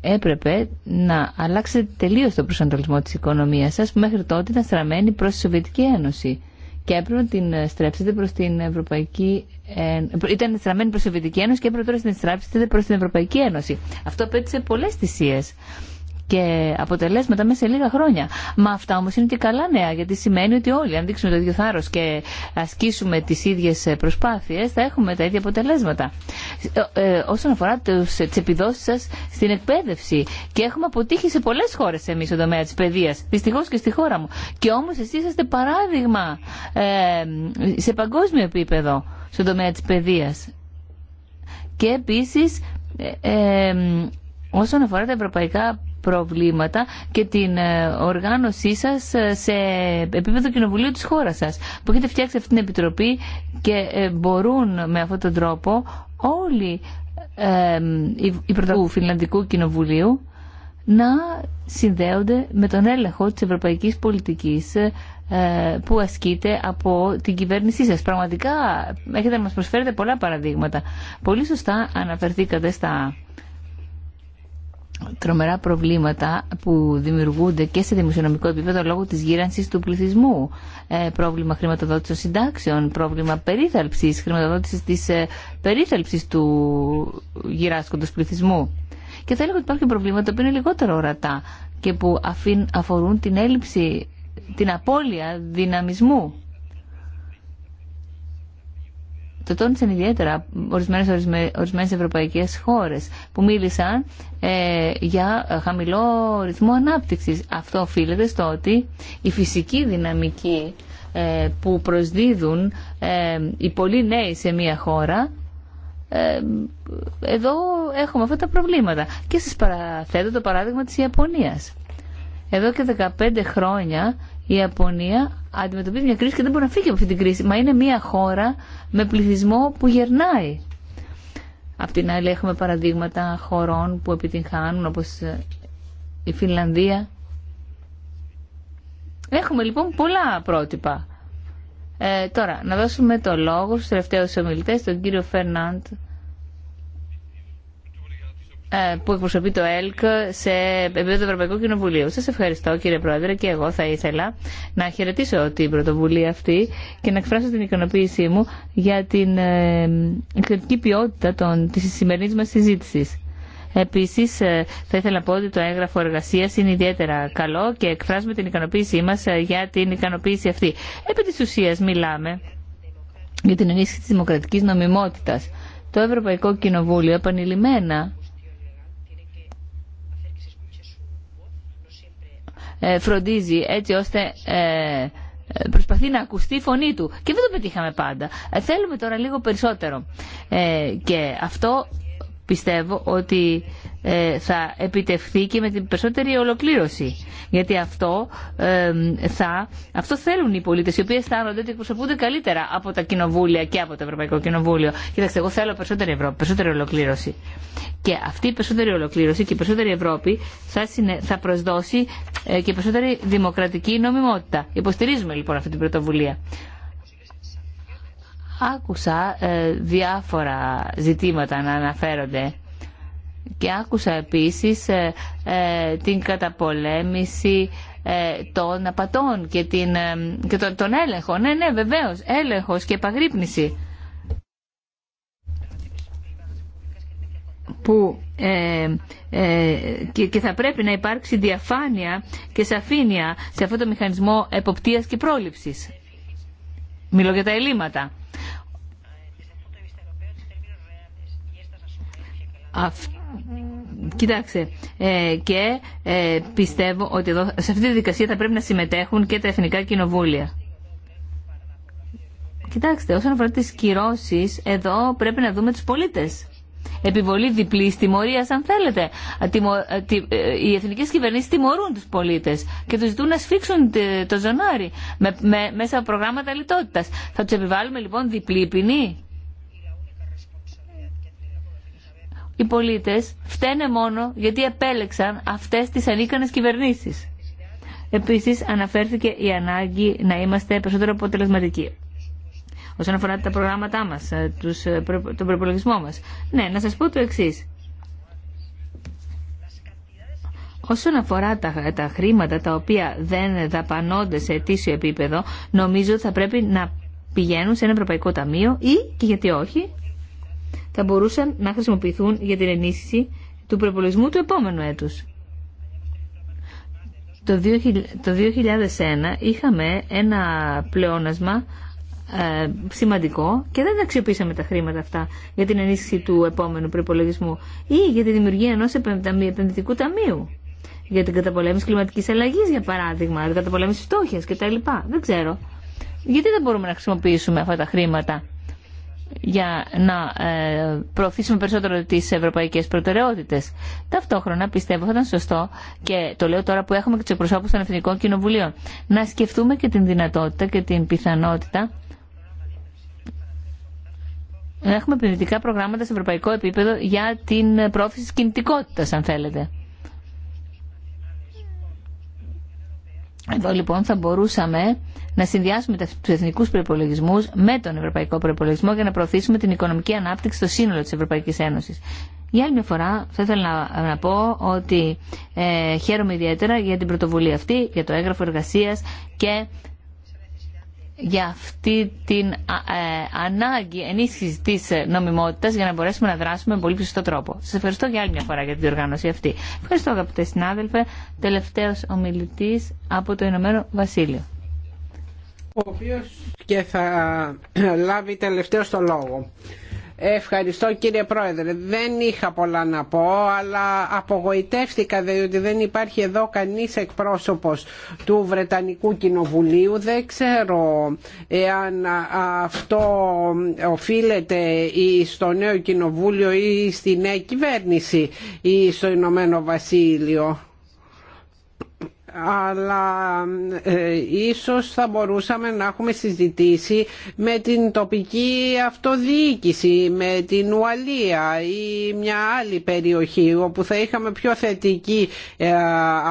έπρεπε να αλλάξετε τελείως τον προσανατολισμό της οικονομίας σας που μέχρι τότε ήταν στραμμένη προς τη Σοβιετική Ένωση και έπρεπε να την στρέψετε προς την Ευρωπαϊκή ε, ήταν στραμμένη προ τη Σοβιετική Ένωση και έπρεπε τώρα στην προ την Ευρωπαϊκή Ένωση. Αυτό απέτυσε πολλέ θυσίε και αποτελέσματα μέσα σε λίγα χρόνια. Μα αυτά όμω είναι και καλά νέα, γιατί σημαίνει ότι όλοι, αν δείξουμε το ίδιο θάρρο και ασκήσουμε τι ίδιε προσπάθειε, θα έχουμε τα ίδια αποτελέσματα. Ε, ε όσον αφορά τι επιδόσει σα στην εκπαίδευση, και έχουμε αποτύχει σε πολλέ χώρε εμεί στον τομέα τη παιδεία, δυστυχώ και στη χώρα μου. Και όμω εσεί είσαστε παράδειγμα ε, σε παγκόσμιο επίπεδο στον τομέα τη παιδεία. Και επίση. Ε, ε, όσον αφορά τα ευρωπαϊκά προβλήματα και την ε, οργάνωσή σας ε, σε επίπεδο κοινοβουλίου της χώρας σας που έχετε φτιάξει αυτή την επιτροπή και ε, μπορούν με αυτόν τον τρόπο όλοι οι πρωτοβουλίε του Φινλανδικού Κοινοβουλίου να συνδέονται με τον έλεγχο της ευρωπαϊκής πολιτικής που ασκείται από την κυβέρνησή σας. Πραγματικά έχετε να μας προσφέρετε πολλά παραδείγματα. Πολύ σωστά αναφερθήκατε στα τρομερά προβλήματα που δημιουργούνται και σε δημοσιονομικό επίπεδο λόγω της γύρανσης του πληθυσμού. Ε, πρόβλημα χρηματοδότησης των συντάξεων, πρόβλημα περίθαλψης, χρηματοδότησης της ε, περίθαλψης του γυράσκοντος πληθυσμού. Και θα έλεγα ότι υπάρχουν προβλήματα που είναι λιγότερο ορατά και που αφήν, αφορούν την έλλειψη, την απώλεια δυναμισμού το τόνισαν ιδιαίτερα ορισμένες, ευρωπαϊκέ ορισμένες ευρωπαϊκές χώρες που μίλησαν ε, για χαμηλό ρυθμό ανάπτυξης. Αυτό οφείλεται στο ότι η φυσική δυναμική ε, που προσδίδουν ε, οι πολλοί νέοι σε μια χώρα εδώ έχουμε αυτά τα προβλήματα. Και σας παραθέτω το παράδειγμα της Ιαπωνίας. Εδώ και 15 χρόνια η Ιαπωνία αντιμετωπίζει μια κρίση και δεν μπορεί να φύγει από αυτή την κρίση. Μα είναι μια χώρα με πληθυσμό που γερνάει. Απ' την άλλη έχουμε παραδείγματα χωρών που επιτυγχάνουν όπως ε, η Φινλανδία. Έχουμε λοιπόν πολλά πρότυπα. Ε, τώρα, να δώσουμε το λόγο στους τελευταίους ομιλητές, τον κύριο Φερνάντ ε, που εκπροσωπεί το ΕΛΚ σε επίπεδο Ευρωπαϊκού Κοινοβουλίου. Σας ευχαριστώ κύριε Πρόεδρε και εγώ θα ήθελα να χαιρετήσω την πρωτοβουλία αυτή και να εκφράσω την ικανοποίησή μου για την εξαιρετική ποιότητα των, της σημερινής μας συζήτησης. Επίση, ε, θα ήθελα να πω ότι το έγγραφο εργασία είναι ιδιαίτερα καλό και εκφράζουμε την ικανοποίησή μα ε, για την ικανοποίηση αυτή. Επί τη ουσία, μιλάμε για την ενίσχυση τη δημοκρατική νομιμότητα. Το Ευρωπαϊκό Κοινοβούλιο επανειλημμένα Ε, φροντίζει έτσι ώστε ε, προσπαθεί να ακουστεί η φωνή του. Και δεν το πετύχαμε πάντα. Ε, θέλουμε τώρα λίγο περισσότερο. Και αυτό πιστεύω ότι ε, θα επιτευχθεί και με την περισσότερη ολοκλήρωση. Γιατί αυτό, ε, θα, αυτό θέλουν οι πολίτε οι οποίοι αισθάνονται ότι εκπροσωπούνται καλύτερα από τα κοινοβούλια και από το Ευρωπαϊκό Κοινοβούλιο. Κοιτάξτε, εγώ θέλω περισσότερη Ευρώπη, περισσότερη ολοκλήρωση. Και αυτή η περισσότερη ολοκλήρωση και η περισσότερη Ευρώπη θα, συνε... θα προσδώσει ε, και περισσότερη δημοκρατική νομιμότητα. Υποστηρίζουμε λοιπόν αυτή την πρωτοβουλία. Άκουσα ε, διάφορα ζητήματα να αναφέρονται και άκουσα επίσης ε, ε, την καταπολέμηση ε, των απατών και, την, και τον, τον έλεγχο. Ναι, ναι, βεβαίως, έλεγχος και επαγρύπνηση. Που, και, και θα πρέπει να υπάρξει διαφάνεια και σαφήνεια σε αυτό το μηχανισμό εποπτείας και πρόληψης. Μιλώ για τα ελλείμματα. Αυτό Κοιτάξτε, ε, και ε, πιστεύω ότι εδώ, σε αυτή τη δικασία θα πρέπει να συμμετέχουν και τα εθνικά κοινοβούλια. Κοιτάξτε, όσον αφορά τις κυρώσεις, εδώ πρέπει να δούμε τους πολίτες. Επιβολή διπλής τιμωρίας, αν θέλετε. Ε, οι εθνικέ κυβερνήσει τιμωρούν τους πολίτες και τους ζητούν να σφίξουν το ζωνάρι μέσα από προγράμματα λιτότητα. Θα του επιβάλλουμε λοιπόν διπλή ποινή. οι πολίτες φταίνε μόνο γιατί επέλεξαν αυτές τις ανίκανε κυβερνήσεις. Επίση, αναφέρθηκε η ανάγκη να είμαστε περισσότερο αποτελεσματικοί. Όσον αφορά τα προγράμματά μας, ε, ε, τον προπολογισμό μας. Ναι, να σας πω το εξή. Όσον αφορά τα, τα χρήματα τα οποία δεν δαπανώνται σε αιτήσιο επίπεδο, νομίζω ότι θα πρέπει να πηγαίνουν σε ένα Ευρωπαϊκό Ταμείο ή, και γιατί όχι, θα μπορούσαν να χρησιμοποιηθούν για την ενίσχυση του προπολογισμού του επόμενου έτους. Το 2001 είχαμε ένα πλεόνασμα ε, σημαντικό και δεν αξιοποιήσαμε τα χρήματα αυτά για την ενίσχυση του επόμενου προπολογισμού ή για τη δημιουργία ενός επενδυτικού ταμείου για την καταπολέμηση κλιματικής αλλαγής για παράδειγμα, την καταπολέμηση φτώχειας κτλ. Δεν ξέρω. Γιατί δεν μπορούμε να χρησιμοποιήσουμε αυτά τα χρήματα για να ε, προωθήσουμε περισσότερο τις ευρωπαϊκές προτεραιότητες. Ταυτόχρονα πιστεύω θα ήταν σωστό και το λέω τώρα που έχουμε και τους εκπροσώπους των Εθνικών Κοινοβουλίων να σκεφτούμε και την δυνατότητα και την πιθανότητα να έχουμε επενδυτικά προγράμματα σε ευρωπαϊκό επίπεδο για την πρόθεση της κινητικότητας αν θέλετε. Εδώ λοιπόν θα μπορούσαμε να συνδυάσουμε του εθνικού προπολογισμού με τον ευρωπαϊκό προπολογισμό για να προωθήσουμε την οικονομική ανάπτυξη στο σύνολο τη Ευρωπαϊκή Ένωση. Για άλλη μια φορά θα ήθελα να, να πω ότι ε, χαίρομαι ιδιαίτερα για την πρωτοβουλία αυτή, για το έγγραφο εργασία και για αυτή την ε, ανάγκη ενίσχυση τη νομιμότητα για να μπορέσουμε να δράσουμε με πολύ πιο σωστό τρόπο. Σα ευχαριστώ για άλλη μια φορά για την διοργάνωση αυτή. Ευχαριστώ αγαπητέ συνάδελφε. Τελευταίο ομιλητή από το Ηνωμένο Βασίλειο. Ο οποίο και θα λάβει τελευταίο το λόγο. Ευχαριστώ κύριε Πρόεδρε. Δεν είχα πολλά να πω, αλλά απογοητεύτηκα διότι δεν υπάρχει εδώ κανείς εκπρόσωπος του Βρετανικού Κοινοβουλίου. Δεν ξέρω εάν αυτό οφείλεται ή στο νέο Κοινοβούλιο ή στη νέα κυβέρνηση ή στο Ηνωμένο Βασίλειο αλλά ε, ίσως θα μπορούσαμε να έχουμε συζητήσει με την τοπική αυτοδιοίκηση, με την Ουαλία ή μια άλλη περιοχή όπου θα είχαμε πιο θετική ε,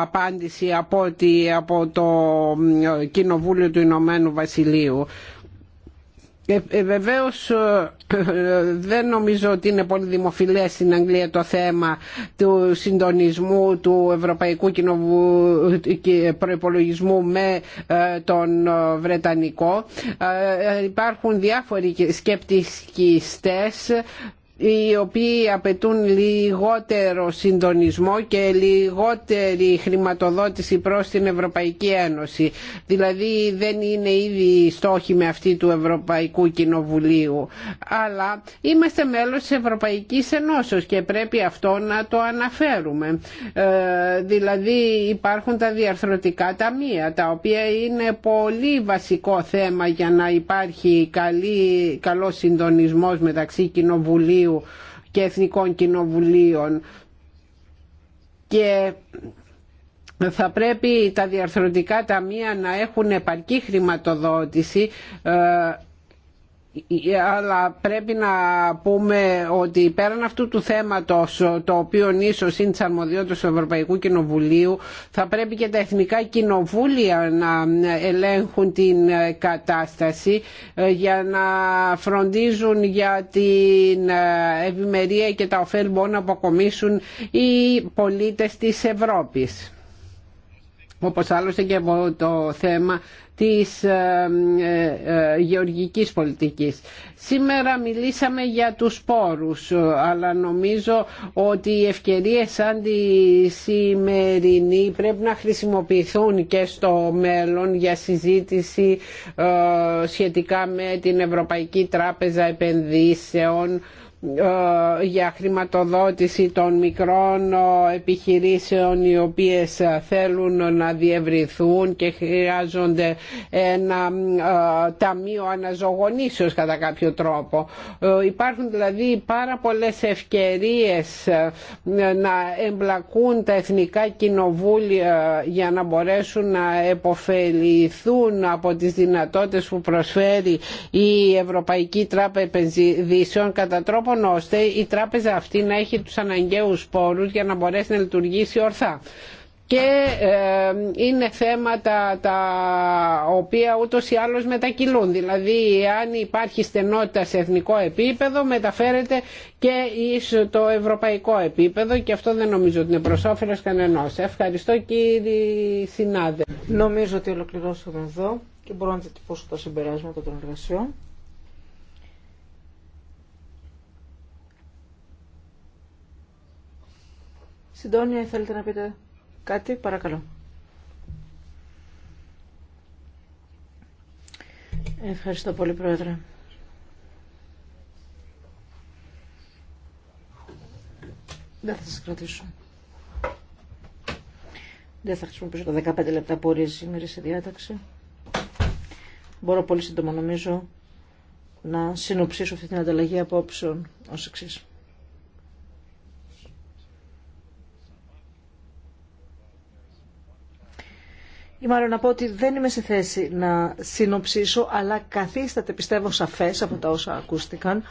απάντηση από από το ε, Κοινοβούλιο του Ηνωμένου Βασιλείου. Ε, ε, ε, δεν νομίζω ότι είναι πολύ δημοφιλές στην Αγγλία το θέμα του συντονισμού του Ευρωπαϊκού ε, Προϋπολογισμού με ε, τον Βρετανικό. Υπάρχουν διάφοροι σκεπτικιστές οι οποίοι απαιτούν λιγότερο συντονισμό και λιγότερη χρηματοδότηση προς την Ευρωπαϊκή Ένωση. Δηλαδή δεν είναι ήδη στόχοι με αυτή του Ευρωπαϊκού Κοινοβουλίου. Αλλά είμαστε μέλος της Ευρωπαϊκής Ενώσεως και πρέπει αυτό να το αναφέρουμε. Ε, δηλαδή υπάρχουν τα διαρθρωτικά ταμεία τα οποία είναι πολύ βασικό θέμα για να υπάρχει καλή, καλό συντονισμός μεταξύ Κοινοβουλίου και Εθνικών Κοινοβουλίων και θα πρέπει τα διαρθρωτικά ταμεία να έχουν επαρκή χρηματοδότηση ε, ε, αλλά πρέπει να πούμε ότι πέραν αυτού του θέματος το οποίο ίσως είναι της αρμοδιότητας του Ευρωπαϊκού Κοινοβουλίου θα πρέπει και τα εθνικά κοινοβούλια να ελέγχουν την ε, κατάσταση ε, για να φροντίζουν για την ευημερία και τα ωφέλη μπορούν να αποκομίσουν οι πολίτες της Ευρώπης όπως άλλωστε και από το θέμα της ε, ε, ε, γεωργικής πολιτικής. Σήμερα μιλήσαμε για τους πόρους, αλλά νομίζω ότι οι ευκαιρίες σαν τη σημερινή πρέπει να χρησιμοποιηθούν και στο μέλλον για συζήτηση σχετικά με την Ευρωπαϊκή Τράπεζα Επενδύσεων, ε, για χρηματοδότηση των μικρών ε, επιχειρήσεων οι οποίες ε, θέλουν να διευρυθούν και χρειάζονται ένα ταμείο αναζωογονήσεως κατά κάποιο τρόπο. Υπάρχουν δηλαδή πάρα πολλές ευκαιρίες να εμπλακούν τα εθνικά κοινοβούλια για να μπορέσουν να επωφεληθούν από τις δυνατότητες που προσφέρει η Ευρωπαϊκή Τράπεζα Επενδύσεων κατά τρόπον ώστε η τράπεζα αυτή να έχει τους αναγκαίους πόρους για να μπορέσει να λειτουργήσει ορθά και ε, είναι θέματα τα οποία ούτως ή άλλως μετακυλούν. Δηλαδή αν υπάρχει στενότητα σε εθνικό επίπεδο μεταφέρεται και στο ευρωπαϊκό επίπεδο και αυτό δεν νομίζω ότι είναι προς όφελος κανενός. Ευχαριστώ κύριε συνάδελφε. Νομίζω ότι ολοκληρώσαμε εδώ και μπορώ να διατυπώσω τα συμπεράσματα των εργασιών. Συντόνια, θέλετε να πείτε κάτι, παρακαλώ. Ευχαριστώ πολύ, Πρόεδρε. Δεν θα σας κρατήσω. Δεν θα χρησιμοποιήσω τα 15 λεπτά που ορίζει η σε διάταξη. Μπορώ πολύ σύντομα, νομίζω, να συνοψίσω αυτή την ανταλλαγή απόψεων ως εξής. ή μάλλον να πω ότι δεν είμαι σε θέση να συνοψίσω, αλλά καθίσταται πιστεύω σαφές από τα όσα ακούστηκαν,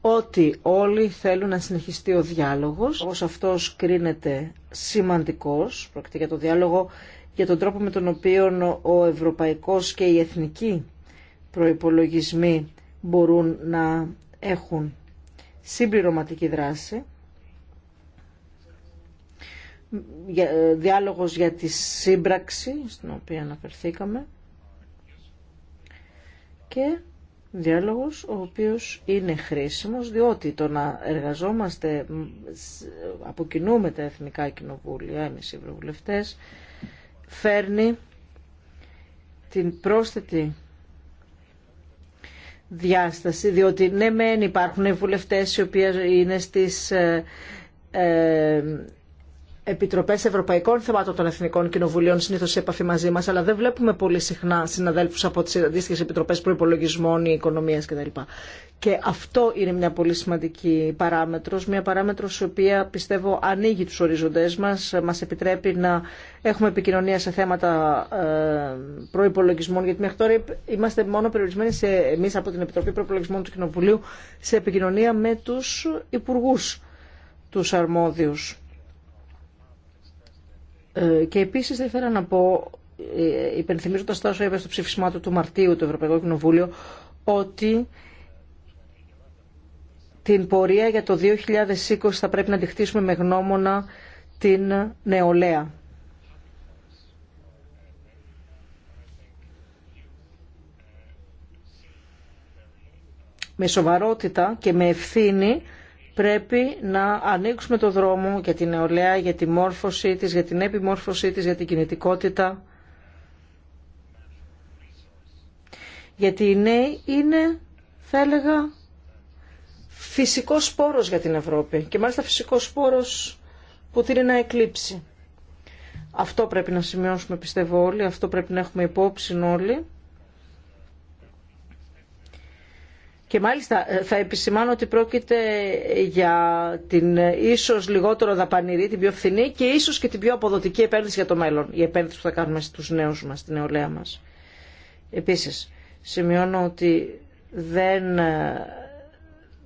ότι όλοι θέλουν να συνεχιστεί ο διάλογος. Όπως αυτός κρίνεται σημαντικός, πρόκειται το διάλογο για τον τρόπο με τον οποίο ο ευρωπαϊκός και οι εθνικοί προϋπολογισμοί μπορούν να έχουν συμπληρωματική δράση ε, διάλογος για τη σύμπραξη, στην οποία αναφερθήκαμε, και διάλογος ο οποίος είναι χρήσιμος, διότι το να εργαζόμαστε από τα Εθνικά Κοινοβούλια, εμείς οι Ευρωβουλευτές, φέρνει την πρόσθετη διάσταση, διότι ναι μεν υπάρχουν οι βουλευτές οι οποίοι είναι στις ε, ε, επιτροπέ ευρωπαϊκών θεμάτων των Εθνικών Κοινοβουλίων συνήθω σε επαφή μαζί μα, αλλά δεν βλέπουμε πολύ συχνά συναδέλφου από τι αντίστοιχε επιτροπέ προπολογισμών ή οικονομία κτλ. Και αυτό είναι μια πολύ σημαντική παράμετρο, μια παράμετρο η οποία πιστεύω ανοίγει του οριζοντέ μα, μα επιτρέπει να έχουμε επικοινωνία σε θέματα ε, προπολογισμών, γιατί μέχρι τώρα είμαστε μόνο περιορισμένοι εμεί από την Επιτροπή Προπολογισμών του Κοινοβουλίου σε επικοινωνία με του υπουργού του αρμόδιου. Ε, και επίσης δεν ήθελα να πω, ε, υπενθυμίζοντας τα όσα στο ψηφισμά του του Μαρτίου του Ευρωπαϊκού Κοινοβούλιο, ότι την πορεία για το 2020 θα πρέπει να τη με γνώμονα την νεολαία. Με σοβαρότητα και με ευθύνη πρέπει να ανοίξουμε το δρόμο για την νεολαία, για τη μόρφωσή της, για την επιμόρφωσή της, για την κινητικότητα. Γιατί οι νέοι είναι, θα έλεγα, φυσικός σπόρος για την Ευρώπη και μάλιστα φυσικός σπόρος που θέλει να εκλείψει. Αυτό πρέπει να σημειώσουμε πιστεύω όλοι, αυτό πρέπει να έχουμε υπόψη όλοι. Και μάλιστα ε, θα επισημάνω ότι πρόκειται για την ε, ίσως λιγότερο δαπανηρή, την πιο φθηνή και ίσως και την πιο αποδοτική επένδυση για το μέλλον. Η επένδυση που θα κάνουμε στους νέους μας, στην νεολαία μας. Επίσης, σημειώνω ότι δεν ε,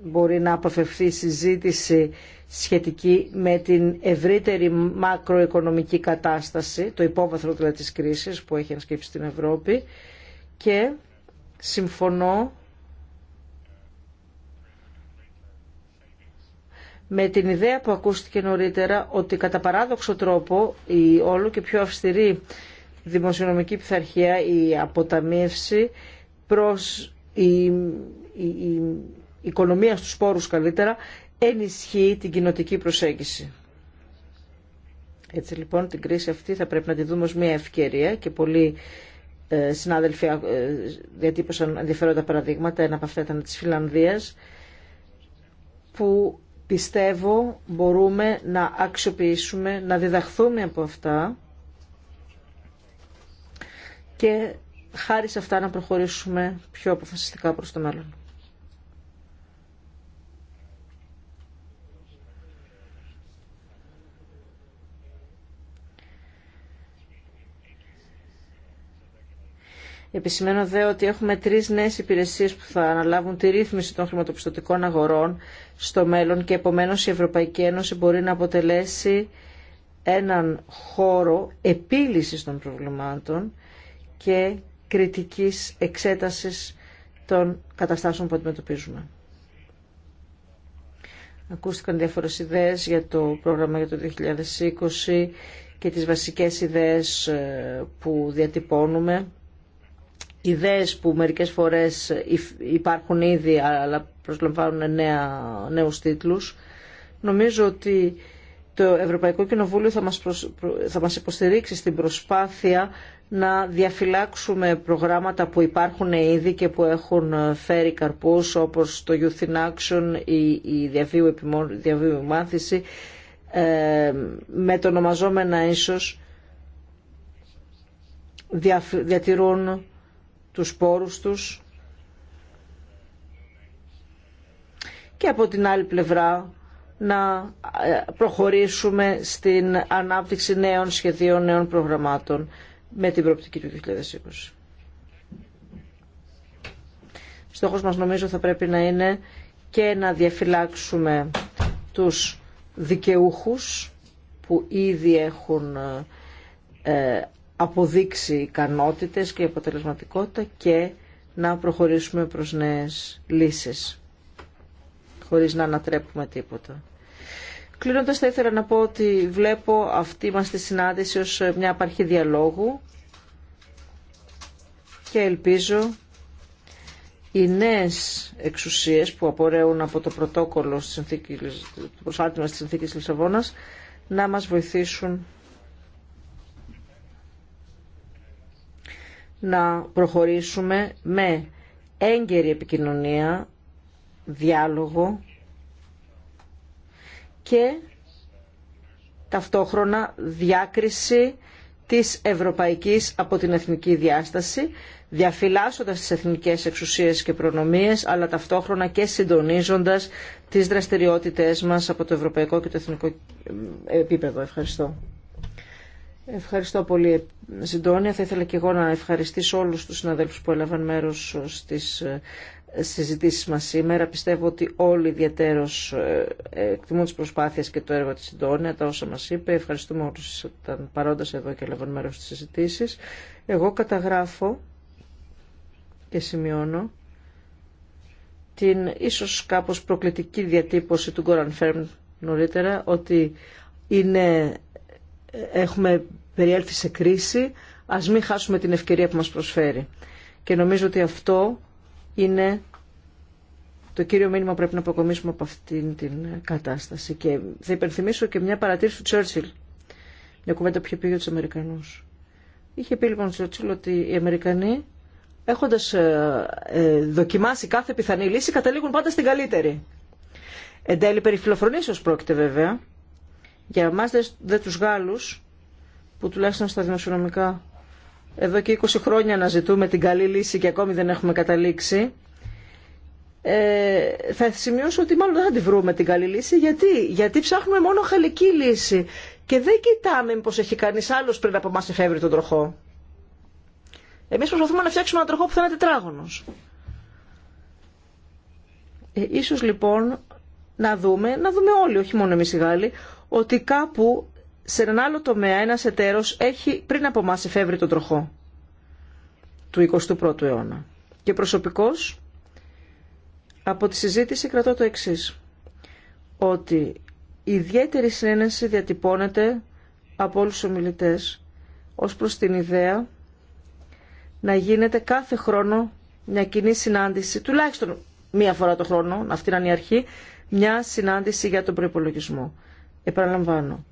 μπορεί να αποφευθεί συζήτηση σχετική με την ευρύτερη μακροοικονομική κατάσταση, το υπόβαθρο δηλαδή της κρίσης που έχει ανασκέψει στην Ευρώπη και συμφωνώ με την ιδέα που ακούστηκε νωρίτερα ότι κατά παράδοξο τρόπο η όλο και πιο αυστηρή δημοσιονομική πειθαρχία, η αποταμίευση προς η, οικονομία στους πόρους καλύτερα, ενισχύει την κοινοτική προσέγγιση. Έτσι λοιπόν την κρίση αυτή θα πρέπει να τη δούμε ως μια ευκαιρία και πολλοί ε, συνάδελφοι ε, διατύπωσαν ενδιαφέροντα παραδείγματα, ένα από αυτά ήταν της Φιλανδίας, που πιστεύω μπορούμε να αξιοποιήσουμε, να διδαχθούμε από αυτά και χάρη σε αυτά να προχωρήσουμε πιο αποφασιστικά προς το μέλλον. Επισημένω δε ότι έχουμε τρεις νέες υπηρεσίες που θα αναλάβουν τη ρύθμιση των χρηματοπιστωτικών αγορών στο μέλλον και επομένως η Ευρωπαϊκή Ένωση μπορεί να αποτελέσει έναν χώρο επίλυσης των προβλημάτων και κριτικής εξέτασης των καταστάσεων που αντιμετωπίζουμε. Ακούστηκαν διάφορες ιδέες για το πρόγραμμα για το 2020 και τις βασικές ιδέες ε, που διατυπώνουμε. Ιδέες που μερικές φορές υπάρχουν ήδη αλλά προσλαμβάνουν νέα, νέους τίτλους. Νομίζω ότι το Ευρωπαϊκό Κοινοβούλιο θα μας, θα μας υποστηρίξει στην προσπάθεια να διαφυλάξουμε προγράμματα που υπάρχουν ήδη και που έχουν φέρει καρπούς όπως το Youth in Action, η, η διαβίου, μάθηση, ε, με το ονομαζόμενα ίσως διατηρούν τους πόρους τους και από την άλλη πλευρά να ε, προχωρήσουμε στην ανάπτυξη νέων σχεδίων, νέων προγραμμάτων με την προοπτική του 2020. Στόχος μας νομίζω θα πρέπει να είναι και να διαφυλάξουμε τους δικαιούχους που ήδη έχουν ε, αποδείξει ικανότητες και αποτελεσματικότητα και να προχωρήσουμε προς νέες λύσεις χωρίς να ανατρέπουμε τίποτα. Κλείνοντας θα ήθελα να πω ότι βλέπω αυτή μας τη συνάντηση ως μια απαρχή διαλόγου και ελπίζω οι νέες εξουσίες που απορρέουν από το πρωτόκολλο της συνθήκης, προσάρτημα της συνθήκης Λισαβόνας να μας βοηθήσουν να προχωρήσουμε με έγκαιρη επικοινωνία διάλογο και ταυτόχρονα διάκριση της ευρωπαϊκής από την εθνική διάσταση, διαφυλάσσοντας τις εθνικές εξουσίες και προνομίες, αλλά ταυτόχρονα και συντονίζοντας τις δραστηριότητες μας από το ευρωπαϊκό και το εθνικό ε, επίπεδο. Ευχαριστώ. Ευχαριστώ πολύ, Συντόνια. Θα ήθελα και εγώ να ευχαριστήσω όλους τους συναδέλφους που έλαβαν μέρος στις ε, συζητήσεις μας σήμερα. Πιστεύω ότι όλοι ιδιαίτερως ε, εκτιμούν τις προσπάθειες και το έργο της Συντόνια, τα όσα μας είπε. Ευχαριστούμε όλους που ήταν παρόντας εδώ και έλαβαν μέρος στις συζητήσεις. Εγώ καταγράφω και σημειώνω την ίσως κάπως προκλητική διατύπωση του Γκόραν Φέρμ νωρίτερα ότι είναι, ε, έχουμε περιέλθει σε κρίση, ας μην χάσουμε την ευκαιρία που μας προσφέρει. Και νομίζω ότι αυτό είναι το κύριο μήνυμα που πρέπει να αποκομίσουμε από αυτήν την κατάσταση. Και θα υπενθυμίσω και μια παρατήρηση του Τσέρτσιλ, μια κουβέντα που είχε πει για του Αμερικανού. Είχε πει λοιπόν ο Τσέρτσιλ ότι οι Αμερικανοί, έχοντα ε, ε, δοκιμάσει κάθε πιθανή λύση, καταλήγουν πάντα στην καλύτερη. Εν τέλει, περί πρόκειται βέβαια. Για εμά, δεν του Γάλλου, που τουλάχιστον στα δημοσιονομικά εδώ και 20 χρόνια να ζητούμε την καλή λύση και ακόμη δεν έχουμε καταλήξει. Ε, θα σημειώσω ότι μάλλον δεν θα τη βρούμε την καλή λύση. Γιατί, Γιατί ψάχνουμε μόνο χαλική λύση και δεν κοιτάμε πώ έχει κανεί άλλο πριν από εμά εφεύρει τον τροχό. Εμεί προσπαθούμε να φτιάξουμε ένα τροχό που θα είναι τετράγωνο. Ε, ίσως λοιπόν να δούμε, να δούμε όλοι, όχι μόνο εμείς οι Γάλλοι, ότι κάπου σε έναν άλλο τομέα ένας εταίρος έχει πριν από μας εφεύρει τον τροχό του 21ου αιώνα. Και προσωπικώς από τη συζήτηση κρατώ το εξής, ότι η ιδιαίτερη συνένεση διατυπώνεται από όλους τους ομιλητές ως προς την ιδέα να γίνεται κάθε χρόνο μια κοινή συνάντηση, τουλάχιστον μία φορά το χρόνο, αυτή να είναι η αρχή, μια συνάντηση για τον προϋπολογισμό. Επαναλαμβάνω,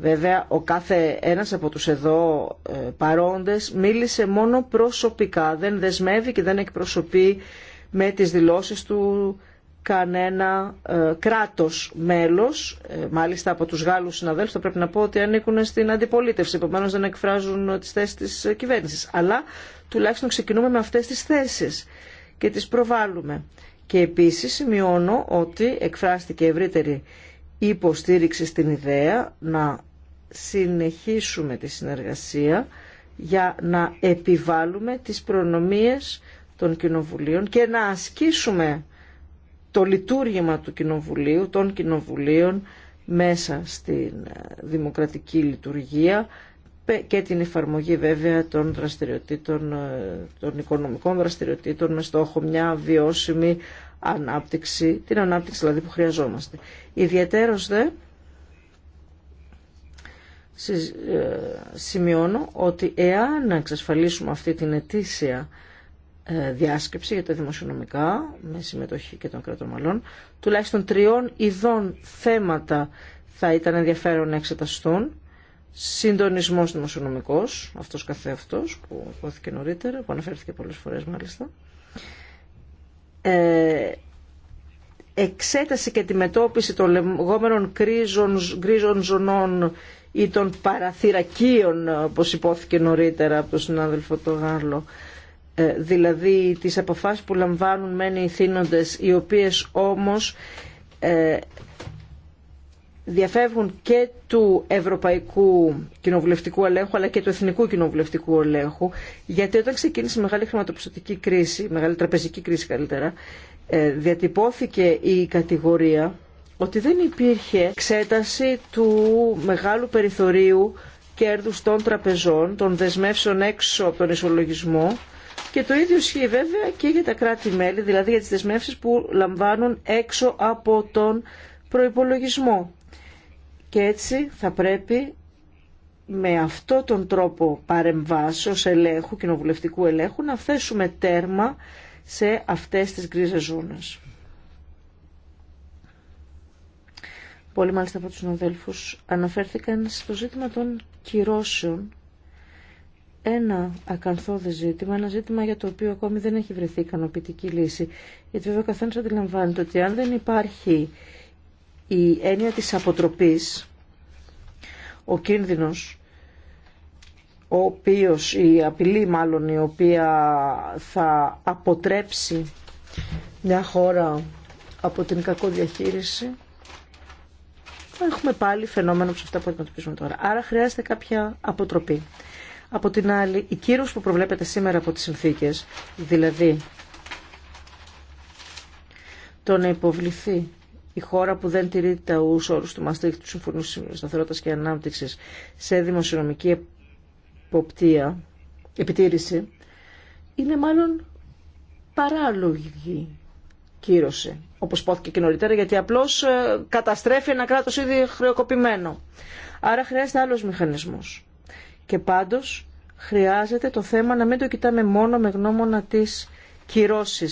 Βέβαια, ο κάθε ένας από τους εδώ ε, παρόντες μίλησε μόνο προσωπικά, δεν δεσμεύει και δεν εκπροσωπεί με τις δηλώσεις του κανένα ε, κράτος μέλος. Ε, μάλιστα, από τους Γάλλους συναδέλφους θα πρέπει να πω ότι ανήκουν στην αντιπολίτευση, Επομένω, δεν εκφράζουν τις θέσεις της κυβέρνησης. Αλλά τουλάχιστον ξεκινούμε με αυτές τις θέσεις και τις προβάλλουμε. Και επίσης σημειώνω ότι εκφράστηκε ευρύτερη υποστήριξη στην ιδέα να συνεχίσουμε τη συνεργασία για να επιβάλλουμε τις προνομίες των κοινοβουλίων και να ασκήσουμε το λειτουργήμα του κοινοβουλίου, των κοινοβουλίων μέσα στην ε, δημοκρατική λειτουργία και την εφαρμογή βέβαια των δραστηριοτήτων, ε, των οικονομικών δραστηριοτήτων με στόχο μια βιώσιμη ανάπτυξη, την ανάπτυξη δηλαδή που χρειαζόμαστε. Ιδιαίτερος δε ε, σημειώνω ότι εάν να εξασφαλίσουμε αυτή την ετήσια ε, διάσκεψη για τα δημοσιονομικά με συμμετοχή και των κρατών μαλλών, τουλάχιστον τριών ειδών θέματα θα ήταν ενδιαφέρον να εξεταστούν. Συντονισμός δημοσιονομικός, αυτός καθεαυτός που υπόθηκε νωρίτερα, που αναφέρθηκε πολλές φορές μάλιστα. Ε, εξέταση και αντιμετώπιση των λεγόμενων κρίζων, γκρίζων ζωνών ή των παραθυρακίων, όπως υπόθηκε νωρίτερα από τον συνάδελφο το Γάρλο, ε, δηλαδή τις αποφάσεις που λαμβάνουν μένει οι θύνοντες, οι οποίες όμως ε, διαφεύγουν και του Ευρωπαϊκού Κοινοβουλευτικού Ελέγχου αλλά και του Εθνικού Κοινοβουλευτικού Ελέγχου γιατί όταν ξεκίνησε η μεγάλη χρηματοπιστωτική κρίση, η μεγάλη τραπεζική κρίση καλύτερα ε, διατυπώθηκε η κατηγορία ότι δεν υπήρχε εξέταση του μεγάλου περιθωρίου κέρδους των τραπεζών, των δεσμεύσεων έξω από τον ισολογισμό και το ίδιο ισχύει βέβαια και για τα κράτη-μέλη, δηλαδή για τις δεσμεύσεις που λαμβάνουν έξω από τον προϋπολογισμό. Και έτσι θα πρέπει με αυτό τον τρόπο παρεμβάσεως ελέγχου, κοινοβουλευτικού ελέγχου, να θέσουμε τέρμα σε αυτές τις γκρίζες ζώνες. πολλοί μάλιστα από τους συναδέλφους, αναφέρθηκαν στο ζήτημα των κυρώσεων. Ένα ακαθόδε ζήτημα, ένα ζήτημα για το οποίο ακόμη δεν έχει βρεθεί ικανοποιητική λύση. Γιατί βέβαια ο αντιλαμβάνεται ότι αν δεν υπάρχει η έννοια της αποτροπής, ο κίνδυνος, ο οποίος, η απειλή μάλλον η οποία θα αποτρέψει μια χώρα από την κακό διαχείριση, έχουμε πάλι φαινόμενο σε αυτά που αντιμετωπίζουμε τώρα. Άρα χρειάζεται κάποια αποτροπή. Από την άλλη, η κύρωση που προβλέπεται σήμερα από τις συνθήκες, δηλαδή το να υποβληθεί η χώρα που δεν τηρεί τα όρους του Μαστρίχτ του Συμφωνού Σταθερότητας και Ανάπτυξης σε δημοσιονομική εποπτεία, επιτήρηση, είναι μάλλον παράλογη κύρωσε, Όπως πόθηκε και νωρίτερα, γιατί απλώς ε, καταστρέφει ένα κράτο ήδη χρεοκοπημένο. Άρα χρειάζεται άλλο μηχανισμό Και πάντως χρειάζεται το θέμα να μην το κοιτάμε μόνο με γνώμονα τις κυρώσει.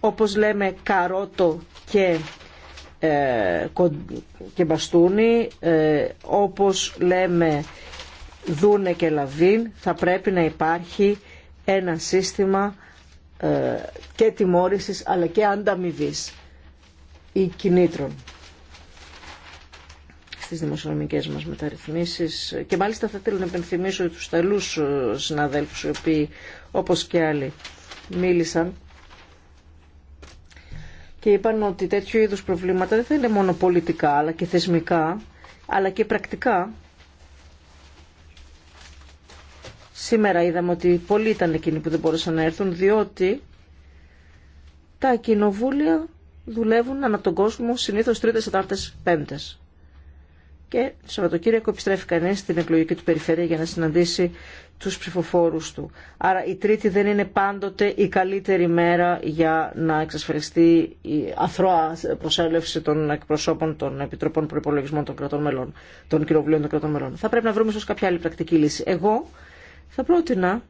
Όπως λέμε καρότο και, ε, και μπαστούνι, ε, όπως λέμε δούνε και λαβίν, θα πρέπει να υπάρχει ένα σύστημα ε, και τιμώρησης αλλά και ανταμοιβή ή κινήτρων στις δημοσιονομικές μας μεταρρυθμίσεις και μάλιστα θα θέλω να επενθυμίσω τους ταλού ε, συναδέλφους οι οποίοι όπως και άλλοι μίλησαν και είπαν ότι τέτοιου είδους προβλήματα δεν θα είναι μόνο πολιτικά αλλά και θεσμικά αλλά και πρακτικά Σήμερα είδαμε ότι πολλοί ήταν εκείνοι που δεν μπορούσαν να έρθουν διότι τα κοινοβούλια δουλεύουν ανά τον κόσμο συνήθω τρίτε τετάρτε, πέμπτες. Και το Σαββατοκύριακο επιστρέφει κανεί στην εκλογική του περιφέρεια για να συναντήσει του ψηφοφόρου του. Άρα η Τρίτη δεν είναι πάντοτε η καλύτερη μέρα για να εξασφαλιστεί η αθρώα προσέλευση των εκπροσώπων των Επιτροπών Προπολογισμών των Κρατών Μελών, των Κοινοβουλίων των Κρατών Μελών. Θα πρέπει να βρούμε ίσω κάποια άλλη πρακτική λύση. Εγώ θα πρότεινα,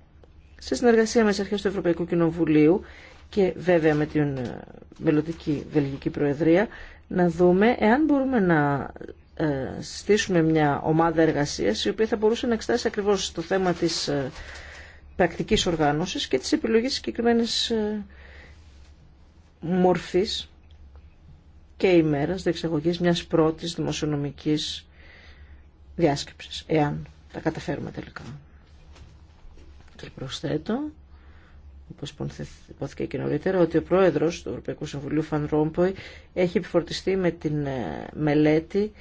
σε συνεργασία με τι αρχές του Ευρωπαϊκού Κοινοβουλίου και βέβαια με την ε, μελλοντική Βελγική Προεδρία, να δούμε εάν μπορούμε να ε, στήσουμε μια ομάδα εργασίας η οποία θα μπορούσε να εξετάσει ακριβώς το θέμα της ε, πρακτικής οργάνωσης και της επιλογής συγκεκριμένη μορφής και ημέρας διεξαγωγής μιας πρώτης δημοσιονομικής διάσκεψης, εάν τα καταφέρουμε τελικά. Και προσθέτω, όπως υπόθηκε και νωρίτερα, ότι ο πρόεδρος του Ευρωπαϊκού Συμβουλίου Φαν Ρόμποϊ έχει επιφορτιστεί με την ε, μελέτη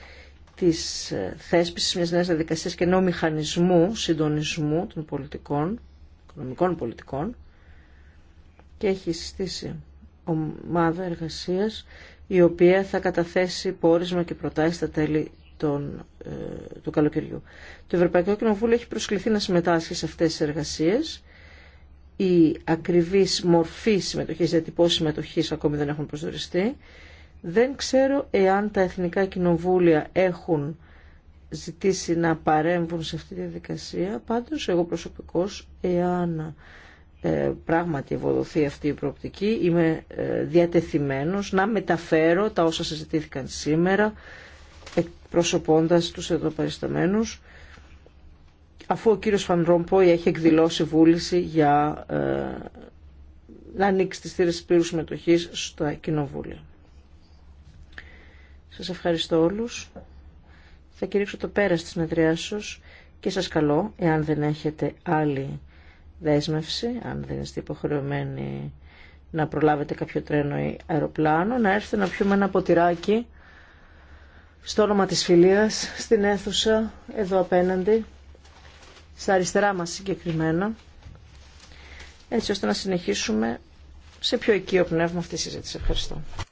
της ε, θέσπισης μιας νέας διαδικασίας και νέου μηχανισμού συντονισμού των πολιτικών, οικονομικών πολιτικών και έχει συστήσει ομάδα εργασίας η οποία θα καταθέσει πόρισμα και προτάσει στα τέλη τον ε, του καλοκαιριού. Το Ευρωπαϊκό Κοινοβούλιο έχει προσκληθεί να συμμετάσχει σε αυτές τις εργασίες. Η ακριβής μορφή συμμετοχής, διατυπώσεις δηλαδή συμμετοχή ακόμη δεν έχουν προσδοριστεί. Δεν ξέρω εάν τα εθνικά κοινοβούλια έχουν ζητήσει να παρέμβουν σε αυτή τη διαδικασία. Πάντως, εγώ προσωπικώς, εάν ε, πράγματι ευοδοθεί αυτή η προοπτική, είμαι ε, διατεθειμένος να μεταφέρω τα όσα συζητήθηκαν σήμερα προσωπώντας τους εδώ παρισταμένους αφού ο κύριος Φανρόμποϊ έχει εκδηλώσει βούληση για ε, να ανοίξει τις θύρες πλήρου συμμετοχή στο κοινοβούλια. Σας ευχαριστώ όλους. Θα κηρύξω το πέρας της σας και σας καλώ, εάν δεν έχετε άλλη δέσμευση, αν δεν είστε υποχρεωμένοι να προλάβετε κάποιο τρένο ή αεροπλάνο, να έρθετε να πιούμε ένα ποτηράκι στο όνομα της φιλίας, στην αίθουσα, εδώ απέναντι, στα αριστερά μας συγκεκριμένα, έτσι ώστε να συνεχίσουμε σε πιο οικείο πνεύμα αυτή τη συζήτηση. Ευχαριστώ.